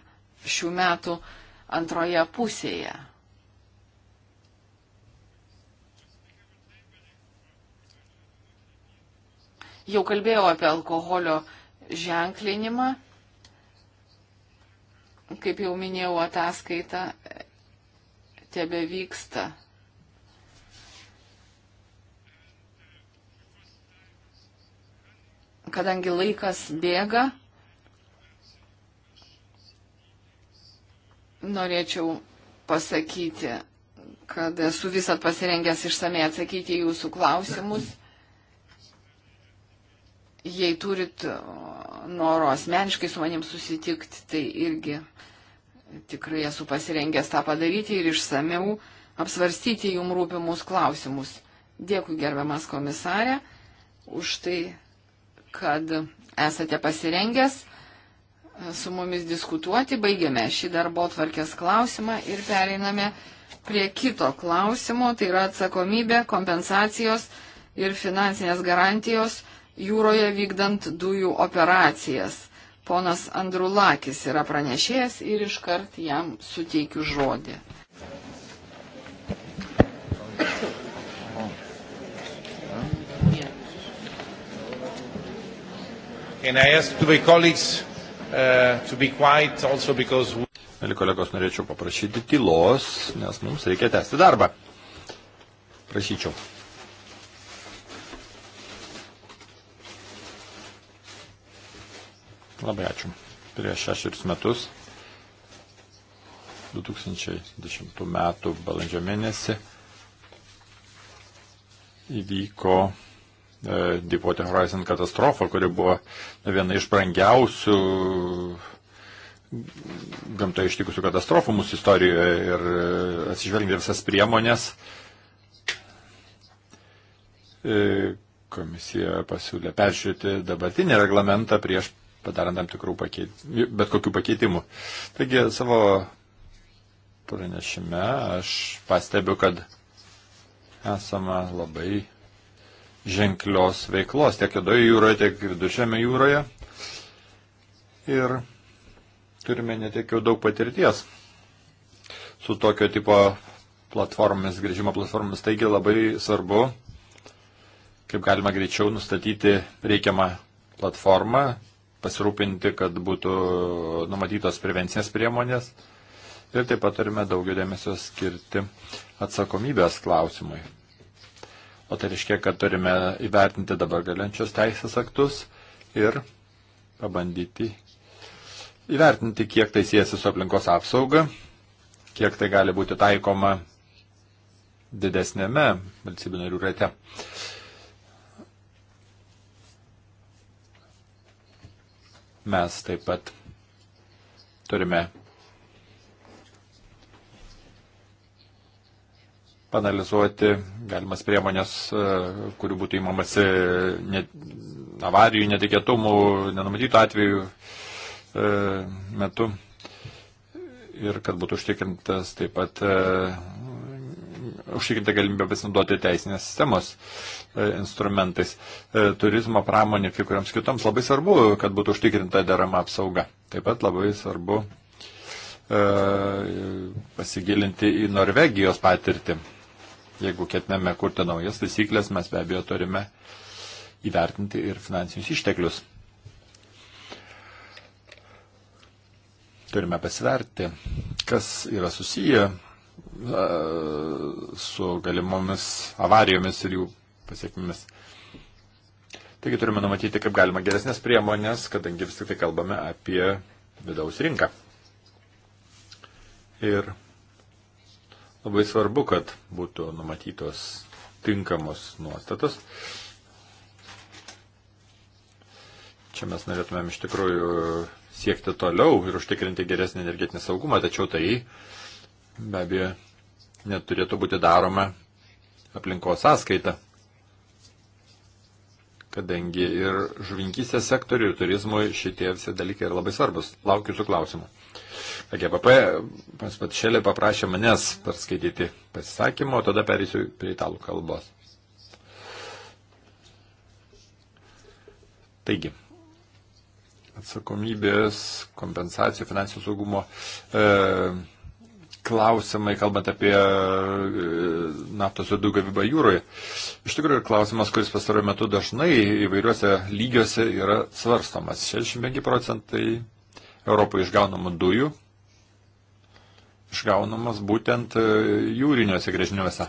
šių metų antroje pusėje. Jau kalbėjau apie alkoholio ženklinimą. Kaip jau minėjau, ataskaita tebe vyksta. kadangi laikas bėga, norėčiau pasakyti, kad esu visat pasirengęs išsamei atsakyti jūsų klausimus. Jei turit noro asmeniškai su manim susitikti, tai irgi tikrai esu pasirengęs tą padaryti ir išsameu apsvarstyti jum rūpimus klausimus. Dėkui gerbiamas komisarė už tai, kad esate pasirengęs e, su mumis diskutuoti. Baigiame šį darbo tvarkės klausimą ir pereiname prie kito klausimo, tai yra atsakomybė, kompensacijos ir finansinės garantijos jūroje vykdant dujų operacijas. Ponas Andrulakis yra pranešėjas ir iškart jam suteikiu žodį. And I ask to the colleagues uh, to be quiet also because... Mėly kolegos, norėčiau paprašyti tylos, nes mums reikia tęsti darbą. Prašyčiau. Labai ačiū. Prieš šešerius metus, 2010 m. balandžio mėnesį, įvyko E, Deepwater Horizon katastrofą, kuri buvo viena iš brangiausių gamtai ištikusių katastrofų mūsų istorijoje ir e, atsižvelgiant visas priemonės, e, komisija pasiūlė peržiūrėti dabartinį reglamentą prieš padarant tam tikrų pakeitimų, bet kokių pakeitimų. Taigi savo pranešime aš pastebiu, kad esame labai ženklios veiklos tiek Jodoje jūroje, tiek Vidužėme jūroje. Ir turime netiek jau daug patirties su tokio tipo platformomis, grįžimo platformomis. Taigi labai svarbu, kaip galima greičiau nustatyti reikiamą platformą, pasirūpinti, kad būtų numatytos prevencinės priemonės. Ir taip pat turime daugiau dėmesio skirti atsakomybės klausimui. O tai reiškia, kad turime įvertinti dabar galiančios teisės aktus ir pabandyti įvertinti, kiek tai siejasi su aplinkos apsauga, kiek tai gali būti taikoma didesnėme valstybių narių rate. Mes taip pat turime panalizuoti galimas priemonės, e, kurių būtų įmamasi net, avarijų, netikėtumų, nenumatytų atvejų e, metu. Ir kad būtų užtikrintas taip pat e, užtikrinta galimybė pasinaudoti teisinės sistemos instrumentais. Turizmo pramonė ir kai kuriams kitoms labai svarbu, kad būtų užtikrinta derama apsauga. Taip pat labai svarbu pasigilinti į Norvegijos patirtį jeigu ketiname kurti naujas taisyklės, mes be abejo turime įvertinti ir finansinius išteklius. Turime pasiverti, kas yra susiję su galimomis avarijomis ir jų pasiekmėmis. Taigi turime numatyti, kaip galima geresnės priemonės, kadangi vis tik tai kalbame apie vidaus rinką. Ir Labai svarbu, kad būtų numatytos tinkamos nuostatos. Čia mes norėtumėm iš tikrųjų siekti toliau ir užtikrinti geresnį energetinį saugumą, tačiau tai be abejo neturėtų būti daroma aplinkos sąskaita, kadangi ir žuvinkystės sektoriui, ir turizmui šitie visi dalykai yra labai svarbus. Laukiu su klausimu. AGPP, pas Patšelė paprašė manęs perskaityti pasisakymą, o tada perėsiu prie italų kalbos. Taigi, atsakomybės, kompensacijų, finansinio saugumo e, klausimai, kalbant apie e, naftos vidų gavybą jūroje. Iš tikrųjų, klausimas, kuris pastaruoju metu dažnai įvairiuose lygiuose yra svarstomas. 65 procentai Europoje išgaunamų dujų išgaunamas būtent e, jūriniuose grėžiniuose.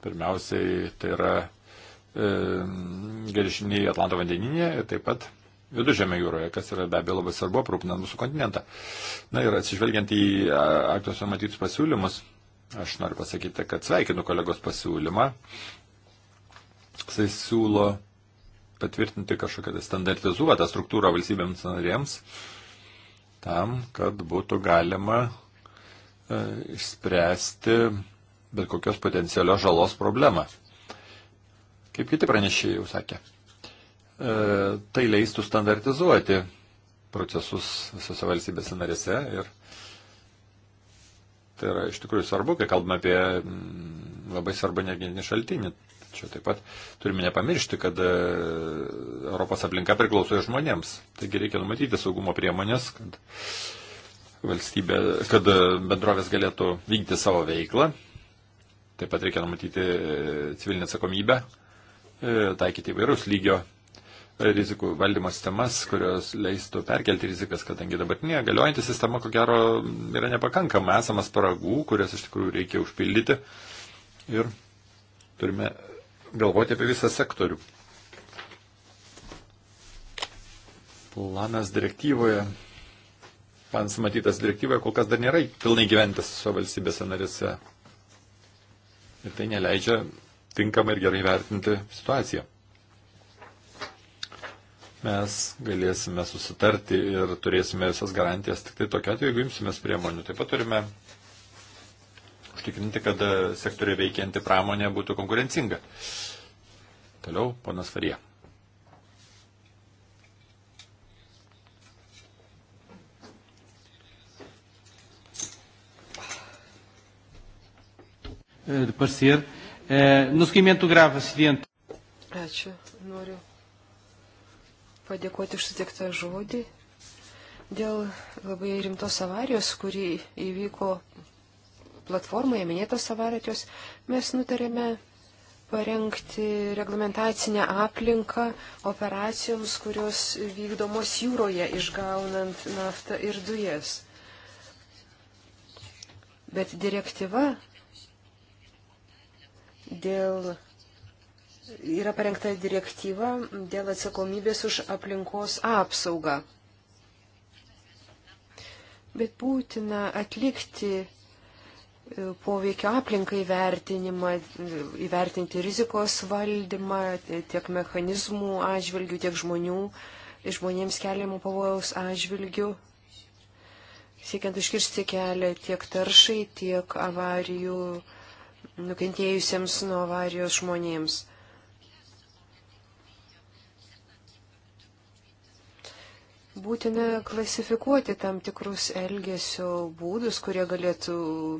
Pirmiausiai tai yra e, grėžiniai Atlanto vandeninėje ir taip pat Vidužėme jūroje, kas yra be abejo labai svarbu, aprūpinant mūsų kontinentą. Na ir atsižvelgiant į e, aktuose matytus pasiūlymus, aš noriu pasakyti, kad sveikinu kolegos pasiūlymą. Jisai siūlo patvirtinti kažkokią tai standartizuotą struktūrą valstybėms narėms. Na tam, kad būtų galima e, išspręsti bet kokios potencialios žalos problemą. Kaip kiti pranešėjai jau sakė, e, tai leistų standartizuoti procesus visose valstybėse narėse ir tai yra iš tikrųjų svarbu, kai kalbame apie labai svarbą energetinį šaltinį. Čia taip pat turime nepamiršti, kad e, Europos aplinka priklauso ir žmonėms. Taigi reikia numatyti saugumo priemonės, kad, valstybė, kad e, bendrovės galėtų vykdyti savo veiklą. Taip pat reikia numatyti e, civilinę atsakomybę, taikyti įvairius lygio rizikų valdymo sistemas, kurios leistų perkelti rizikas, kadangi dabartinė galiojanti sistema, ko gero, yra nepakankama, esamas spragų, kurias iš tikrųjų reikia užpildyti. Ir turime galvoti apie visą sektorių. Planas direktyvoje, planas matytas direktyvoje, kol kas dar nėra pilnai gyventas su valstybėse narėse. Ir tai neleidžia tinkamai ir gerai vertinti situaciją. Mes galėsime susitarti ir turėsime visas garantijas tik tai tokia atveju, jeigu imsimės priemonių. Taip pat turime užtikrinti, kad e, sektoriai veikianti pramonė būtų konkurencinga. Toliau, ponas Farija. Eh, de parecer. Eh, no seguimento do grave acidente. Ačiū. Noriu padėkoti už sutiktą žodį dėl labai rimtos avarijos, kuri įvyko platformoje minėtos savaitės mes nutarėme parengti reglamentacinę aplinką operacijoms, kurios vykdomos jūroje išgaunant naftą ir dujas. Bet direktyva dėl. Yra parengta direktyva dėl atsakomybės už aplinkos apsaugą. Bet būtina atlikti poveikio aplinkai vertinimą, įvertinti rizikos valdymą tiek mechanizmų atžvilgių, tiek žmonių, žmonėms keliamų pavojaus atžvilgių, siekiant užkirsti kelią tiek taršai, tiek avarijų nukentėjusiems nuo avarijos žmonėms. būtina klasifikuoti tam tikrus elgesio būdus, kurie galėtų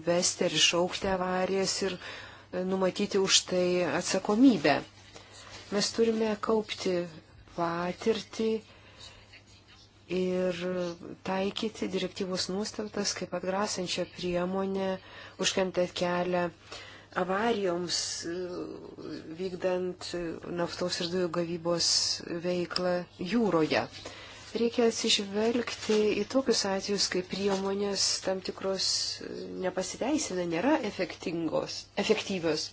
vesti ir išaukti avarijas ir e, numatyti už tai atsakomybę. Mes turime kaupti patirtį ir taikyti direktyvos nuostatas kaip atgrasančią priemonę, užkentat kelią avarijoms e, vykdant e, naftos ir dujų gavybos veiklą jūroje. Reikia atsižvelgti į tokius atvejus, kai priemonės tam tikros e, nepasiteisina, nėra efektyvios.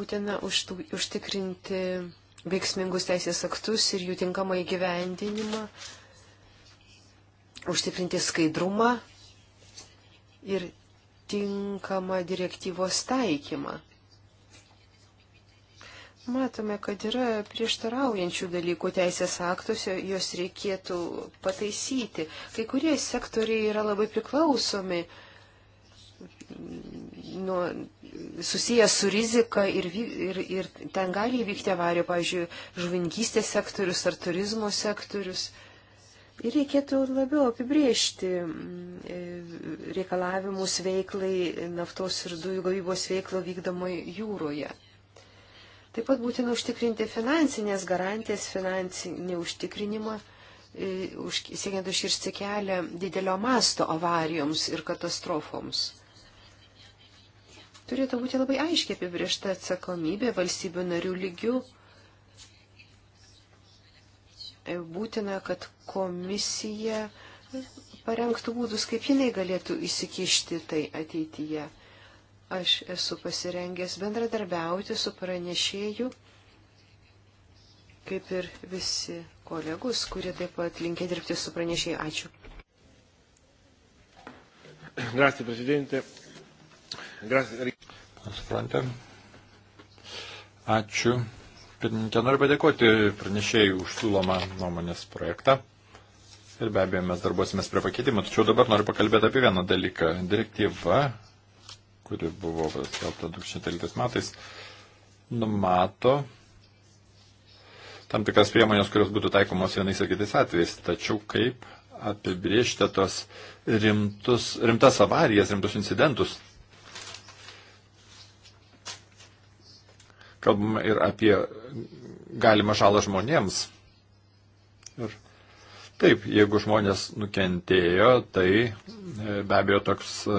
Būtina užtų, užtikrinti veiksmingus teisės aktus ir jų tinkamą įgyvendinimą, užtikrinti skaidrumą ir tinkamą direktyvos taikymą. Matome, kad yra prieštaraujančių dalykų teisės aktuose, juos reikėtų pataisyti. Kai kurie sektoriai yra labai priklausomi nuo, susijęs su rizika ir, ir, ir ten gali įvykti avarija, pavyzdžiui, žuvininkystės sektorius ar turizmo sektorius. Ir reikėtų labiau apibriežti mm, e, reikalavimus veiklai, naftos ir dujų gavybos veiklo vykdomai jūroje. Taip pat būtina užtikrinti finansinės garantijas, finansinį užtikrinimą, e, siekiant užkirsti kelią didelio masto avarijoms ir katastrofoms. Turėtų būti labai aiškiai apibriešta atsakomybė valstybių narių lygių. E, būtina, kad komisija parengtų būdus, kaip jinai galėtų įsikišti tai ateityje. Aš esu pasirengęs bendradarbiauti su pranešėju, kaip ir visi kolegus, kurie taip pat linkia dirbti su pranešėju. Ačiū. Grazie, prezidente. Grazie. Suprantė. Ačiū. Pirmininkė, noriu padėkoti pranešėjų už siūlomą nuomonės projektą. Ir be abejo, mes darbuosimės prie pakeitimų. Tačiau dabar noriu pakalbėti apie vieną dalyką. Direktyva kuri buvo paskelbta 2013 metais, numato tam tikras priemonės, kurios būtų taikomos vienais ir kitais atvejais. Tačiau kaip apibriežti tos rimtus, rimtas avarijas, rimtus incidentus? Kalbam ir apie galimą žalą žmonėms. Ir Taip, jeigu žmonės nukentėjo, tai e, be abejo toks, e,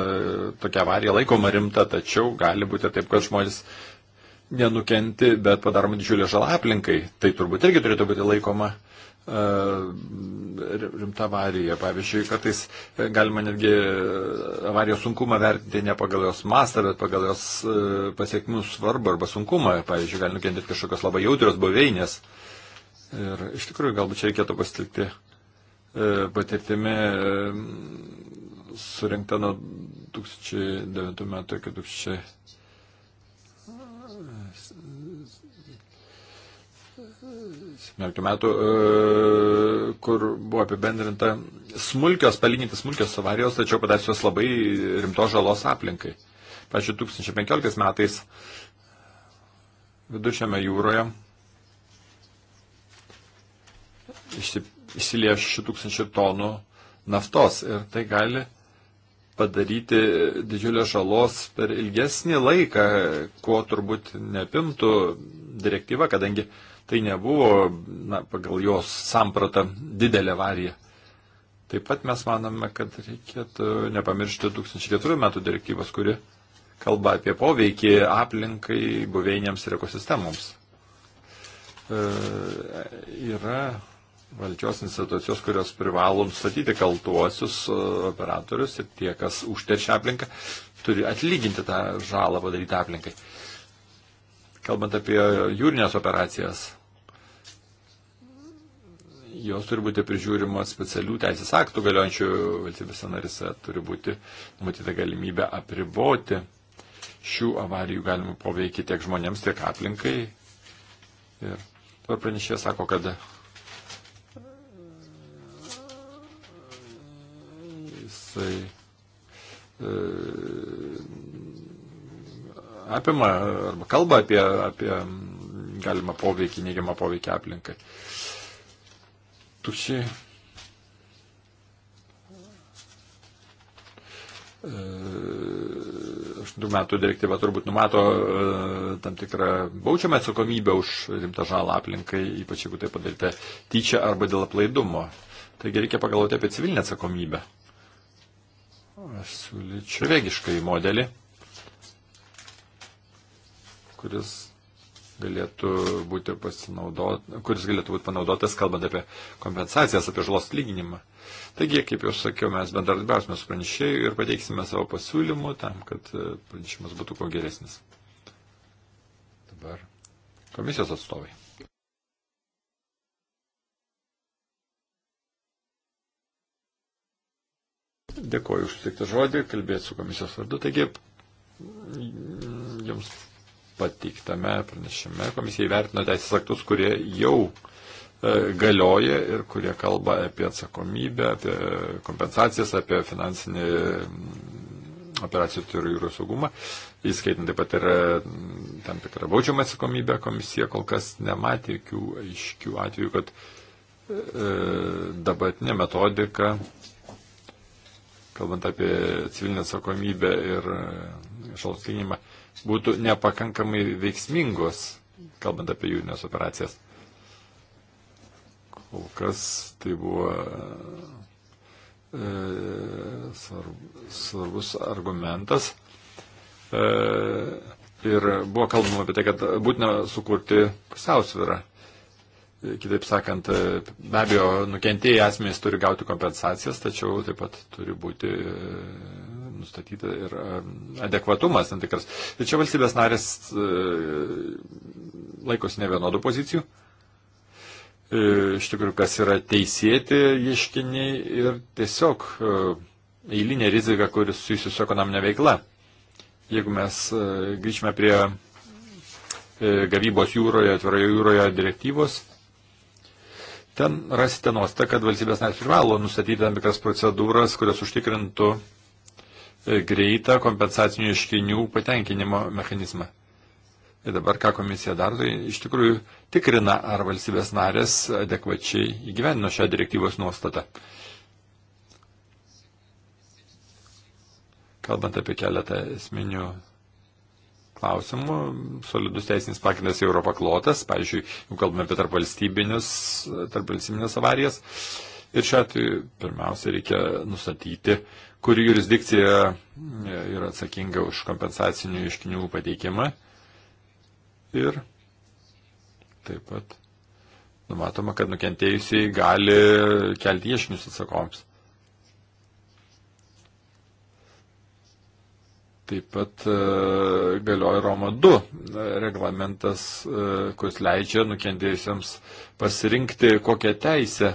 tokia avarija laikoma rimta, tačiau gali būti taip, kad žmonės nenukenti, bet padaroma didžiulė žala aplinkai. Tai turbūt irgi turėtų būti laikoma e, rimta avarija. Pavyzdžiui, kartais galima netgi avarijos sunkumą vertinti ne pagal jos mastą, bet pagal jos pasiekmių svarbą arba sunkumą. Pavyzdžiui, gali nukentėti kažkokios labai jautrios buveinės. Ir iš tikrųjų galbūt čia reikėtų pasitikti E, patirtimi e, surinkta nuo 2009 metų iki 2017 metų, e, kur buvo apibendrinta smulkios, palyginti smulkios avarijos, tačiau padarsios labai rimtos žalos aplinkai. Pavyzdžiui, 2015 metais vidušiame jūroje išsipildė įsilieja 6000 tonų naftos ir tai gali padaryti didžiulę žalos per ilgesnį laiką, ko turbūt nepimtų direktyva, kadangi tai nebuvo, na, pagal jos sampratą, didelė avarija. Taip pat mes manome, kad reikėtų nepamiršti 2004 metų direktyvos, kuri kalba apie poveikį aplinkai, buveinėms ir ekosistemoms. E, yra valdžios institucijos, kurios privalo nustatyti kaltuosius e, operatorius ir tie, kas užteršia aplinką, turi atlyginti tą žalą padarytą aplinkai. Kalbant apie jūrinės operacijas, jos turi būti prižiūrimos specialių teisės aktų galiojančių valstybėse narise, turi būti numatyta galimybė apriboti šių avarijų galimų poveikį tiek žmonėms, tiek aplinkai. Ir dabar pranešė sako, kad jisai e, apima arba kalba apie, apie galimą poveikį, neigiamą poveikį aplinkai. Tušiai. E, aštuntų metų direktyva turbūt numato e, tam tikrą baudžiamą atsakomybę už rimtą žalą aplinkai, ypač jeigu tai padaryta tyčia arba dėl aplaidumo. Taigi reikia pagalvoti apie civilinę atsakomybę. Aš siūlyčiau regiškai modelį, kuris galėtų būti pasinaudot, kuris galėtų būti panaudotas, kalbant apie kompensacijas, apie žalos lyginimą. Taigi, kaip jau sakiau, mes bendradarbiausime su pranešėju ir pateiksime savo pasiūlymų tam, kad e, pranešimas būtų kuo geresnis. Dabar komisijos atstovai. Dėkoju už suteiktą žodį, kalbėti su komisijos vardu. Taigi, jums pateiktame pranešime komisija įvertino teisės aktus, kurie jau e, galioja ir kurie kalba apie atsakomybę, apie kompensacijas, apie finansinį mm, operacijų turi jūrų saugumą, įskaitant taip pat ir mm, tam tikrą baudžiamą atsakomybę, komisija kol kas nematė jokių aiškių atvejų, kad e, e dabartinė metodika kalbant apie civilinę atsakomybę ir žalos e, atlyginimą, būtų nepakankamai veiksmingos, kalbant apie jūrinės operacijas. Kol kas tai buvo e, svarbus argumentas. E, ir buvo kalbama apie tai, kad būtina sukurti pusiausvyrą Kitaip sakant, be abejo, nukentėjai asmenys turi gauti kompensacijas, tačiau taip pat turi būti e, nustatyta ir e, adekvatumas tam tikras. Ir čia valstybės narės e, laikosi ne vienodų pozicijų. Iš tikrųjų, kas yra teisėti ieškiniai ir tiesiog eilinė rizika, kuris susijusi su ekonominė veikla. Jeigu mes grįžtume prie gavybos jūroje, atviroje jūroje direktyvos, Ten rasite nuostą, kad valstybės narės privalo nustatyti tam tikras procedūras, kurios užtikrintų e, greitą kompensacinių iškinių patenkinimo mechanizmą. Ir dabar, ką komisija daro, tai iš tikrųjų tikrina, ar valstybės narės adekvačiai įgyvenino šią direktyvos nuostatą. Kalbant apie keletą esminių klausimų. Solidus teisinis pagrindas į Europą klotas, pavyzdžiui, jau kalbame apie tarpvalstybinės avarijas. Ir šiuo atveju pirmiausia reikia nustatyti, kuri jurisdikcija yra atsakinga už kompensacinių iškinių pateikimą. Ir taip pat numatoma, kad nukentėjusiai gali kelti ieškinius atsakoms. Taip pat e, galioja Roma 2 e, reglamentas, e, kuris leidžia nukentėjusiems pasirinkti, kokią teisę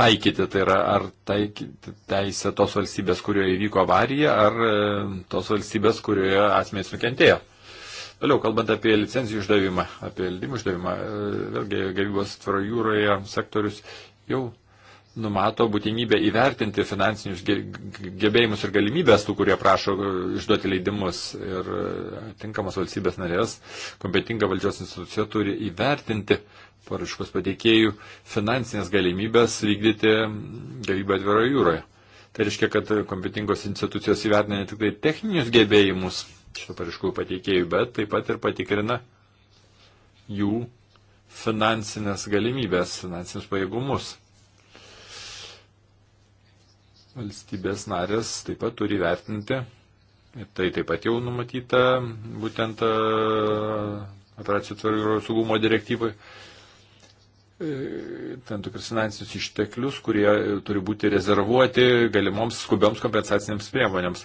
taikyti, tai yra ar taikyti teisę tos valstybės, kurioje įvyko avarija, ar tos valstybės, kurioje asmenys nukentėjo. Toliau, kalbant apie licencijų išdavimą, apie leidimų išdavimą, vėlgi gavybos tvaro jūroje sektorius jau numato būtinybę įvertinti finansinius gebėjimus ir galimybės tų, kurie prašo e, išduoti leidimus. Ir e, tinkamas valstybės narės, kompetinga valdžios institucija turi įvertinti paraiškos pateikėjų finansinės galimybės vykdyti gavybą atviroje jūroje. Tai reiškia, kad kompetingos institucijos įvertina ne tik tai techninius gebėjimus šito paraiškų pateikėjų, bet taip pat ir patikrina jų finansinės galimybės, finansinius pajėgumus valstybės narės taip pat turi vertinti, tai taip pat jau numatyta būtent e, operacijų tvarkymo saugumo direktyvai, e, tam tikrus finansinius išteklius, kurie turi būti rezervuoti galimoms skubioms kompensacinėms priemonėms.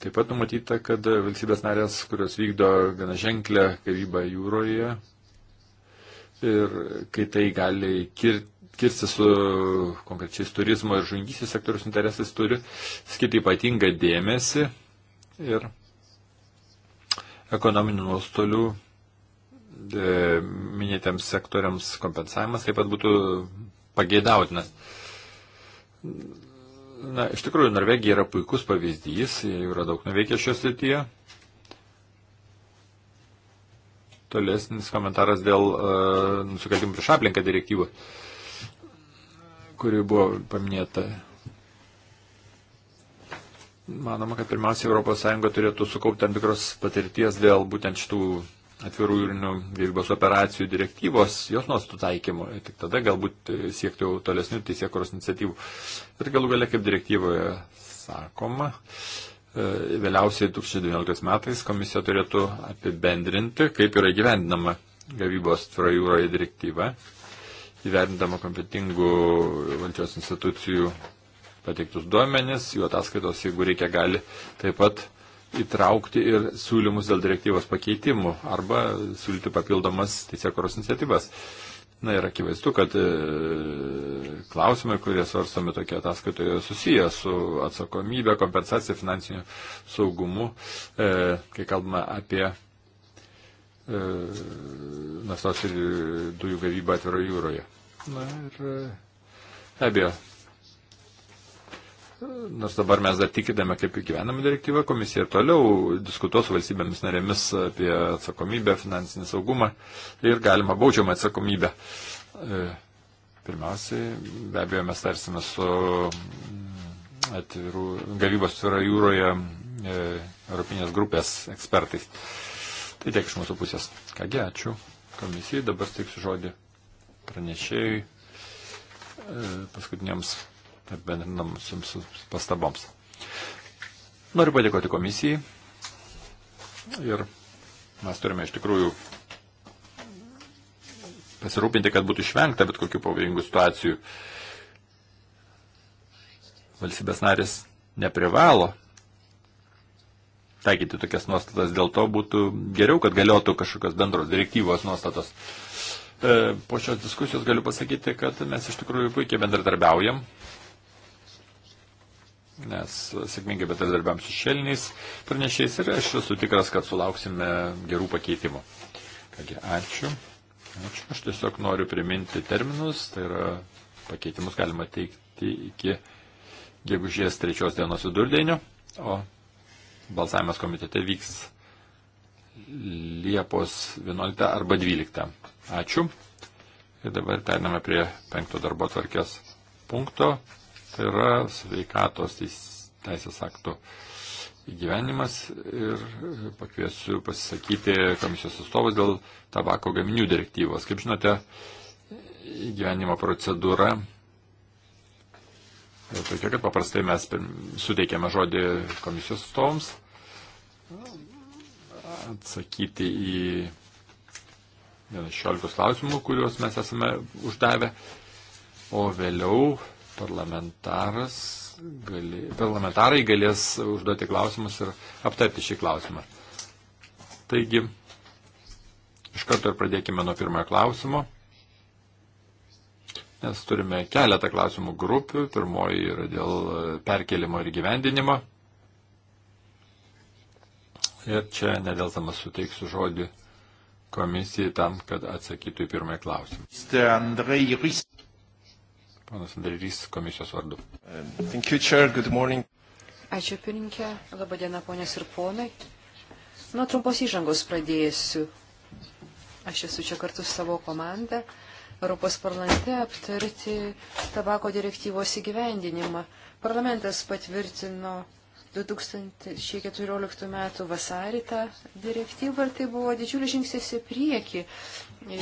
Taip pat numatyta, kad valstybės narės, kurios vykdo gana ženklę karybą jūroje ir kai tai gali kirti kirsti su e, konkrečiais turizmo ir žungysis sektorius interesais, turi skirti ypatingą dėmesį ir ekonominių nuostolių e, minėtiems sektoriams kompensavimas taip pat būtų pageidautinas. Na, iš tikrųjų, Norvegija yra puikus pavyzdys, jie yra daug nuveikę šios srityje. Tolesnis komentaras dėl uh, nusikaltimų prieš aplinką direktyvų. Uh, kuri buvo paminėta. Manoma, kad pirmiausia ES turėtų sukaupti tam tikros patirties dėl būtent šitų atvirų jūrinių gyvybos operacijų direktyvos, jos nuostatų taikymo. Tik tada galbūt e, siekti jau tolesnių teisėkuros iniciatyvų. Ir galų galia, kaip direktyvoje sakoma, e, vėliausiai 2019 metais komisija turėtų apibendrinti, kaip yra gyvendinama gavybos atvirą jūroje direktyva įvertindama kompetingų valdžios institucijų pateiktus duomenis, jų ataskaitos, jeigu reikia, gali taip pat įtraukti ir siūlymus dėl direktyvos pakeitimų arba siūlyti papildomas teisėkoros iniciatyvas. Na ir akivaizdu, kad e, klausimai, kurie svarstomi tokie ataskaitoje, susiję su atsakomybė, kompensacija, finansiniu saugumu, e, kai kalbame apie E, naftos ir dujų gavybą atviroje jūroje. Na ir e, be abejo, nors dabar mes dar tikidame, kaip įgyvenama direktyva, komisija toliau diskutuos valstybėmis narėmis apie atsakomybę, finansinį saugumą ir galima baudžiamą atsakomybę. E, pirmiausiai, be abejo, mes tarsime su mm, atvirų, gavybos atvirą jūroje e, Europinės grupės ekspertais. E, Tai tiek iš mūsų pusės. Kągi, ačiū komisijai. Dabar steiksiu žodį pranešėjui e, paskutiniams bendrinamosiams pastaboms. Noriu padėkoti komisijai ir mes turime iš tikrųjų pasirūpinti, kad būtų išvengta bet kokių pavojingų situacijų. Valstybės narės neprivalo taikyti tokias nuostatas. Dėl to būtų geriau, kad galiotų kažkokios bendros direktyvos nuostatos. E, po šios diskusijos galiu pasakyti, kad mes iš tikrųjų puikiai bendradarbiaujam, nes sėkmingai bendradarbiam su šeliniais pranešiais ir aš esu tikras, kad sulauksime gerų pakeitimų. Kągi, ačiū. ačiū. Aš tiesiog noriu priminti terminus, tai yra pakeitimus galima teikti iki gegužės trečios dienos vidurdienio, o balsavimas komitete vyks Liepos 11 arba 12. Ačiū. Ir dabar periname prie penkto darbo tvarkės punkto. Tai yra sveikatos teisės aktų įgyvenimas ir pakviesiu pasisakyti komisijos atstovus dėl tabako gaminių direktyvos. Kaip žinote, įgyvenimo procedūra tokia, kad paprastai mes suteikiame žodį komisijos atstovams atsakyti į 16 klausimų, kuriuos mes esame uždavę, o vėliau gali, parlamentarai galės užduoti klausimus ir aptarti šį klausimą. Taigi, iš karto ir pradėkime nuo pirmojo klausimo. Nes turime keletą klausimų grupių. Pirmoji yra dėl perkelimo ir gyvendinimo. Ir čia nedeltamas suteiksiu žodį komisijai tam, kad atsakytų į pirmąjį klausimą. Panas Andrejys, komisijos vardu. Ačiū pirinkė, laba diena ponės ir ponai. Nuo trumpos įžangos pradėsiu. Aš esu čia kartu su savo komanda Europos parlamente aptarti tabako direktyvos įgyvendinimą. Parlamentas patvirtino 2014 m. vasarį tą direktyvą ir tai buvo didžiulis žingsnis į priekį, e,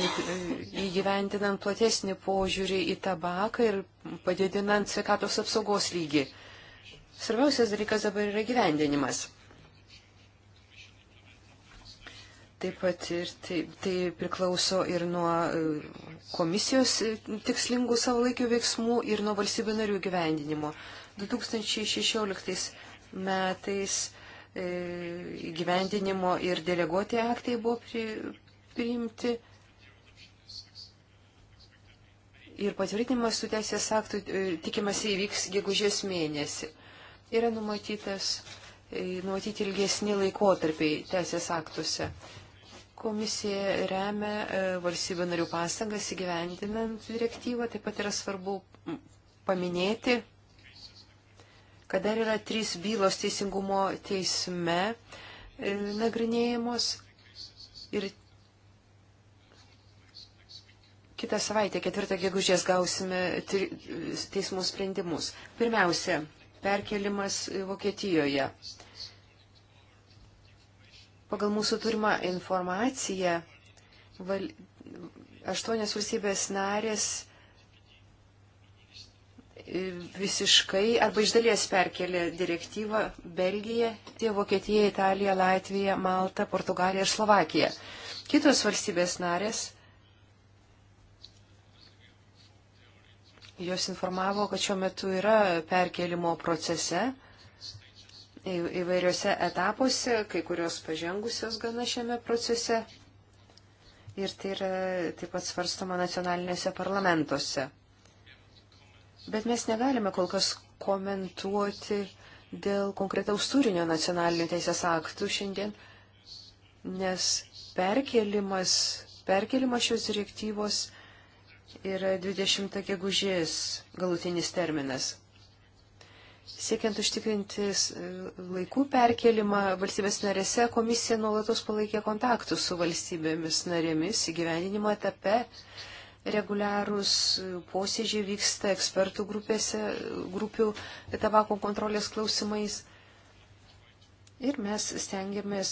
įgyvendinant platesnį požiūrį į tabaką ir padidinant sveikatos apsaugos lygį. Svarbiausias dalykas dabar yra gyvendinimas. Taip pat ir tai, tai priklauso ir nuo e, komisijos e, tikslingų savalaikių veiksmų ir nuo valstybių narių gyvendinimo. 2016 metais e, įgyvendinimo ir deleguoti aktai buvo pri, priimti. Ir patvirtinimas su teisės aktų e, tikimasi įvyks gegužės mėnesį. Yra numatytas, e, numatyti ilgesni laikotarpiai teisės aktuose. Komisija remia valstybių narių pastangas įgyvendinant direktyvą. Taip pat yra svarbu paminėti kad dar yra trys bylos teisingumo teisme e, nagrinėjamos ir kitą savaitę, ketvirtą gegužės, gausime teismų sprendimus. Pirmiausia, perkelimas Vokietijoje. Pagal mūsų turimą informaciją, val... aštuonios valstybės narės visiškai arba iš dalies perkelė direktyvą Belgija, tie Vokietija, Italija, Latvija, Malta, Portugalija ir Slovakija. Kitos valstybės narės, jos informavo, kad šiuo metu yra perkelimo procese įvairiose etapuose, kai kurios pažengusios gana šiame procese. Ir tai yra taip pat svarstama nacionalinėse parlamentuose. Bet mes negalime kol kas komentuoti dėl konkretaus turinio nacionalinių teisės aktų šiandien, nes perkelimas, perkelimas šios direktyvos yra 20 gegužės galutinis terminas. Siekiant užtikrinti laikų perkelimą valstybės narėse, komisija nuolatos palaikė kontaktus su valstybėmis narėmis įgyvendinimo etape reguliarūs posėdžiai vyksta ekspertų grupėse, grupių tabako kontrolės klausimais. Ir mes stengiamės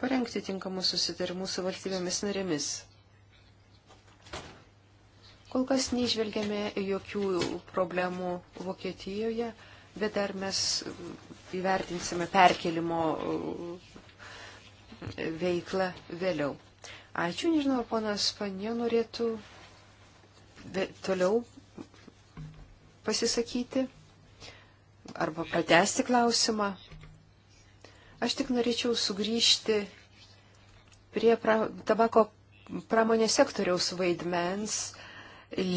parengti tinkamus susitarimus su valstybėmis narėmis. Kol kas neižvelgiame jokių problemų Vokietijoje, bet dar mes įvertinsime perkelimo veiklą vėliau. Ačiū, nežinau, ar ponas Panė norėtų toliau pasisakyti arba pratesti klausimą. Aš tik norėčiau sugrįžti prie pra, tabako pramonės sektoriaus vaidmens,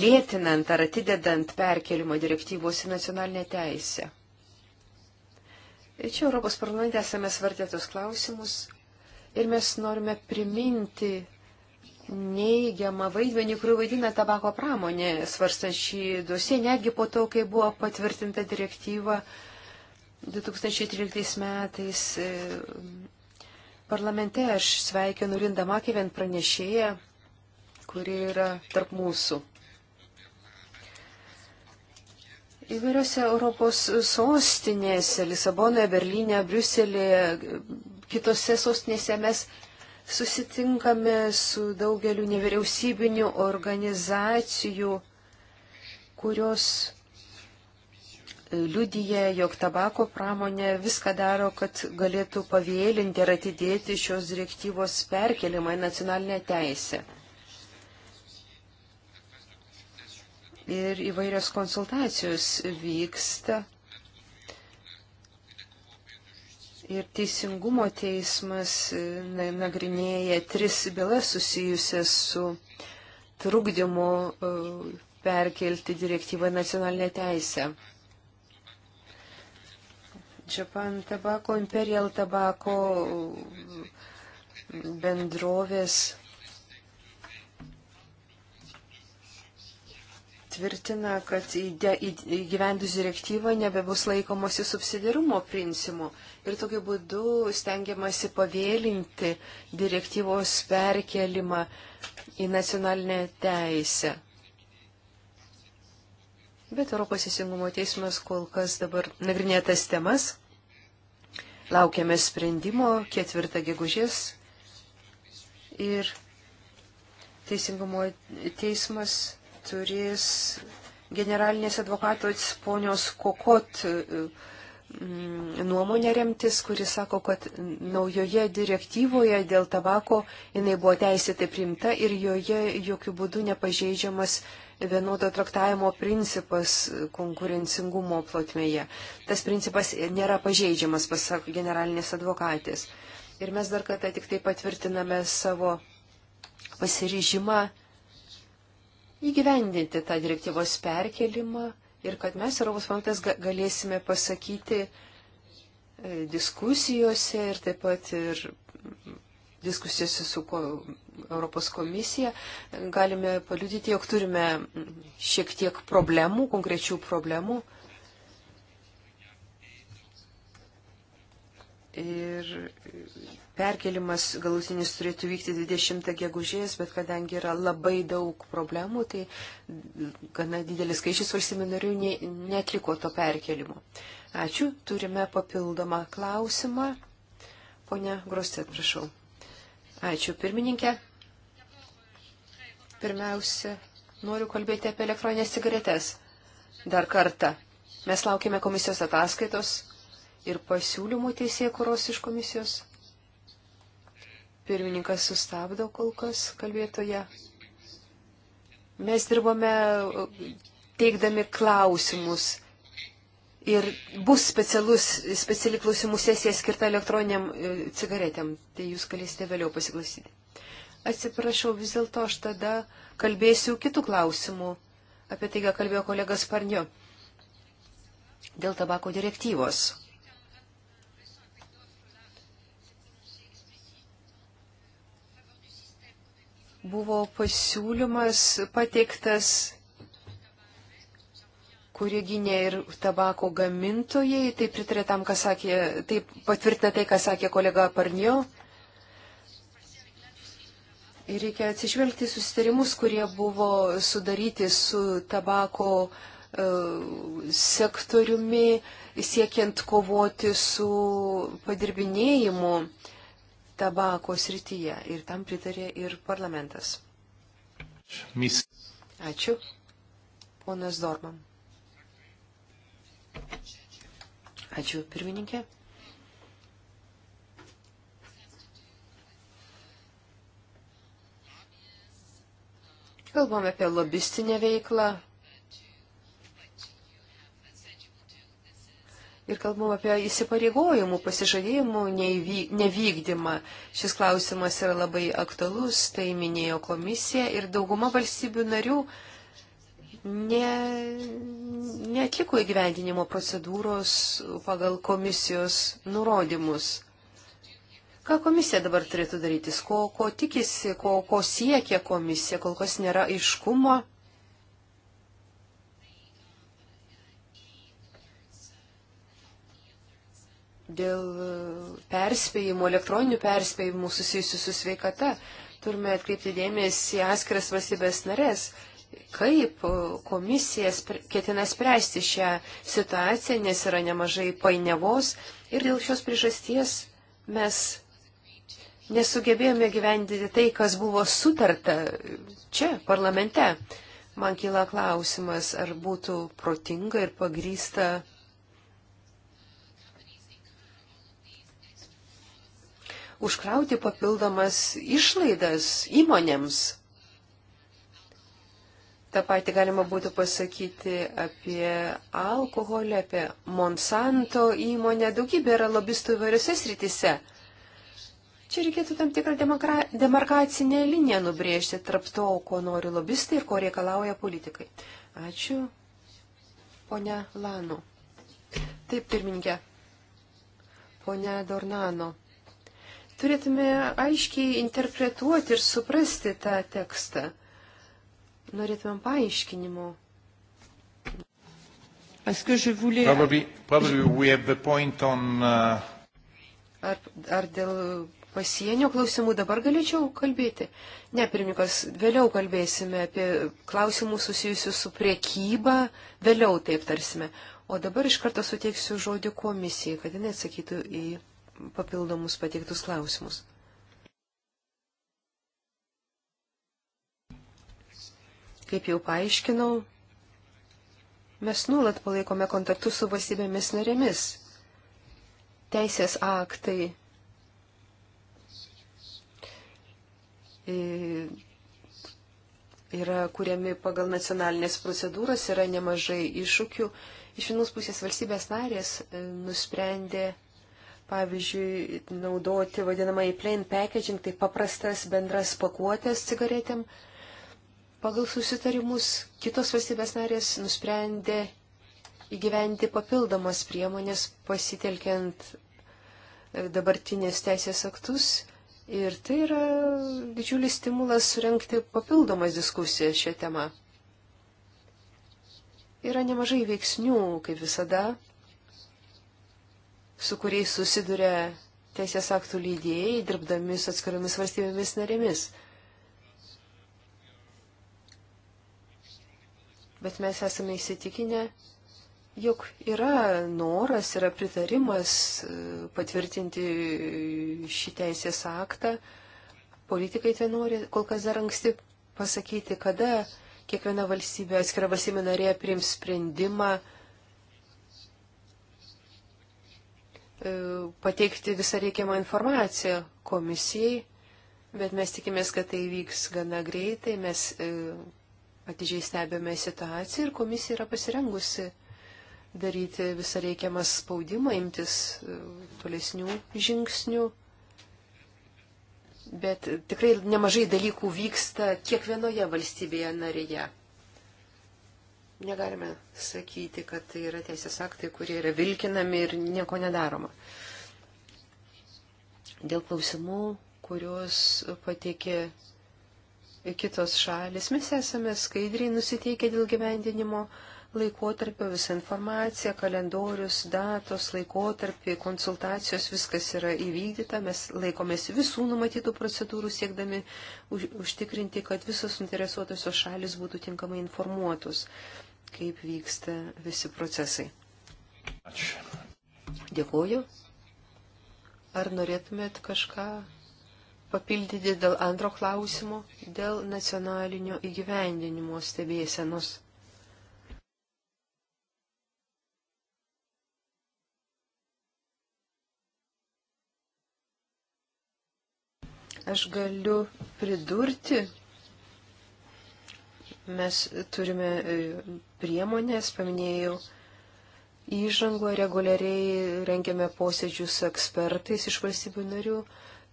lėtinant ar atidedant perkelimo direktyvos į nacionalinę teisę. Čia Europos parlamente esame svartėtus klausimus ir mes norime priminti neįgiamą vaidmenį, kurį vaidina tabako pramonė, svarstant šį dosiją, netgi po to, kai buvo patvirtinta direktyva 2013 metais. E, parlamente aš sveikinu Lindą Makivent pranešėją, kuri yra tarp mūsų. Įvairiose Europos sostinėse, Lisabonoje, Berlyne, Briuselėje kitose sostinėse mes susitinkame su daugeliu nevyriausybinių organizacijų, kurios e, liudyje, jog tabako pramonė viską daro, kad galėtų pavėlinti ir atidėti šios direktyvos perkelimą į nacionalinę teisę. Ir įvairios konsultacijos vyksta Ir teisingumo teismas e, nagrinėja tris bylas susijusias su trukdymu e, perkelti direktyvą nacionalinę teisę. Japan Tabako, Imperial Tabako e, bendrovės tvirtina, kad įgyvendus direktyvą nebebus laikomasi subsidiarumo principų ir tokiu būdu stengiamasi pavėlinti direktyvos perkelimą į nacionalinę teisę. Bet Europos įsingumo teismas kol kas dabar nagrinėtas temas. Laukiame sprendimo ketvirtą gegužės ir teisingumo teismas turės generalinės advokatos ponios Kokot Mm, nuomonę remtis, kuris sako, kad naujoje direktyvoje dėl tabako jinai buvo teisėtai primta ir joje jokių būdų nepažeidžiamas vienodo traktavimo principas konkurencingumo plotmėje. Tas principas nėra pažeidžiamas, pasak generalinės advokatės. Ir mes dar kartą tik tai patvirtiname savo pasiryžimą įgyvendinti tą direktyvos perkelimą ir kad mes, Europos parlamentas, galėsime pasakyti e, diskusijose ir taip pat ir diskusijose su Europos komisija, galime paliudyti, jog turime šiek tiek problemų, konkrečių problemų. Ir perkelimas galutinis turėtų vykti 20 gegužės, bet kadangi yra labai daug problemų, tai gana didelis skaičius valstybių narių netliko to perkelimo. Ačiū, turime papildomą klausimą. Pone Grostėt, prašau. Ačiū, pirmininkė. Pirmiausia, noriu kalbėti apie elektroninės cigaretės. Dar kartą. Mes laukime komisijos ataskaitos ir pasiūlymų teisėkuros iš komisijos. Pirmininkas sustabdo kol kas kalbėtoje. Mes dirbame teikdami klausimus. Ir bus specialus, speciali klausimų sesija skirta elektroniniam e, cigaretėm. Tai jūs galėsite vėliau pasiklausyti. Atsiprašau, vis dėlto aš tada kalbėsiu kitų klausimų. Apie tai, ką kalbėjo kolegas Parnio. Dėl tabako direktyvos. buvo pasiūlymas pateiktas, kurį gynė ir tabako gamintojai, tai pritarė tam, ką sakė, tai patvirtina tai, ką sakė kolega Parnio. Ir reikia atsižvelgti susitarimus, kurie buvo sudaryti su tabako e, sektoriumi, siekiant kovoti su padirbinėjimu tabako srityje ir tam pritarė ir parlamentas. Mis. Ačiū. Ponas Dorman. Ačiū, pirmininkė. Kalbame apie lobistinę veiklą, ir kalbam apie įsipareigojimų, pasižadėjimų nevykdymą. Šis klausimas yra labai aktualus, tai minėjo komisija ir dauguma valstybių narių ne, netliko įgyvendinimo procedūros pagal komisijos nurodymus. Ką komisija dabar turėtų daryti, ko, ko tikisi, ko, ko siekia komisija, kol kas nėra aiškumo. dėl e, perspėjimų, elektroninių perspėjimų susijusių su sveikata. Turime atkreipti dėmesį į atskiras valstybės narės, kaip e, komisija ketina spręsti šią situaciją, nes yra nemažai painiavos ir dėl šios priežasties mes nesugebėjome gyvendyti tai, kas buvo sutarta čia, parlamente. Man kyla klausimas, ar būtų protinga ir pagrysta užkrauti papildomas išlaidas įmonėms. Ta pati galima būtų pasakyti apie alkoholį, apie Monsanto įmonę. Daugybė yra lobistų įvairiose srityse. Čia reikėtų tam tikrą demarkacinę liniją nubrėžti tarp to, ko nori lobistai ir ko reikalauja politikai. Ačiū, ponia Lanu. Taip, pirmininkė. Pone Dornano, turėtume aiškiai interpretuoti ir suprasti tą tekstą. Norėtumėm paaiškinimo. Voulais... Probably, probably on, uh... ar, ar dėl pasienio klausimų dabar galėčiau kalbėti? Ne, pirmininkas, vėliau kalbėsime apie klausimus susijusius su priekyba, vėliau taip tarsime. O dabar iš karto suteiksiu žodį komisijai, kad jinai atsakytų į papildomus pateiktus klausimus. Kaip jau paaiškinau, mes nuolat palaikome kontaktus su valstybėmis narėmis. Teisės aktai e, yra kuriami pagal nacionalinės procedūras, yra nemažai iššūkių. Iš vienos pusės valstybės narės e, nusprendė pavyzdžiui, naudoti vadinamąjį plain packaging, tai paprastas bendras pakuotės cigaretėm. Pagal susitarimus kitos valstybės narės nusprendė įgyventi papildomas priemonės pasitelkiant e, dabartinės teisės aktus. Ir tai yra didžiulis stimulas surenkti papildomas diskusijas šią temą. Yra nemažai veiksnių, kaip visada, su kuriais susiduria teisės aktų leidėjai, dirbdami su atskiromis valstybėmis narėmis. Bet mes esame įsitikinę, jog yra noras, yra pritarimas e, patvirtinti šį teisės aktą. Politikai tai nori, kol kas dar anksti pasakyti, kada kiekviena valstybė, atskira valstybė narė priims sprendimą E, pateikti visą reikiamą informaciją komisijai, bet mes tikimės, kad tai vyks gana greitai, mes e, atidžiai stebėme situaciją ir komisija yra pasirengusi daryti visą reikiamą spaudimą, imtis e, tolesnių žingsnių. Bet tikrai nemažai dalykų vyksta kiekvienoje valstybėje narėje. Negalime sakyti, kad tai yra teisės aktai, kurie yra vilkinami ir nieko nedaroma. Dėl klausimų, kuriuos pateikė kitos šalis, mes esame skaidriai nusiteikę dėl gyvendinimo laikotarpio visą informaciją, kalendorius, datos, laikotarpį, konsultacijos, viskas yra įvykdyta, mes laikomės visų numatytų procedūrų siekdami už, užtikrinti, kad visos interesuotosios šalis būtų tinkamai informuotus kaip vyksta visi procesai. Ačiū. Dėkuoju. Ar norėtumėt kažką papildyti dėl antro klausimo, dėl nacionalinio įgyvendinimo stebėsenos? Aš galiu pridurti, mes turime priemonės, paminėjau, įžango reguliariai rengiame posėdžius su ekspertais iš valstybių narių,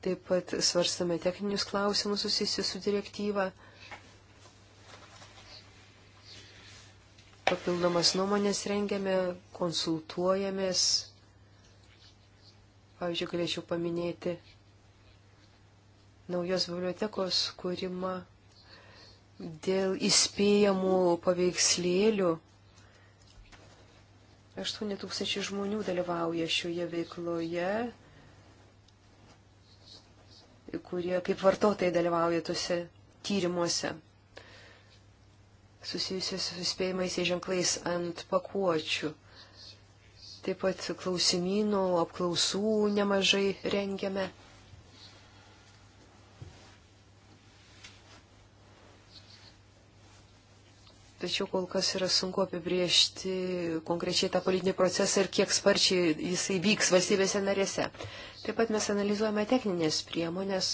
taip pat svarstame techninius klausimus susijusius su direktyva. Papildomas nuomonės rengiame, konsultuojamės. Pavyzdžiui, galėčiau paminėti naujos bibliotekos kūrimą Dėl įspėjamų paveikslėlių 8 tūkstančių žmonių dalyvauja šioje veikloje, kurie kaip vartotojai dalyvauja tuose tyrimuose susijusios su įspėjimais ir ženklais ant pakuočių. Taip pat klausimynų, apklausų nemažai rengiame. Tačiau kol kas yra sunku apibriežti konkrečiai tą politinį procesą ir kiek sparčiai jisai vyks valstybėse narėse. Taip pat mes analizuojame techninės priemonės,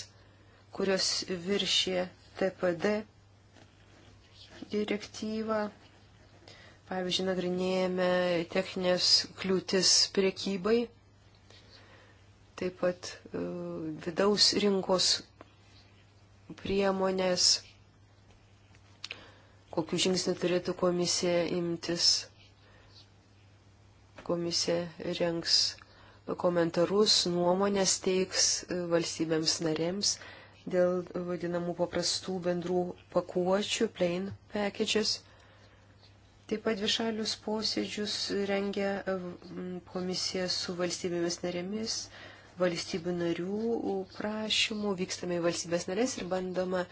kurios viršė TPD direktyvą. Pavyzdžiui, nagrinėjame techninės kliūtis priekybai, taip pat e, vidaus rinkos priemonės kokių žingsnių turėtų komisija imtis. Komisija rengs komentarus, nuomonės teiks valstybėms narėms dėl vadinamų paprastų bendrų pakuočių, plain packages. Taip pat višalius posėdžius rengia mm, komisija su valstybėmis narėmis, valstybių narių prašymų, vykstame į valstybės narės ir bandoma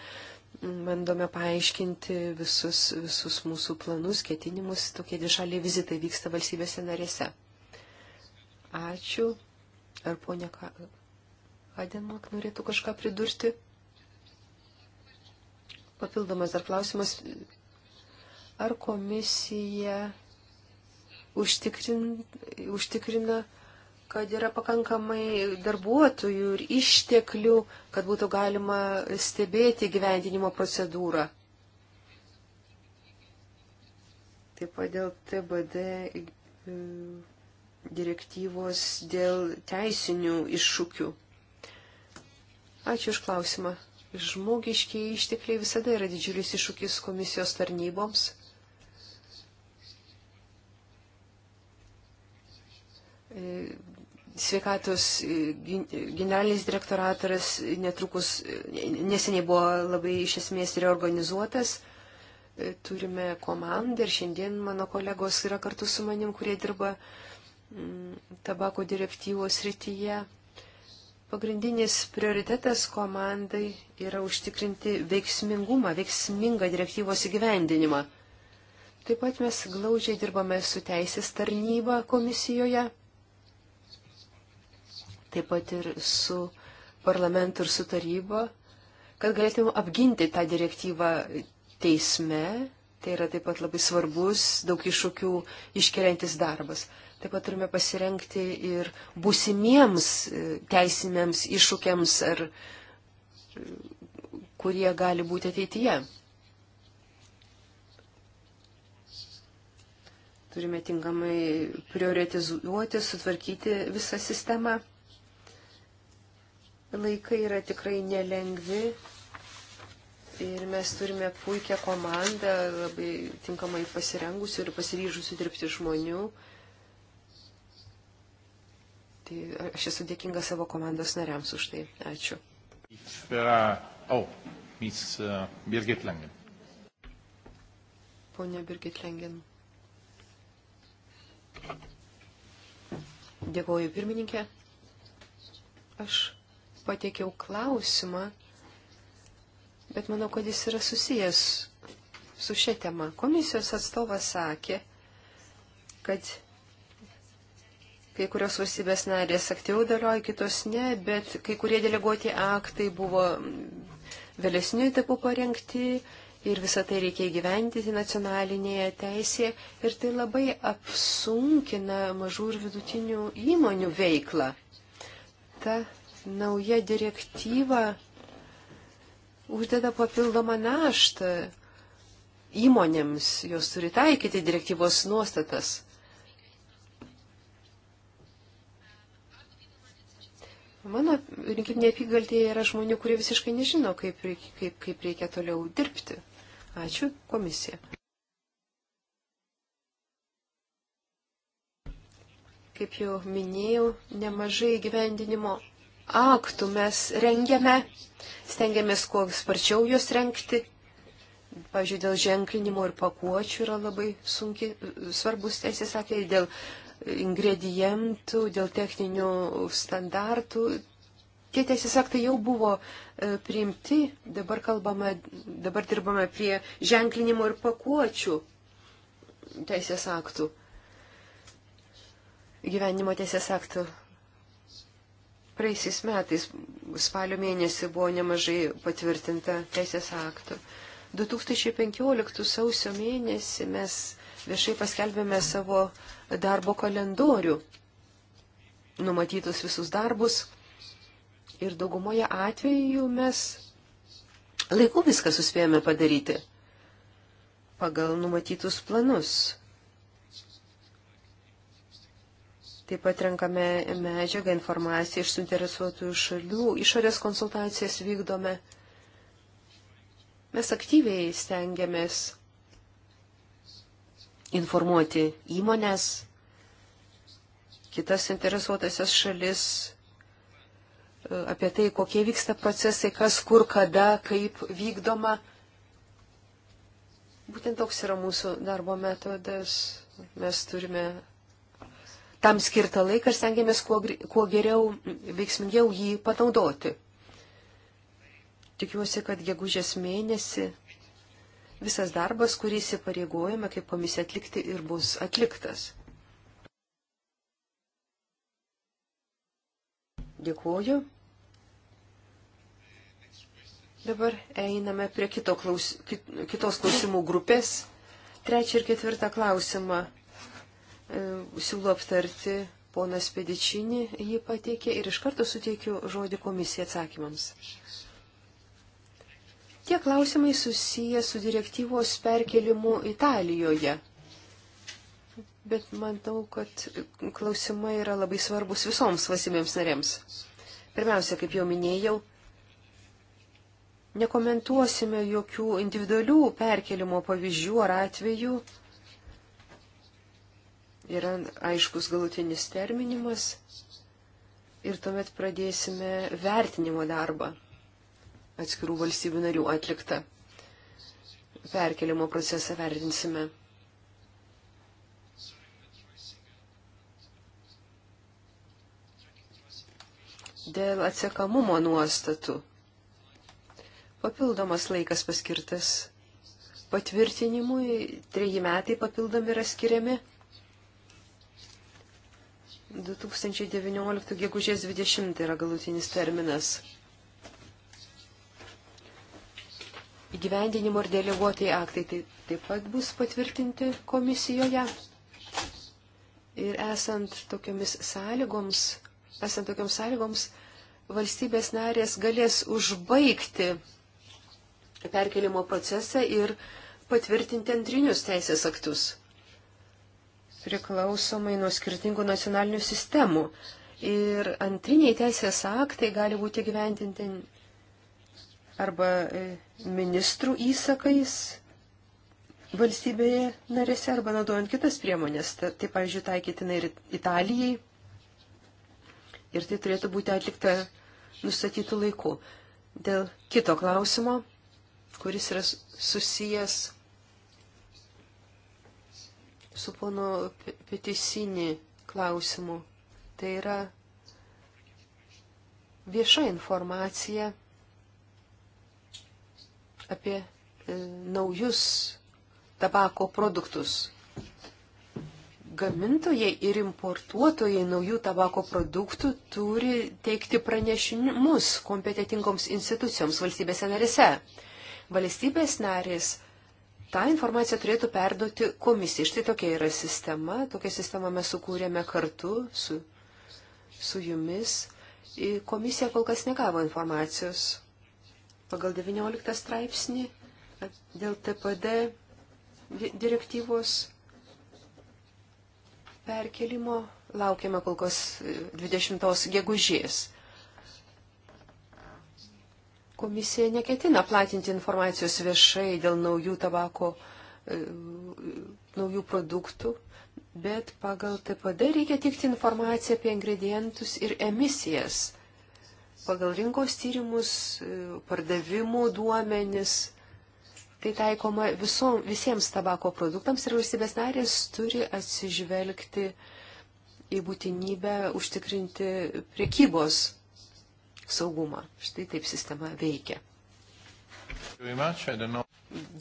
bandome paaiškinti visus, visus mūsų planus, ketinimus. Tokie dvišaliai vizitai vyksta valstybėse narėse. Ačiū. Ar ponia Kadenmak norėtų kažką pridurti? Papildomas dar klausimas. Ar komisija užtikrin, užtikrina kad yra pakankamai darbuotojų ir išteklių, kad būtų galima stebėti gyvendinimo procedūrą. Taip pat dėl TBD e, direktyvos dėl teisinių iššūkių. Ačiū už klausimą. Žmogiškiai ištekliai visada yra didžiulis iššūkis komisijos tarnyboms. E, sveikatos e, generalinis direktoratas netrukus, e, neseniai buvo labai iš esmės reorganizuotas. E, turime komandą ir šiandien mano kolegos yra kartu su manim, kurie dirba mm, tabako direktyvos rytyje. Pagrindinis prioritetas komandai yra užtikrinti veiksmingumą, veiksmingą direktyvos įgyvendinimą. Taip pat mes glaudžiai dirbame su teisės tarnyba komisijoje taip pat ir su parlamentu ir su taryba, kad galėtume apginti tą direktyvą teisme. Tai yra taip pat labai svarbus, daug iššūkių iškeliantis darbas. Taip pat turime pasirenkti ir būsimiems e, teisimėms iššūkiams, ar, e, kurie gali būti ateityje. Turime tinkamai prioritizuoti, sutvarkyti visą sistemą. Laikai yra tikrai nelengvi ir mes turime puikią komandą, labai tinkamai pasirengusių ir pasiryžusių dirbti žmonių. Tai aš esu dėkinga savo komandos nariams už tai. Ačiū. Oh, Miss äh, Birgit Langen. Ponia Birgit Lengen. Dėkuoju pirmininkė. Aš pateikiau klausimą, bet manau, kad jis yra susijęs su šia tema. Komisijos atstovas sakė, kad kai kurios valstybės narės aktyviau dalyvauja, kitos ne, bet kai kurie deleguoti aktai buvo vėlesnių etapų parengti ir visą tai reikia įgyvendyti nacionalinėje teisėje ir tai labai apsunkina mažų ir vidutinių įmonių veiklą. Ta nauja direktyva uždeda papildomą naštą įmonėms, jos turi taikyti direktyvos nuostatas. Mano rinkiminė apygaldėje yra žmonių, kurie visiškai nežino, kaip, kaip, kaip reikia toliau dirbti. Ačiū komisija. Kaip jau minėjau, nemažai gyvendinimo aktų mes rengiame, stengiamės kuo sparčiau juos renkti. Pavyzdžiui, dėl ženklinimo ir pakuočių yra labai sunki, svarbus teisės aktai, dėl ingredientų, dėl techninių standartų. Tie teisės aktai jau buvo e, priimti, dabar, kalbame, dabar dirbame prie ženklinimo ir pakuočių teisės aktų, gyvenimo teisės aktų Praeisiais metais spalio mėnesį buvo nemažai patvirtinta teisės aktų. 2015 sausio mėnesį mes viešai paskelbėme savo darbo kalendorių, numatytus visus darbus ir daugumoje atveju mes laiku viską suspėjome padaryti pagal numatytus planus. Taip pat renkame medžiagą, informaciją iš suinteresuotųjų šalių, išorės konsultacijas vykdome. Mes aktyviai stengiamės informuoti įmonės, kitas interesuotasias šalis e, apie tai, kokie vyksta procesai, kas, kur, kada, kaip vykdoma. Būtent toks yra mūsų darbo metodas. Mes turime tam skirtą laiką ir stengiamės kuo, kuo geriau, veiksmingiau jį panaudoti. Tikiuosi, kad gegužės mėnesį visas darbas, kurį įsipareigojame kaip komisija atlikti ir bus atliktas. Dėkuoju. Dabar einame prie kito klaus, kit, kitos klausimų grupės. Trečią ir ketvirtą klausimą E, siūlo aptarti ponas Pedičinį, jį pateikė ir iš karto suteikiu žodį komisijai atsakymams. Tie klausimai susiję su direktyvos perkelimu Italijoje. Bet manau, kad klausimai yra labai svarbus visoms valstybėms narėms. Pirmiausia, kaip jau minėjau, nekomentuosime jokių individualių perkelimo pavyzdžių ar atvejų, yra aiškus galutinis terminimas ir tuomet pradėsime vertinimo darbą atskirų valstybių narių atliktą. Perkelimo procesą vertinsime. Dėl atsiekamumo nuostatų. Papildomas laikas paskirtas patvirtinimui, treji metai papildomi yra skiriami 2019 gegužės 20 yra galutinis terminas. Įgyvendinimo ir deleguotai aktai tai taip pat bus patvirtinti komisijoje. Ir esant tokiomis sąlygoms, esant tokioms sąlygoms, valstybės narės galės užbaigti perkelimo procesą ir patvirtinti antrinius teisės aktus priklausomai nuo skirtingų nacionalinių sistemų. Ir antriniai teisės aktai gali būti gyventinti arba e, ministrų įsakais valstybėje narėse arba naudojant kitas priemonės. Tai, pavyzdžiui, taikytina ir Italijai. Ir tai turėtų būti atlikta nustatytų laikų. Dėl kito klausimo, kuris yra susijęs su pono Petisinį klausimu. Tai yra vieša informacija apie e, naujus tabako produktus. Gamintojai ir importuotojai naujų tabako produktų turi teikti pranešimus kompetitingoms institucijoms valstybėse narise. Valstybės narės tą informaciją turėtų perduoti komisija. Štai tokia yra sistema, tokią sistemą mes sukūrėme kartu su, su jumis. Komisija kol kas negavo informacijos pagal 19 straipsnį dėl TPD direktyvos perkelimo. Laukiame kol kas 20 gegužės. Komisija neketina platinti informacijos viešai dėl naujų tabako, e, naujų produktų, bet pagal TPD reikia tikti informaciją apie ingredientus ir emisijas. Pagal rinkos tyrimus, e, pardavimų duomenis, Tai taikoma visom, visiems tabako produktams ir valstybės narės turi atsižvelgti į būtinybę užtikrinti priekybos saugumą. Štai taip sistema veikia.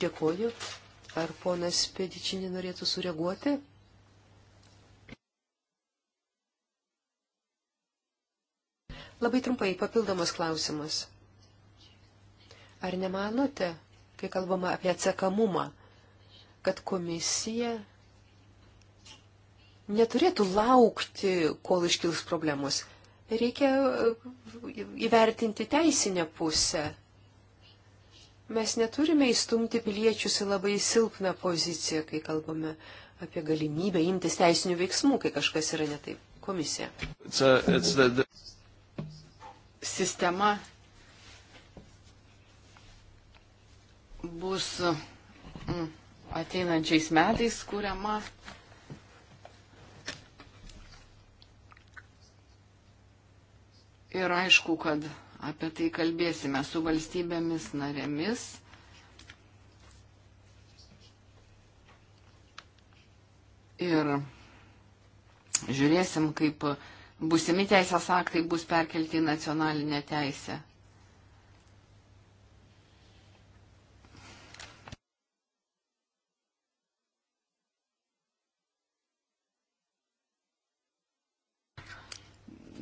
Dėkuoju. Ar ponas Pedičinė norėtų sureaguoti? Labai trumpai papildomas klausimas. Ar nemanote, kai kalbama apie atsakamumą, kad komisija neturėtų laukti, kol iškils problemos, Reikia e, įvertinti teisinę pusę. Mes neturime įstumti piliečius į labai silpną poziciją, kai kalbame apie galimybę imtis teisinių veiksmų, kai kažkas yra netaip. Komisija. It's a, it's the, the... Sistema bus mm, ateinančiais metais kuriama Ir aišku, kad apie tai kalbėsime su valstybėmis narėmis. Ir žiūrėsim, kaip busimi teisės aktai bus perkelti į nacionalinę teisę.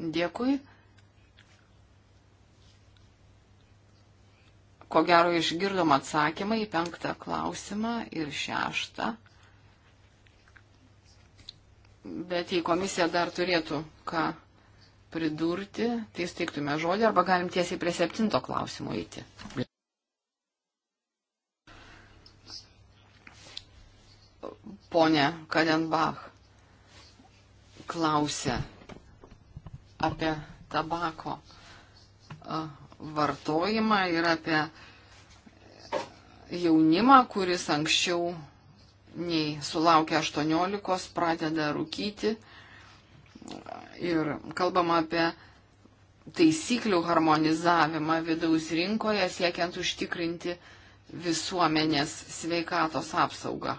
Dėkui. Ko gero išgirdom atsakymą į penktą klausimą ir šeštą. Bet jei komisija dar turėtų ką pridurti, tai steiktume žodį arba galim tiesiai prie septinto klausimo eiti. Pone Kadenbach klausė apie tabako vartojimą ir apie jaunimą, kuris anksčiau nei sulaukia 18 pradeda rūkyti. Ir kalbama apie taisyklių harmonizavimą vidaus rinkoje, siekiant užtikrinti visuomenės sveikatos apsaugą.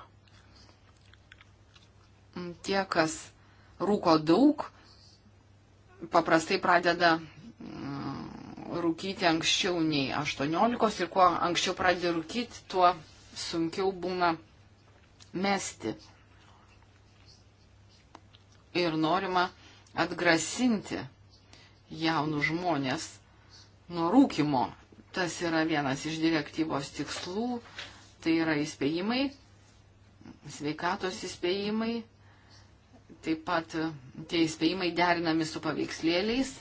Tie, kas rūko daug, paprastai pradeda mm, rūkyti anksčiau nei 18 ir kuo anksčiau pradedi rūkyti, tuo sunkiau būna mesti. Ir norima atgrasinti jaunų žmonės nuo rūkimo. Tas yra vienas iš direktyvos tikslų, tai yra įspėjimai, sveikatos įspėjimai, taip pat tie įspėjimai derinami su paveikslėliais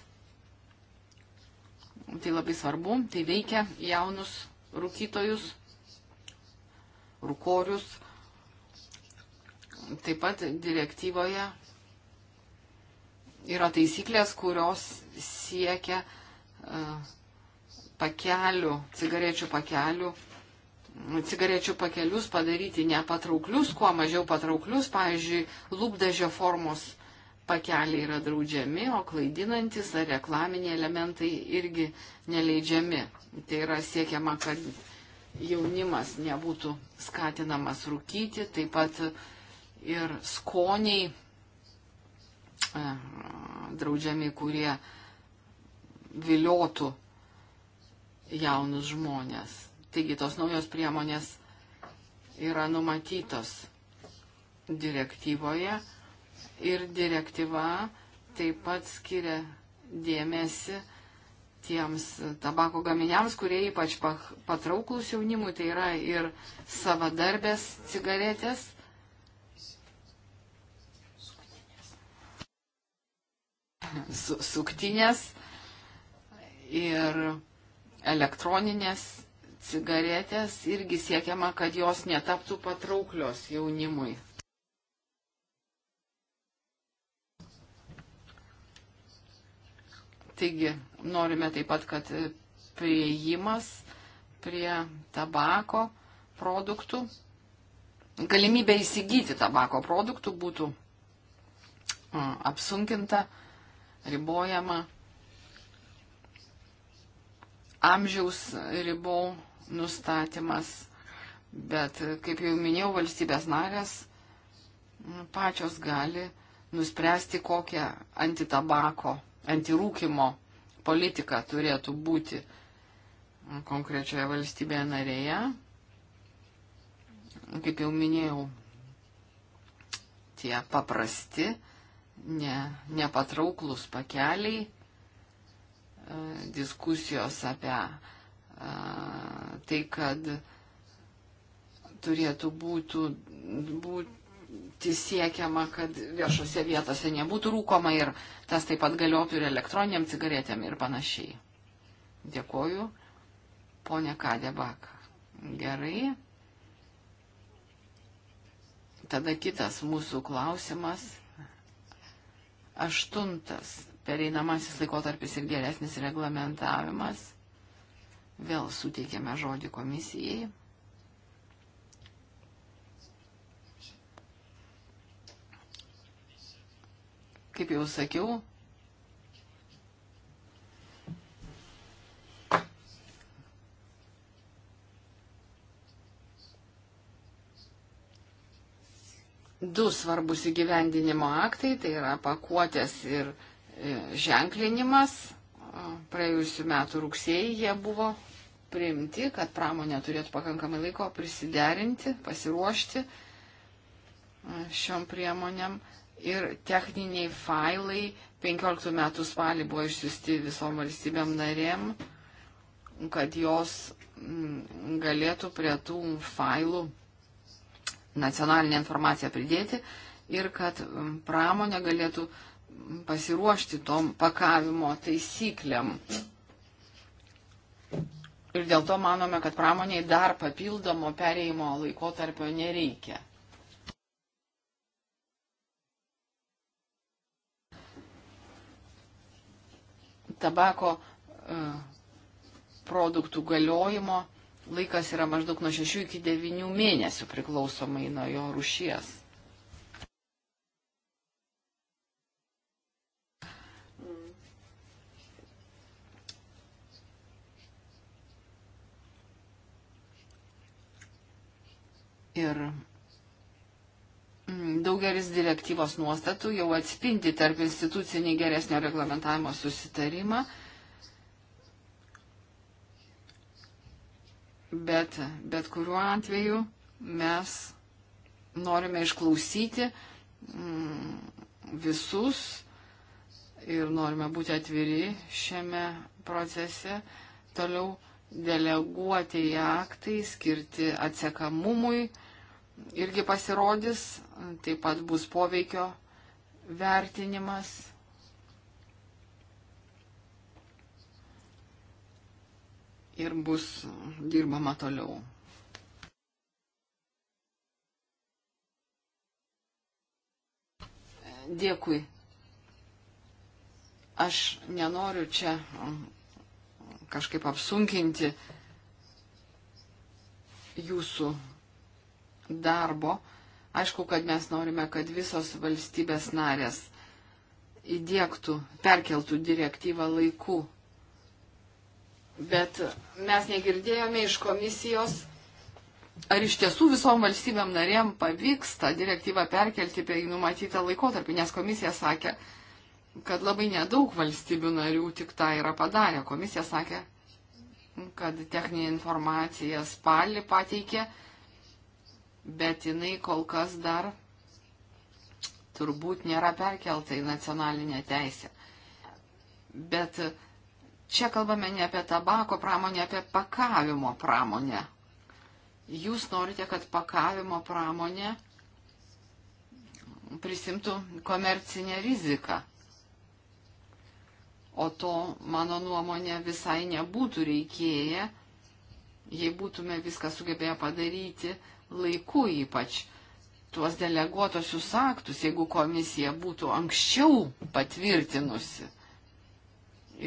tai labai svarbu, tai veikia jaunus rūkytojus, rūkorius. Taip pat direktyvoje yra taisyklės, kurios siekia uh, pakelių, cigarečių pakelių, cigarečių pakelius padaryti nepatrauklius, kuo mažiau patrauklius, pavyzdžiui, lūpdažio formos pakeliai yra draudžiami, o klaidinantis ar reklaminiai elementai irgi neleidžiami. Tai yra siekiama, kad jaunimas nebūtų skatinamas rūkyti, taip pat ir skoniai e, draudžiami, kurie viliotų jaunus žmonės. Taigi tos naujos priemonės yra numatytos direktyvoje ir direktyva taip pat skiria dėmesį tiems tabako gaminiams, kurie ypač patrauklus jaunimui, tai yra ir savadarbės cigaretės. Su, suktinės ir elektroninės cigaretės irgi siekiama, kad jos netaptų patrauklios jaunimui. Taigi norime taip pat, kad prieimas prie tabako produktų, galimybė įsigyti tabako produktų būtų apsunkinta, ribojama, amžiaus ribų nustatymas, bet, kaip jau minėjau, valstybės narės pačios gali nuspręsti, kokią antitabako antirūkimo politika turėtų būti konkrečioje valstybėje narėje. Kaip jau minėjau, tie paprasti, ne, nepatrauklus pakeliai, e, diskusijos apie e, tai, kad turėtų būtų, būt, siekiama, kad viešose vietose nebūtų rūkoma ir tas taip pat galiotų ir elektroniniam cigaretėm ir panašiai. Dėkoju, ponė Kadebak. Gerai. Tada kitas mūsų klausimas. Aštuntas. Pereinamasis laikotarpis ir geresnis reglamentavimas. Vėl suteikėme žodį komisijai. kaip jau sakiau, du svarbus įgyvendinimo aktai, tai yra pakuotės ir e, ženklinimas. Praėjusiu metu rugsėjai jie buvo priimti, kad pramonė turėtų pakankamai laiko prisiderinti, pasiruošti e, šiom priemonėm ir techniniai failai 15 metų spalį buvo išsiusti visom valstybėm narėm, kad jos mm, galėtų prie tų failų nacionalinę informaciją pridėti ir kad mm, pramonė galėtų mm, pasiruošti tom pakavimo taisyklėm. Ir dėl to manome, kad pramoniai dar papildomo pereimo laikotarpio nereikia. tabako e, produktų galiojimo laikas yra maždaug nuo 6 iki 9 mėnesių priklausomai nuo jo rušies. Ir daugelis direktyvos nuostatų jau atspindi tarp institucinį geresnio reglamentavimo susitarimą, bet, bet kuriuo atveju mes norime išklausyti mm, visus ir norime būti atviri šiame procese. Toliau deleguoti į aktai, skirti atsekamumui, irgi pasirodys, taip pat bus poveikio vertinimas. Ir bus dirbama toliau. Dėkui. Aš nenoriu čia um, kažkaip apsunkinti jūsų darbo. Aišku, kad mes norime, kad visos valstybės narės įdėktų, perkeltų direktyvą laiku. Bet mes negirdėjome iš komisijos, ar iš tiesų visom valstybėm narėm pavyks tą direktyvą perkelti per numatytą laikotarpį, nes komisija sakė, kad labai nedaug valstybių narių tik tą yra padarę. Komisija sakė, kad techninė informacija spalį pateikė bet jinai kol kas dar turbūt nėra perkelta į nacionalinę teisę. Bet čia kalbame ne apie tabako pramonę, apie pakavimo pramonę. Jūs norite, kad pakavimo pramonė prisimtų komercinę riziką. O to, mano nuomonė, visai nebūtų reikėję, jei būtume viską sugebėję padaryti laiku ypač tuos deleguotosius aktus, jeigu komisija būtų anksčiau patvirtinusi.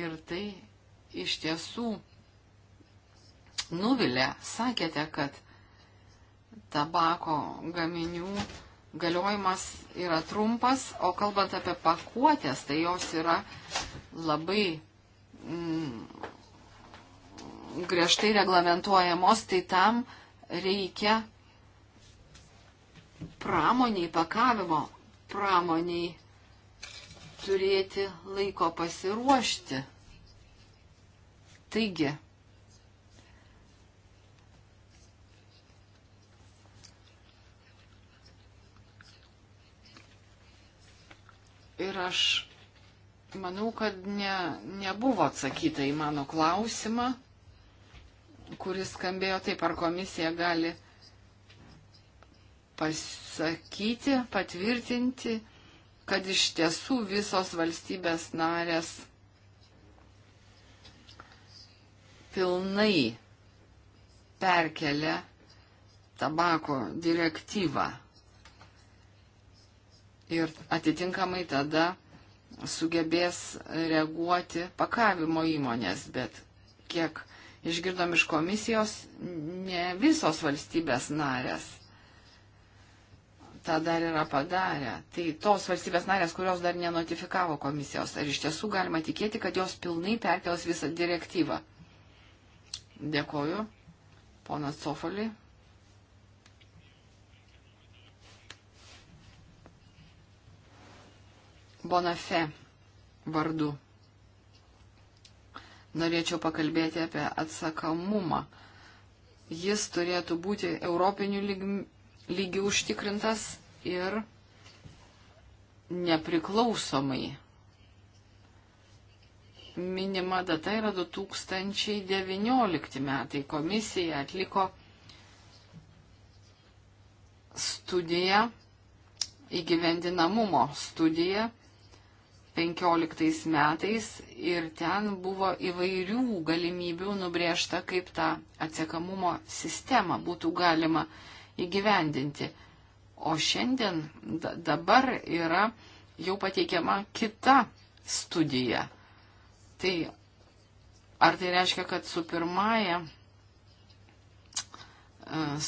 Ir tai iš tiesų nuvilė. Sakėte, kad tabako gaminių galiojimas yra trumpas, o kalbant apie pakuotės, tai jos yra labai mm, griežtai reglamentuojamos, tai tam reikia pramoniai, pakavimo pramoniai turėti laiko pasiruošti. Taigi, ir aš manau, kad ne, nebuvo atsakyta į mano klausimą, kuris skambėjo taip, ar komisija gali pasakyti, patvirtinti, kad iš tiesų visos valstybės narės pilnai perkelia tabako direktyvą. Ir atitinkamai tada sugebės reaguoti pakavimo įmonės, bet kiek išgirdom iš komisijos, ne visos valstybės narės tą dar yra padarę. Tai tos valstybės narės, kurios dar nenotifikavo komisijos, ar iš tiesų galima tikėti, kad jos pilnai perkels visą direktyvą? Dėkoju. Ponas Sofoli. Bonafe vardu. Norėčiau pakalbėti apie atsakamumą. Jis turėtų būti europinių lygių užtikrintas ir nepriklausomai. Minima data yra 2019 metai. Komisija atliko studiją, įgyvendinamumo studiją 15 metais ir ten buvo įvairių galimybių nubriežta, kaip tą atsekamumo sistemą būtų galima įgyvendinti įgyvendinti. O šiandien dabar yra jau pateikiama kita studija. Tai ar tai reiškia, kad su pirmąja e,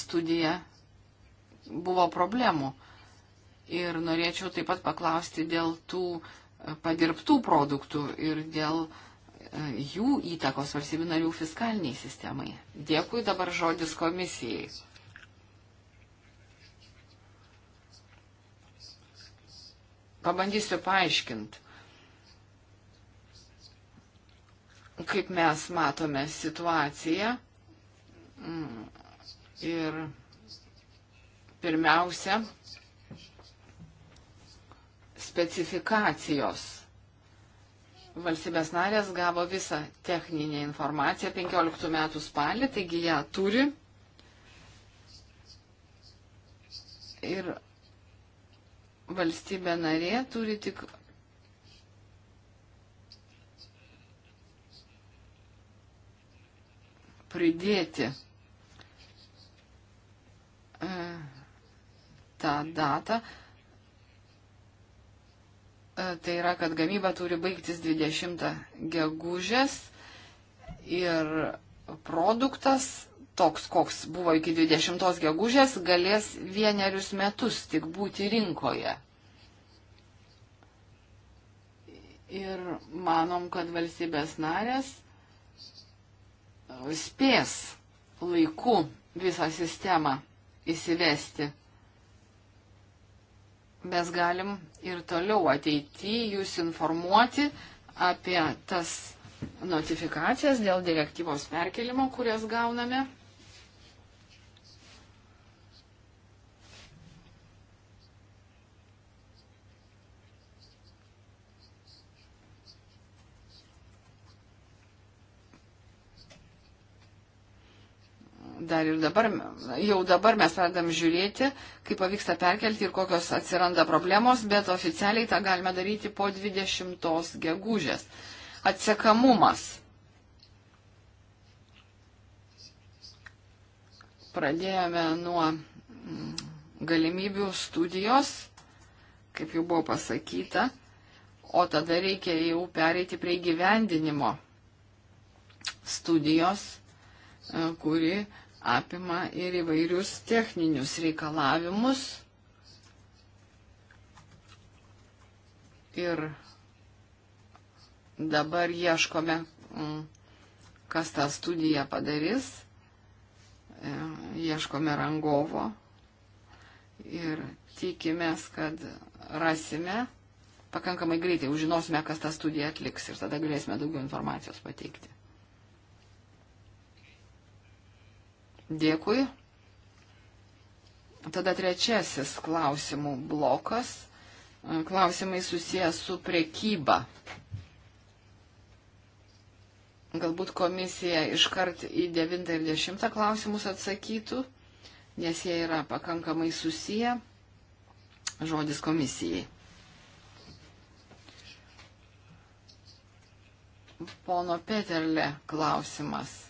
studija buvo problemų? Ir norėčiau taip pat paklausti dėl tų e, padirbtų produktų ir dėl e, jų įtakos valstybių narių fiskaliniai sistemai. Dėkui dabar žodis komisijai. Pabandysiu paaiškinti, kaip mes matome situaciją. Mm, ir pirmiausia, specifikacijos. Valstybės narės gavo visą techninę informaciją 15 metų spalį, taigi ją turi. Ir valstybė narė turi tik pridėti e, tą datą. E, tai yra, kad gamyba turi baigtis 20 gegužės ir produktas toks, koks buvo iki 20 gegužės, galės vienerius metus tik būti rinkoje. Ir manom, kad valstybės narės spės laiku visą sistemą įsivesti. Mes galim ir toliau ateityje jūs informuoti apie tas notifikacijas dėl direktyvos perkelimo, kurias gauname. dar ir dabar, jau dabar mes pradam žiūrėti, kaip pavyksta perkelti ir kokios atsiranda problemos, bet oficialiai tą galime daryti po 20 gegužės. Atsekamumas. Pradėjome nuo mm, galimybių studijos, kaip jau buvo pasakyta, o tada reikia jau pereiti prie gyvendinimo studijos e, kuri apima ir įvairius techninius reikalavimus. Ir dabar ieškome, mm, kas tą studiją padarys, e, ieškome rangovo ir tikimės, kad rasime, pakankamai greitai užžinosime, kas tą studiją atliks ir tada galėsime daugiau informacijos pateikti. Dėkui. Tada trečiasis klausimų blokas. Klausimai susijęs su prekyba. Galbūt komisija iškart į 9 ir 10 klausimus atsakytų, nes jie yra pakankamai susiję. Žodis komisijai. Pono Peterle klausimas.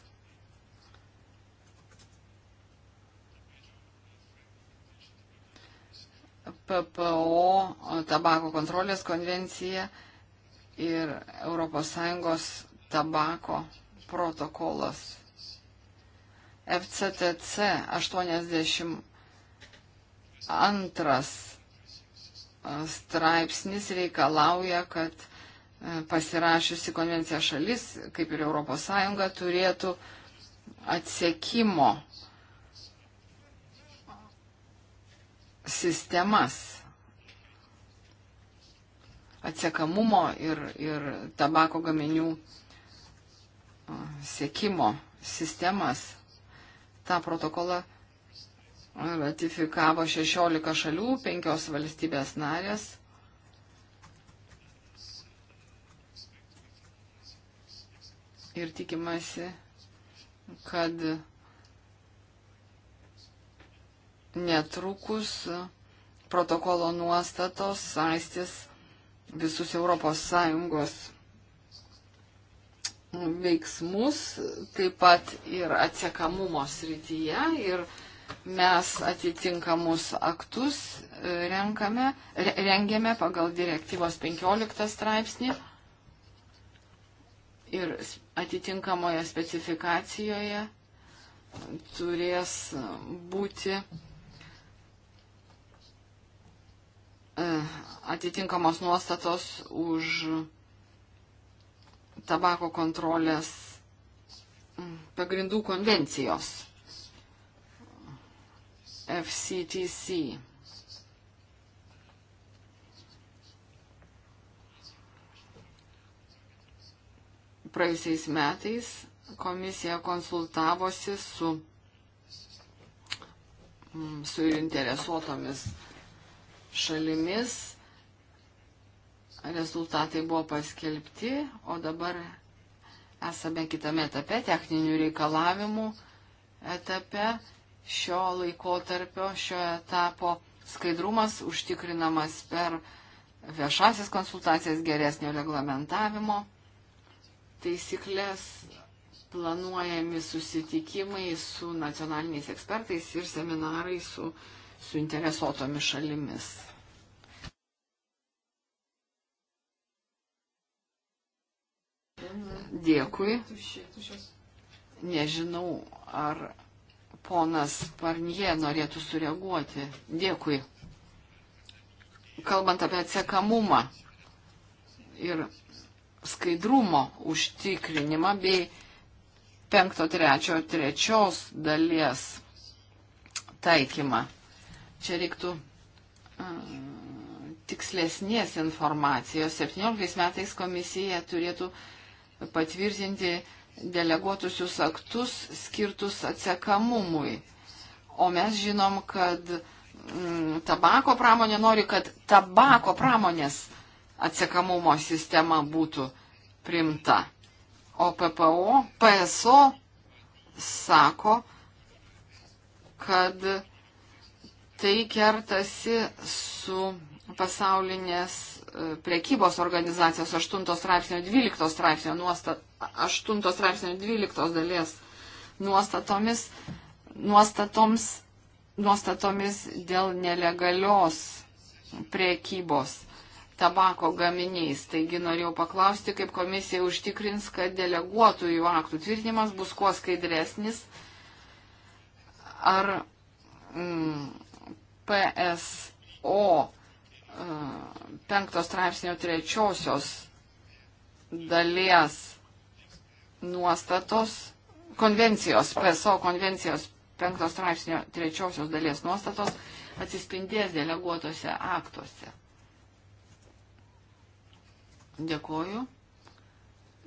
PPO tabako kontrolės konvencija ir ES tabako protokolas. FCTC 82 e, straipsnis reikalauja, kad e, pasirašiusi konvenciją šalis, kaip ir ES, turėtų atsiekimo sistemas atsiekamumo ir, ir tabako gaminių sėkimo sistemas. Ta protokola ratifikavo 16 šalių, 5 valstybės narės. Ir tikimasi, kad netrukus protokolo nuostatos saistys visus ES veiksmus, taip pat ir atsiekamumo srityje. Ir mes atitinkamus aktus e, renkame, re, rengiame pagal direktyvos 15 straipsnį. Ir atitinkamoje specifikacijoje turės būti E, atitinkamos nuostatos už tabako kontrolės pagrindų konvencijos FCTC. Praėjusiais metais komisija konsultavosi su suinteresuotomis šalimis. Rezultatai buvo paskelbti, o dabar esame kitame etape, techninių reikalavimų etape. Šio laikotarpio, šio etapo skaidrumas užtikrinamas per viešasis konsultacijas geresnio reglamentavimo taisyklės, planuojami susitikimai su nacionaliniais ekspertais ir seminarai su suinteresuotomis šalimis. Dėkui. Nežinau, ar ponas Parnie norėtų sureaguoti. Dėkui. Kalbant apie atsekamumą ir skaidrumo užtikrinimą bei 5.3.3 dalies taikymą. Čia reiktų tikslesnės informacijos. 17 metais komisija turėtų patvirtinti deleguotusius aktus skirtus atsekamumui. O mes žinom, kad mm, tabako pramonė nori, kad tabako pramonės atsekamumo sistema būtų primta. O PPO, PSO sako, kad Tai kertasi su pasaulinės e, prekybos organizacijos 8 straipsnio 12 straipsnio nuostat, 8 straipsnio 12 dalies nuostatomis, nuostatoms, nuostatomis dėl nelegalios prekybos tabako gaminiais. Taigi norėjau paklausti, kaip komisija užtikrins, kad deleguotųjų aktų tvirtinimas bus kuo skaidresnis. Ar mm, PSO e, penktos straipsnio trečiosios dalies nuostatos, konvencijos, PSO konvencijos penktos straipsnio trečiosios dalies nuostatos atsispindės deleguotose aktuose. Dėkoju.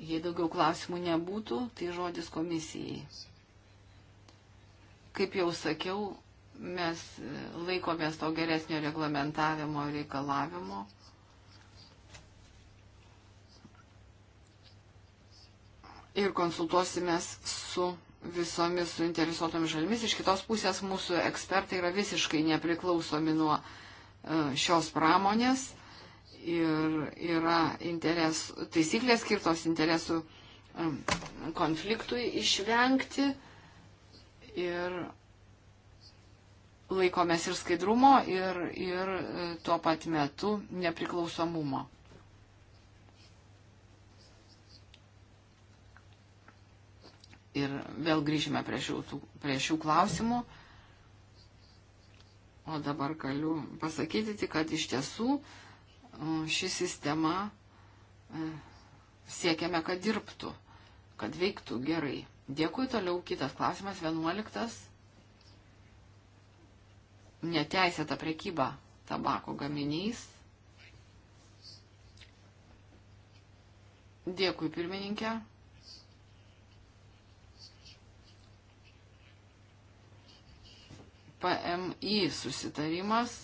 Jei daugiau klausimų nebūtų, tai žodis komisijai. Kaip jau sakiau, mes laikomės to geresnio reglamentavimo reikalavimo. Ir konsultuosimės su visomis suinteresuotomis šalimis. Iš kitos pusės mūsų ekspertai yra visiškai nepriklausomi nuo e, šios pramonės ir yra interes, taisyklės skirtos interesų e, konfliktui išvengti. Ir laikomės ir skaidrumo, ir, ir e, tuo pat metu nepriklausomumo. Ir vėl grįžime prie šių, prie šių klausimų. O dabar galiu pasakyti tik, kad iš tiesų e, ši sistema e, siekiame, kad dirbtų, kad veiktų gerai. Dėkui, toliau kitas klausimas, vienuoliktas neteisėtą prekybą tabako gaminiais. Dėkui pirmininkė. PMI susitarimas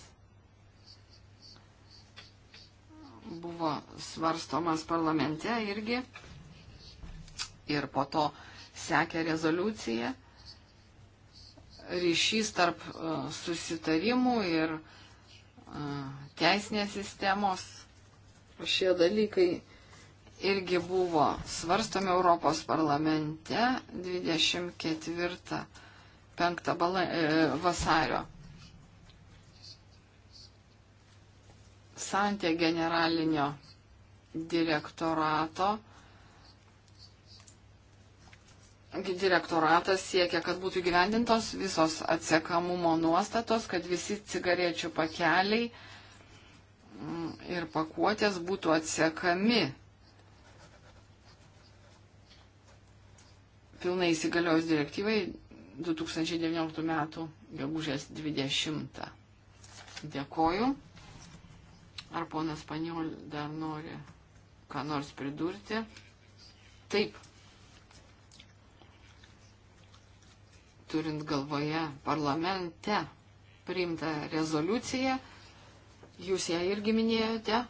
buvo svarstomas parlamente irgi ir po to sekė rezoliucija ryšys tarp e, susitarimų ir e, teisinės sistemos. Šie dalykai irgi buvo svarstomi Europos parlamente 24-5 e, vasario. Santė generalinio direktorato direktoratas siekia, kad būtų gyvendintos visos atsekamumo nuostatos, kad visi cigarečių pakeliai mm, ir pakuotės būtų atsekami. Pilnai įsigaliojus direktyvai 2019 m. gegužės 20. Dėkoju. Ar ponas Paniol dar nori ką nors pridurti? Taip. turint galvoje parlamente priimtą rezoliuciją, jūs ją irgi minėjote.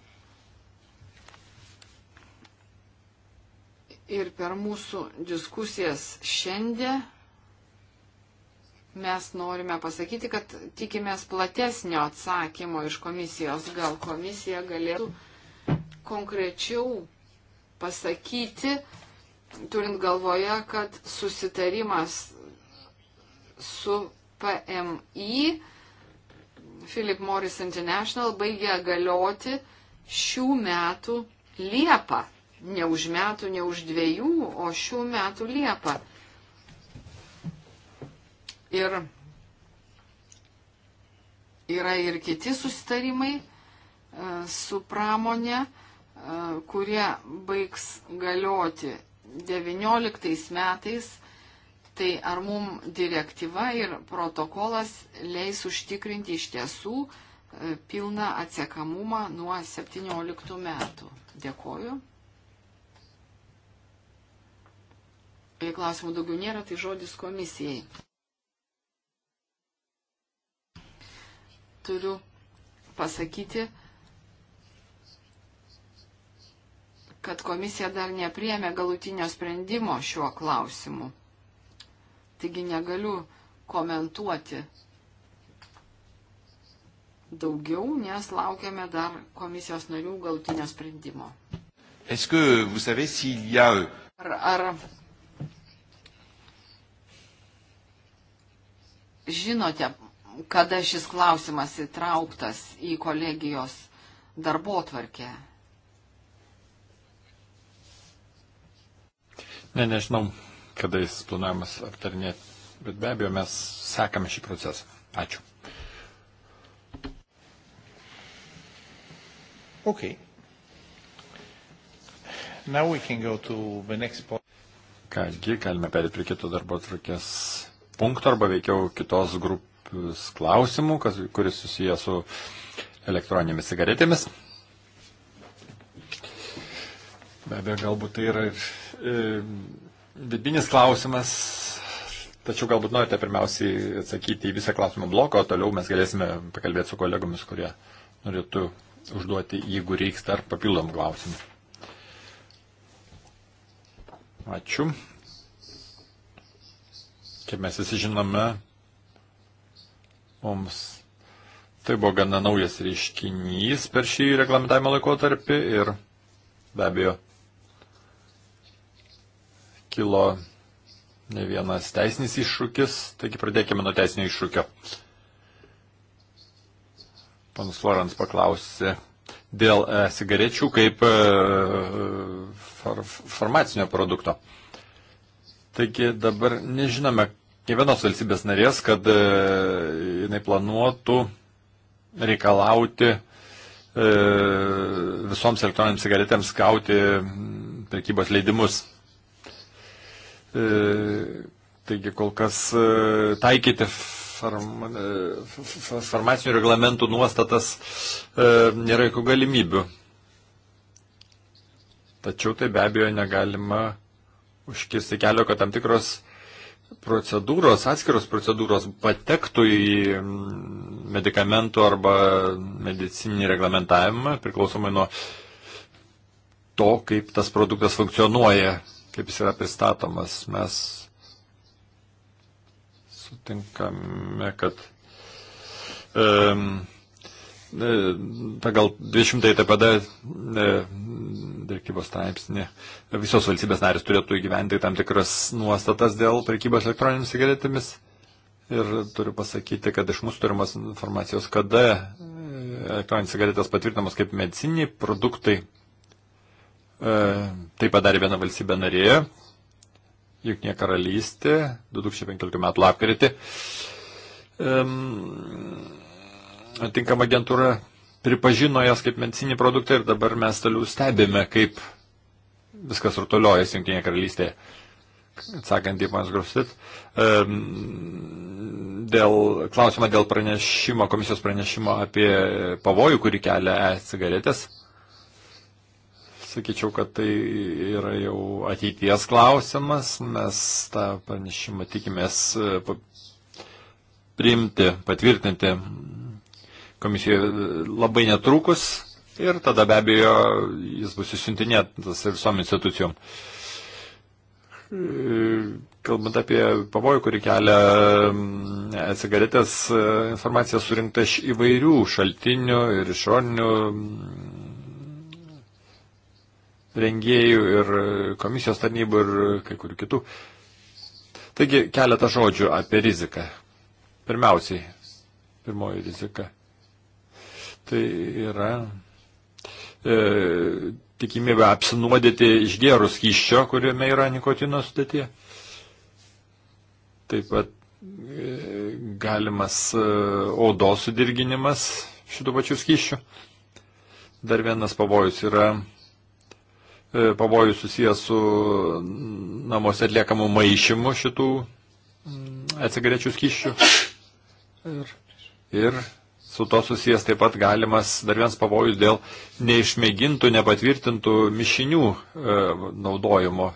Ir per mūsų diskusijas šiandien mes norime pasakyti, kad tikimės platesnio atsakymo iš komisijos. Gal komisija galėtų konkrečiau pasakyti, turint galvoje, kad susitarimas su PMI. Philip Morris International baigia galioti šių metų Liepą. Ne už metų, ne už dviejų, o šių metų Liepą. Ir yra ir kiti sustarimai e, su pramonė, e, kurie baigs galioti 19 metais tai ar mum direktyva ir protokolas leis užtikrinti iš tiesų e, pilną atsekamumą nuo 17 metų. Dėkoju. Jei klausimų daugiau nėra, tai žodis komisijai. Turiu pasakyti, kad komisija dar nepriemė galutinio sprendimo šiuo klausimu Taigi negaliu komentuoti daugiau, nes laukiame dar komisijos narių galtinio sprendimo. Savez, si a... Euh, ar, ar žinote, kada šis klausimas įtrauktas į kolegijos darbo tvarkę? Ne, nežinau kada jis planuojamas aptarinėti. Bet be abejo, mes sekame šį procesą. Ačiū. Okay. Now we can go to the next point. Kągi, galime perėti prie kito darbo atrakės punkto arba veikiau kitos grupės klausimų, kas, kuris susijęs su elektroninėmis cigaretėmis. Be abejo, galbūt tai yra ir e, vidinis klausimas, tačiau galbūt norite pirmiausiai atsakyti į visą klausimų bloką, o toliau mes galėsime pakalbėti su kolegomis, kurie norėtų užduoti, jeigu reiks, dar papildomų klausimų. Ačiū. Kaip mes visi žinome, mums tai buvo gana naujas reiškinys per šį reglamentavimo laikotarpį ir be abejo kilo ne vienas teisinis iššūkis, taigi pradėkime nuo teisinio iššūkio. Panas Florans paklausė dėl e, cigarečių kaip e, far, farmacinio produkto. Taigi dabar nežinome kiekvienos valstybės narės, kad e, jinai planuotų reikalauti e, visoms elektroniniams cigaretėms gauti prekybos leidimus E, taigi kol kas e, taikyti farma, e, farmacinių reglamentų nuostatas nėra jokių galimybių. Tačiau tai be abejo negalima užkirsti kelio, kad tam tikros procedūros, atskiros procedūros patektų į medikamentų arba medicininį reglamentavimą, priklausomai nuo to, kaip tas produktas funkcionuoja kaip jis yra pristatomas. Mes sutinkame, kad um, e, pagal 200 TPD e, direktyvos taipsnį visos valstybės narės turėtų įgyventi tam tikras nuostatas dėl prekybos elektroninėmis cigaretėmis. Ir turiu pasakyti, kad iš mūsų turimos informacijos, kada e, elektroninės cigaretės patvirtinamos kaip mediciniai produktai E, tai padarė viena valstybė narė, Junktinė karalystė, 2015 m. lapkritį. Atinkama agentūra pripažino jas kaip medicinį produktą ir dabar mes toliau stebime, kaip viskas rutuliojasi Junktinėje karalystėje. Atsakant į panas Grostit, dėl, klausimą dėl pranešimo, komisijos pranešimo apie pavojų, kurį kelia e-cigaretės. Sakyčiau, kad tai yra jau ateities klausimas, mes tą pranešimą tikimės e, priimti, patvirtinti komisijoje labai netrukus ir tada be abejo jis bus išsiuntinėtas ir visom institucijom. E, kalbant apie pavojų, kurį kelia cigaretės, e, informacija surinkta iš įvairių šaltinių ir išorinių rengėjų, ir komisijos tarnybų, ir kai kurių kitų. Taigi keletą žodžių apie riziką. Pirmiausiai, pirmoji rizika. Tai yra e, tikimybė apsinuodyti išgerus kiščio, kuriame yra nikotino sudėtie. Taip pat e, galimas e, odos sudirginimas šitų pačių skyščių. Dar vienas pavojus yra E, pavojus susijęs su namuose atliekamu maišymu šitų atsigarečių mm, skyščių. Ir, ir su to susijęs taip pat galimas dar vienas pavojus dėl neišmėgintų, nepatvirtintų mišinių e, naudojimo.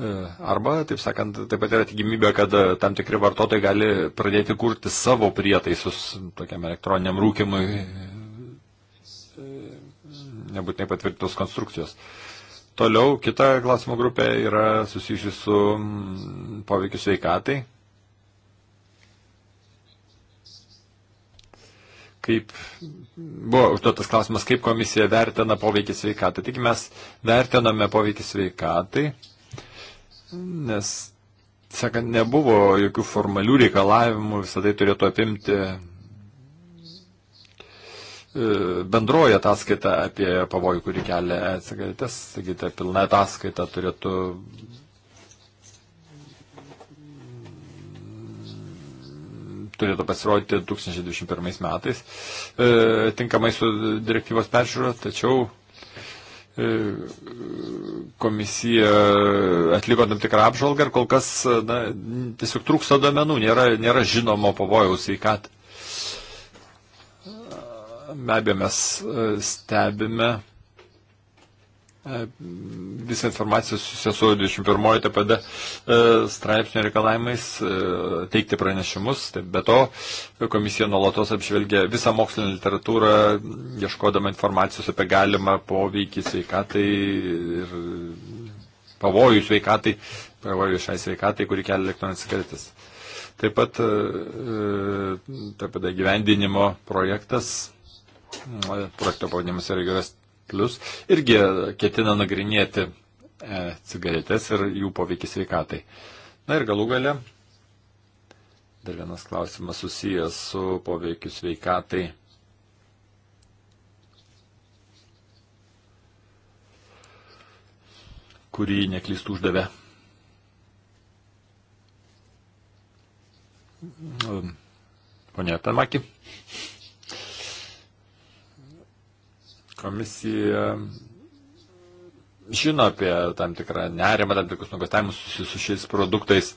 E, arba, taip sakant, taip pat yra tikimybė, kad e, tam tikri vartotojai gali pradėti kurti savo prietaisus tokiam elektroniniam rūkimui nebūtinai patvirtintos konstrukcijos. Toliau kita klausimo grupė yra susijusi su mm, poveikiu sveikatai. Kaip buvo užduotas klausimas, kaip komisija vertina poveikį sveikatai. Tik mes vertiname poveikį sveikatai, nes, sakant, nebuvo jokių formalių reikalavimų, visą tai turėtų apimti E, bendroji ataskaita apie pavojų, kurį kelia e-cigaretės, taigi ta pilna ataskaita turėtų turėtų pasirodyti 2021 metais, e, tinkamai su direktyvos peržiūra, tačiau e, komisija atliko tam tikrą apžvalgą ir kol kas na, tiesiog trūksta domenų, nėra, nėra žinomo pavojaus sveikatai. Be abejo, mes e, stebime e, visą informaciją susijusiu 21 TPD e, straipsnio reikalavimais teikti pranešimus. Taip, be to, komisija nuolatos apžvelgia visą mokslinę literatūrą, ieškodama informacijos apie galimą poveikį sveikatai ir pavojų sveikatai, pavojų šiai sveikatai, kurį kelia elektroninis cigaretės. Taip pat TPD gyvendinimo projektas projekto pavadinimas yra Geras Plus, irgi ketina nagrinėti e, cigaretės ir jų poveikį sveikatai. Na ir galų gale, dar vienas klausimas susijęs su poveikiu sveikatai. kurį neklystų uždavę. Ehm, Pone Tamaki. Komisija žino apie tam tikrą nerimą, tam tikrus nugastavimus su šiais produktais.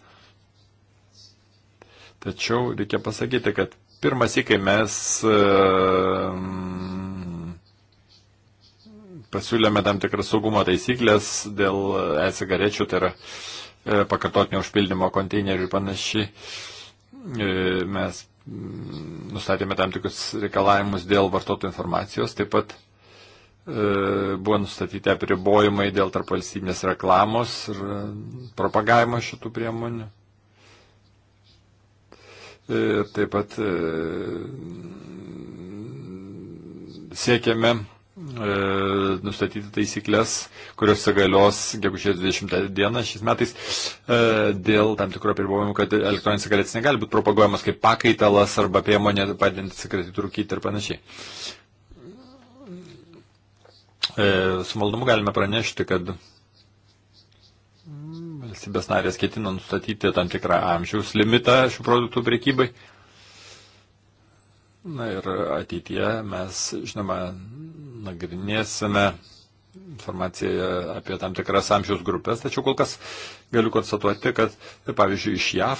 Tačiau reikia pasakyti, kad pirmas įkai mes pasiūlėme tam tikras saugumo taisyklės dėl e-cigarečių, tai yra e, pakartotinio užpildymo konteinerių ir panašiai. E, mes nustatėme tam tikrus reikalavimus dėl vartotojų informacijos, taip pat E, buvo nustatyti apribojimai dėl tarpvalstybinės reklamos ir propagavimo šitų priemonių. Ir e, taip pat e, siekiame nustatyti taisyklės, kurios įgalios gegužės 20 dieną šiais metais dėl tam tikro apribojimų, kad elektroninis cigaretis negali būti propaguojamas kaip pakaitalas arba priemonė padinti cigaretį rūkyti ir panašiai. E, su maldumu galime pranešti, kad valstybės narės ketina nustatyti tam tikrą amžiaus limitą šių produktų priekybai. Na ir ateityje mes, žinoma, nagrinėsime informaciją apie tam tikras amžiaus grupės, tačiau kol kas galiu konstatuoti, kad, pavyzdžiui, iš JAV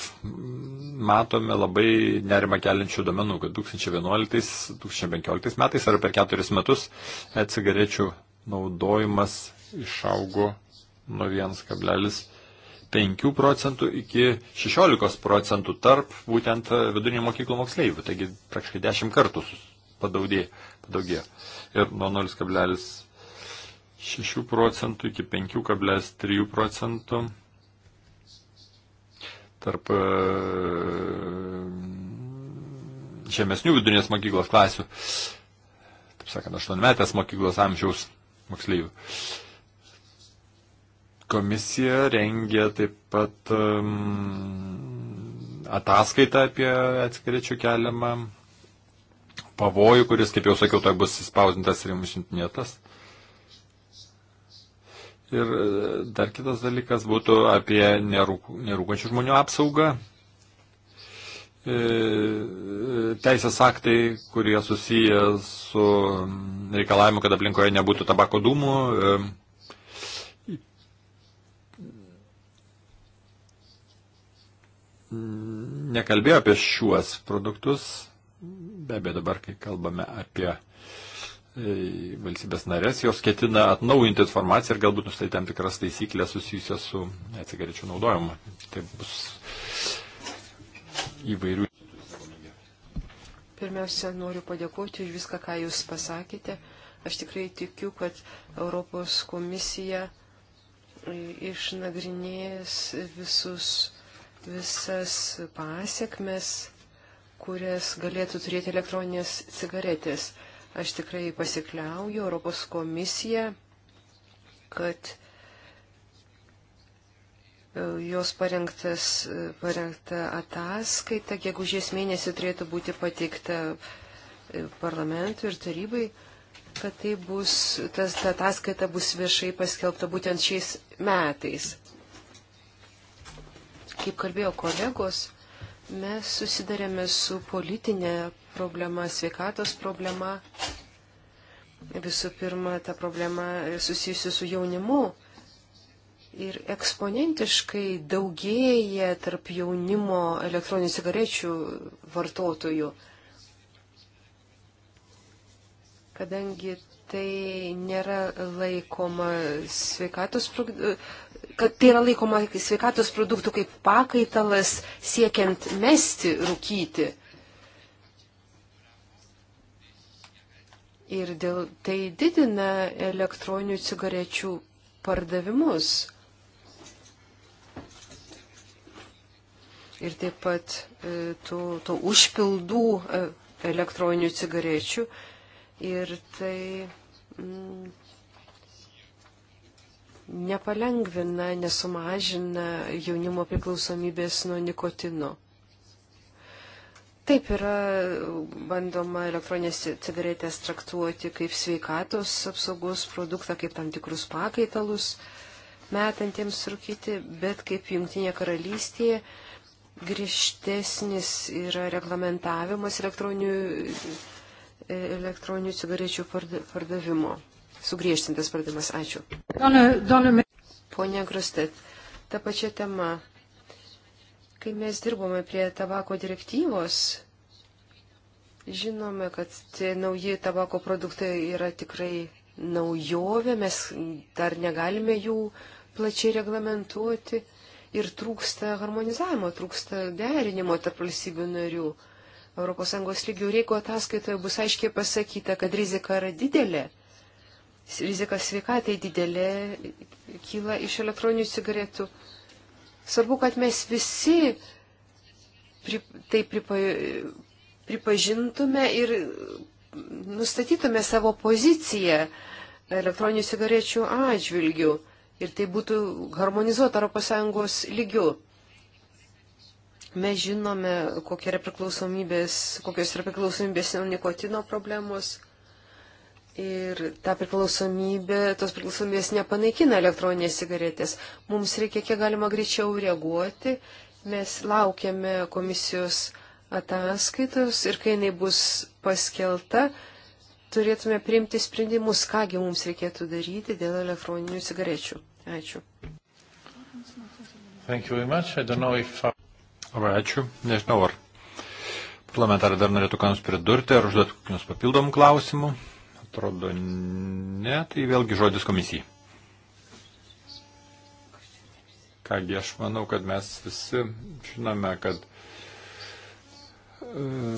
matome labai nerima keliančių domenų, kad 2011-2015 metais ar per keturis metus e, cigarečių naudojimas išaugo nuo 1,5 procentų iki 16 procentų tarp būtent e, vidurinio mokyklų moksleivių, taigi praktiškai 10 kartų padaugėjo. Ir nuo 0,5 6 procentų iki 5,3 procentų tarp e, žemesnių vidurinės mokyklos klasių, taip sakant, aštuonmetės mokyklos amžiaus moksleivių. Komisija rengė taip pat um, ataskaitą apie atskiričių keliamą pavojų, kuris, kaip jau sakiau, tai bus įspausdintas ir mūsų netas. Ir e, dar kitas dalykas būtų apie nerūkančių žmonių apsaugą. E, teisės aktai, kurie susiję su reikalavimu, kad aplinkoje nebūtų tabako dūmų. E, Nekalbėjau apie šiuos produktus, be abejo dabar, kai kalbame apie valstybės narės, jos ketina atnaujinti informaciją ir galbūt nustatyti tam tikras taisyklės susijusias su cigarečių naudojimu. Tai bus įvairių. Pirmiausia, noriu padėkoti už viską, ką Jūs pasakėte. Aš tikrai tikiu, kad Europos komisija išnagrinės visus, visas pasiekmes, kurias galėtų turėti elektroninės cigaretės. Aš tikrai pasikliauju Europos komisiją, kad e, jos parengtas, e, parengta ataskaita, gegužės mėnesį turėtų būti pateikta e, parlamentui ir tarybai, kad tai bus, tas, ta ataskaita bus viešai paskelbta būtent šiais metais. Kaip kalbėjo kolegos, mes susidarėme su politinė problema, sveikatos problema. Visų pirma, ta problema susijusi su jaunimu. Ir eksponentiškai daugėja tarp jaunimo elektroninių cigarečių vartotojų. Kadangi tai nėra laikoma sveikatos, kad tai yra laikoma sveikatos produktų kaip pakaitalas siekiant mesti rūkyti. ir dėl tai didina elektroninių cigarečių pardavimus. Ir taip pat e, tų, tų užpildų e, elektroninių cigarečių. Ir tai mm, nepalengvina, nesumažina jaunimo priklausomybės nuo nikotino. Taip yra bandoma elektroninės cigaretės traktuoti kaip sveikatos apsaugos produktą, kaip tam tikrus pakaitalus metantiems rūkyti, bet kaip Junktinė karalystėje griežtesnis yra reglamentavimas elektroninių, elektroninių cigarečių pardavimo. Sugriežtintas pardavimas. Ačiū. Pone Grustet, ta pačia tema. Kai mes dirbome prie tabako direktyvos, žinome, kad tie nauji tabako produktai yra tikrai naujovė, mes dar negalime jų plačiai reglamentuoti ir trūksta harmonizavimo, trūksta derinimo tarp valstybių narių. ES lygių reiko ataskaitoje bus aiškiai pasakyta, kad rizika yra didelė. Rizika sveikatai didelė kyla iš elektroninių cigaretų. Svarbu, kad mes visi pri, tai pripa, pripažintume ir nustatytume savo poziciją elektroninių cigarečių atžvilgių ir tai būtų harmonizuota ES lygių. Mes žinome, kokia yra priklausomybės, kokios yra priklausomybės nuo nikotino problemos. Ir ta priklausomybė, tos priklausomybės nepanaikina elektroninės cigaretės. Mums reikia kiek galima greičiau reaguoti. Mes laukiame komisijos ataskaitos ir kai jinai bus paskelta, turėtume priimti sprendimus, kągi mums reikėtų daryti dėl elektroninių cigarečių. Ačiū. If... Uh, ačiū. Nežinau, ar parlamentarai dar norėtų ką nors pridurti, ar užduoti kokius papildomų klausimų. Atrodo, ne, tai vėlgi žodis komisijai. Kągi, aš manau, kad mes visi žinome, kad e,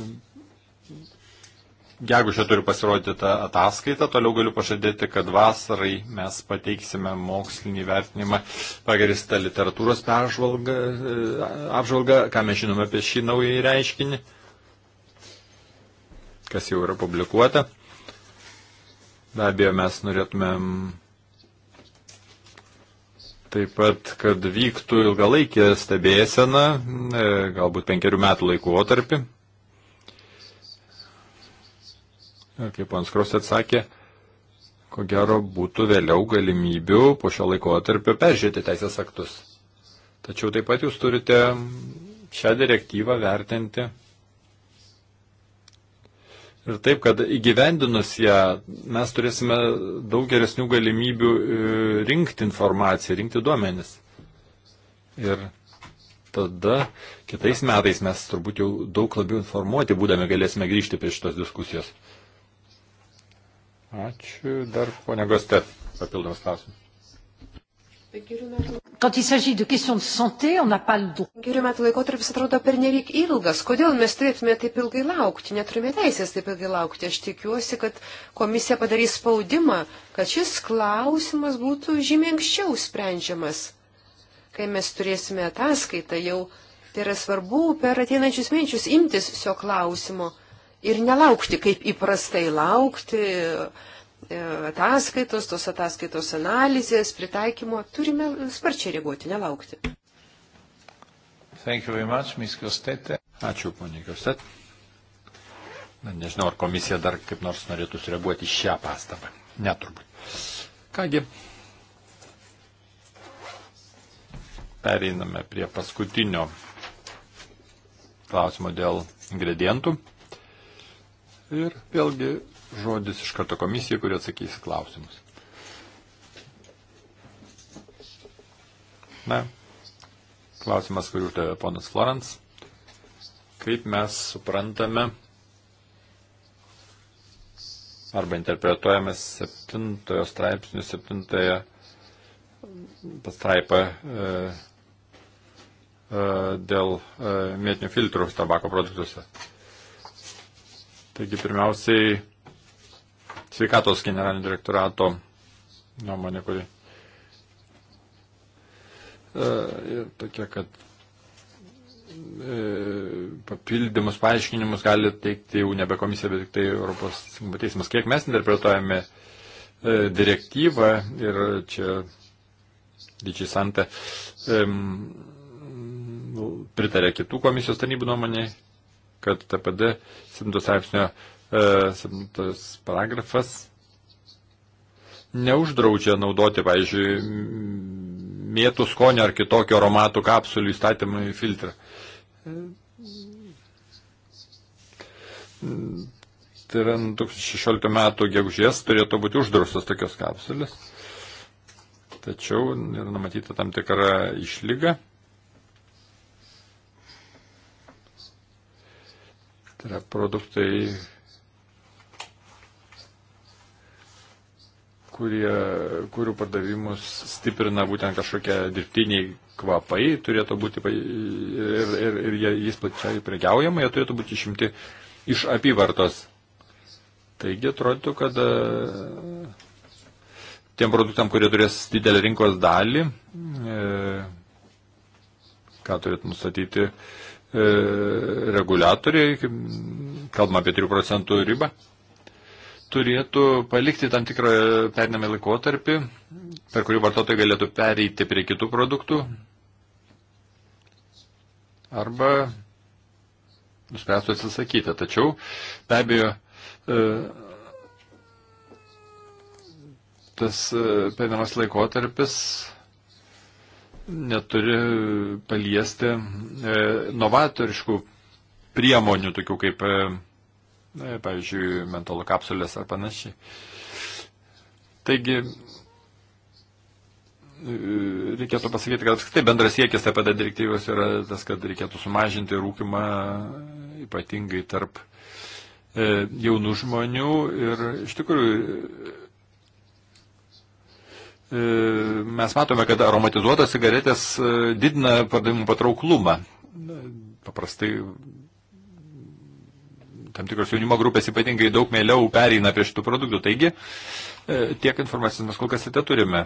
Jeigu čia turiu pasirodyti tą ataskaitą, toliau galiu pažadėti, kad vasarai mes pateiksime mokslinį vertinimą pagristą literatūros peržvalgą, e, apžvalgą, ką mes žinome apie šį naują reiškinį, kas jau yra publikuota. Be abejo, mes norėtumėm taip pat, kad vyktų ilgalaikė stebėsena, e, galbūt penkerių metų laikotarpį. Ir e, kaip Anskros atsakė, ko gero būtų vėliau galimybių po šio laikotarpio peržiūrėti teisės aktus. Tačiau taip pat jūs turite šią direktyvą vertinti Ir taip, kad įgyvendinus ją mes turėsime daug geresnių galimybių e, rinkti informaciją, rinkti duomenis. Ir tada kitais metais mes turbūt jau daug labiau informuoti būdami galėsime grįžti prie šitos diskusijos. Ačiū dar, ponia Goste, papildomas klausimas. Penkerių metų. Penkerių metų laikotarpis atrodo pernelyg ilgas. Kodėl mes turėtume taip ilgai laukti? Neturime teisės taip ilgai laukti. Aš tikiuosi, kad komisija padarys spaudimą, kad šis klausimas būtų žymiai anksčiau sprendžiamas. Kai mes turėsime ataskaitą, jau tai yra svarbu per ateinančius mėnesius imtis šio klausimo ir nelaukti, kaip įprastai laukti ataskaitos, tos ataskaitos analizės, pritaikymo, turime sparčiai reaguoti, nelaukti. Much, Ačiū, ponė Kiostet. Nežinau, ar komisija dar kaip nors norėtų sureaguoti šią pastabą. Neturbūt. Kągi, pereiname prie paskutinio klausimo dėl ingredientų. Ir vėlgi žodis iš karto komisijai, kurie atsakys klausimus. Na, klausimas, kurį uždavė ponas Florence. Kaip mes suprantame arba interpretuojame septintojo straipsnių, septintoje pastraipą e, e, dėl e, mėtinių filtrų tabako produktuose. Taigi pirmiausiai sveikatos generalinio direktorato nuomonė, kuri e, tokia, kad e, papildymus, paaiškinimus gali teikti jau nebe komisija, bet tik tai Europos teismas. Kiek mes interpretuojame e, direktyvą ir čia didžiai santė pritarė kitų komisijos tarnybų nuomonė, kad TPD 7 straipsnio septintas paragrafas neuždraudžia naudoti, pavyzdžiui, mėtų skonio ar kitokio aromatų kapsulių įstatymą į filtrą. Tai yra 2016 metų gegužės turėtų būti uždraustas tokios kapsulės. Tačiau yra numatyta tam tikra išlyga. Tai yra produktai kurie, kurių pardavimus stiprina būtent kažkokie dirbtiniai kvapai, turėtų būti ir, ir, ir jais plačiai prekiaujama, jie turėtų būti išimti iš apyvartos. Taigi atrodytų, kad e, tiem produktam, kurie turės didelį rinkos dalį, e, ką turėtų nustatyti e, reguliatoriai, kalbam apie 3 procentų ribą turėtų palikti tam tikrą pernamį laikotarpį, per kurį vartotojai galėtų pereiti prie kitų produktų arba nuspręstų atsisakyti. Tačiau, be abejo, e, tas e, perinamas laikotarpis neturi paliesti e, novatoriškų priemonių, tokių kaip na, pavyzdžiui, mentolo kapsulės ar panašiai. Taigi, reikėtų pasakyti, kad apskritai bendras siekis taip pat direktyvos yra tas, kad reikėtų sumažinti rūkimą ypatingai tarp e, jaunų žmonių ir iš tikrųjų e, mes matome, kad aromatizuotas cigaretės e, didina pardavimų patrauklumą. Paprastai tam tikros jaunimo grupės ypatingai daug mėliau pereina prie šitų produktų. Taigi, e, tiek informacijos mes kol kas ir turime.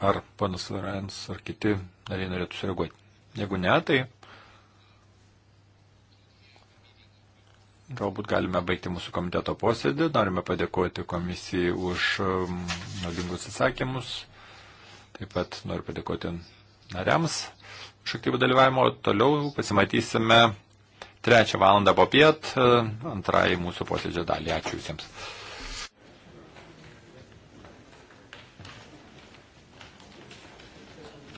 Ar panas Varens, ar kiti nariai norėtų sureaguoti? Jeigu ne, tai galbūt galime baigti mūsų komiteto posėdį. Norime padėkoti komisijai už um, naudingus atsakymus. Taip pat noriu padėkoti nariams už aktyvų dalyvavimo. Toliau pasimatysime trečią valandą po piet, e, antrąjį mūsų posėdžio dalį. Ačiū visiems.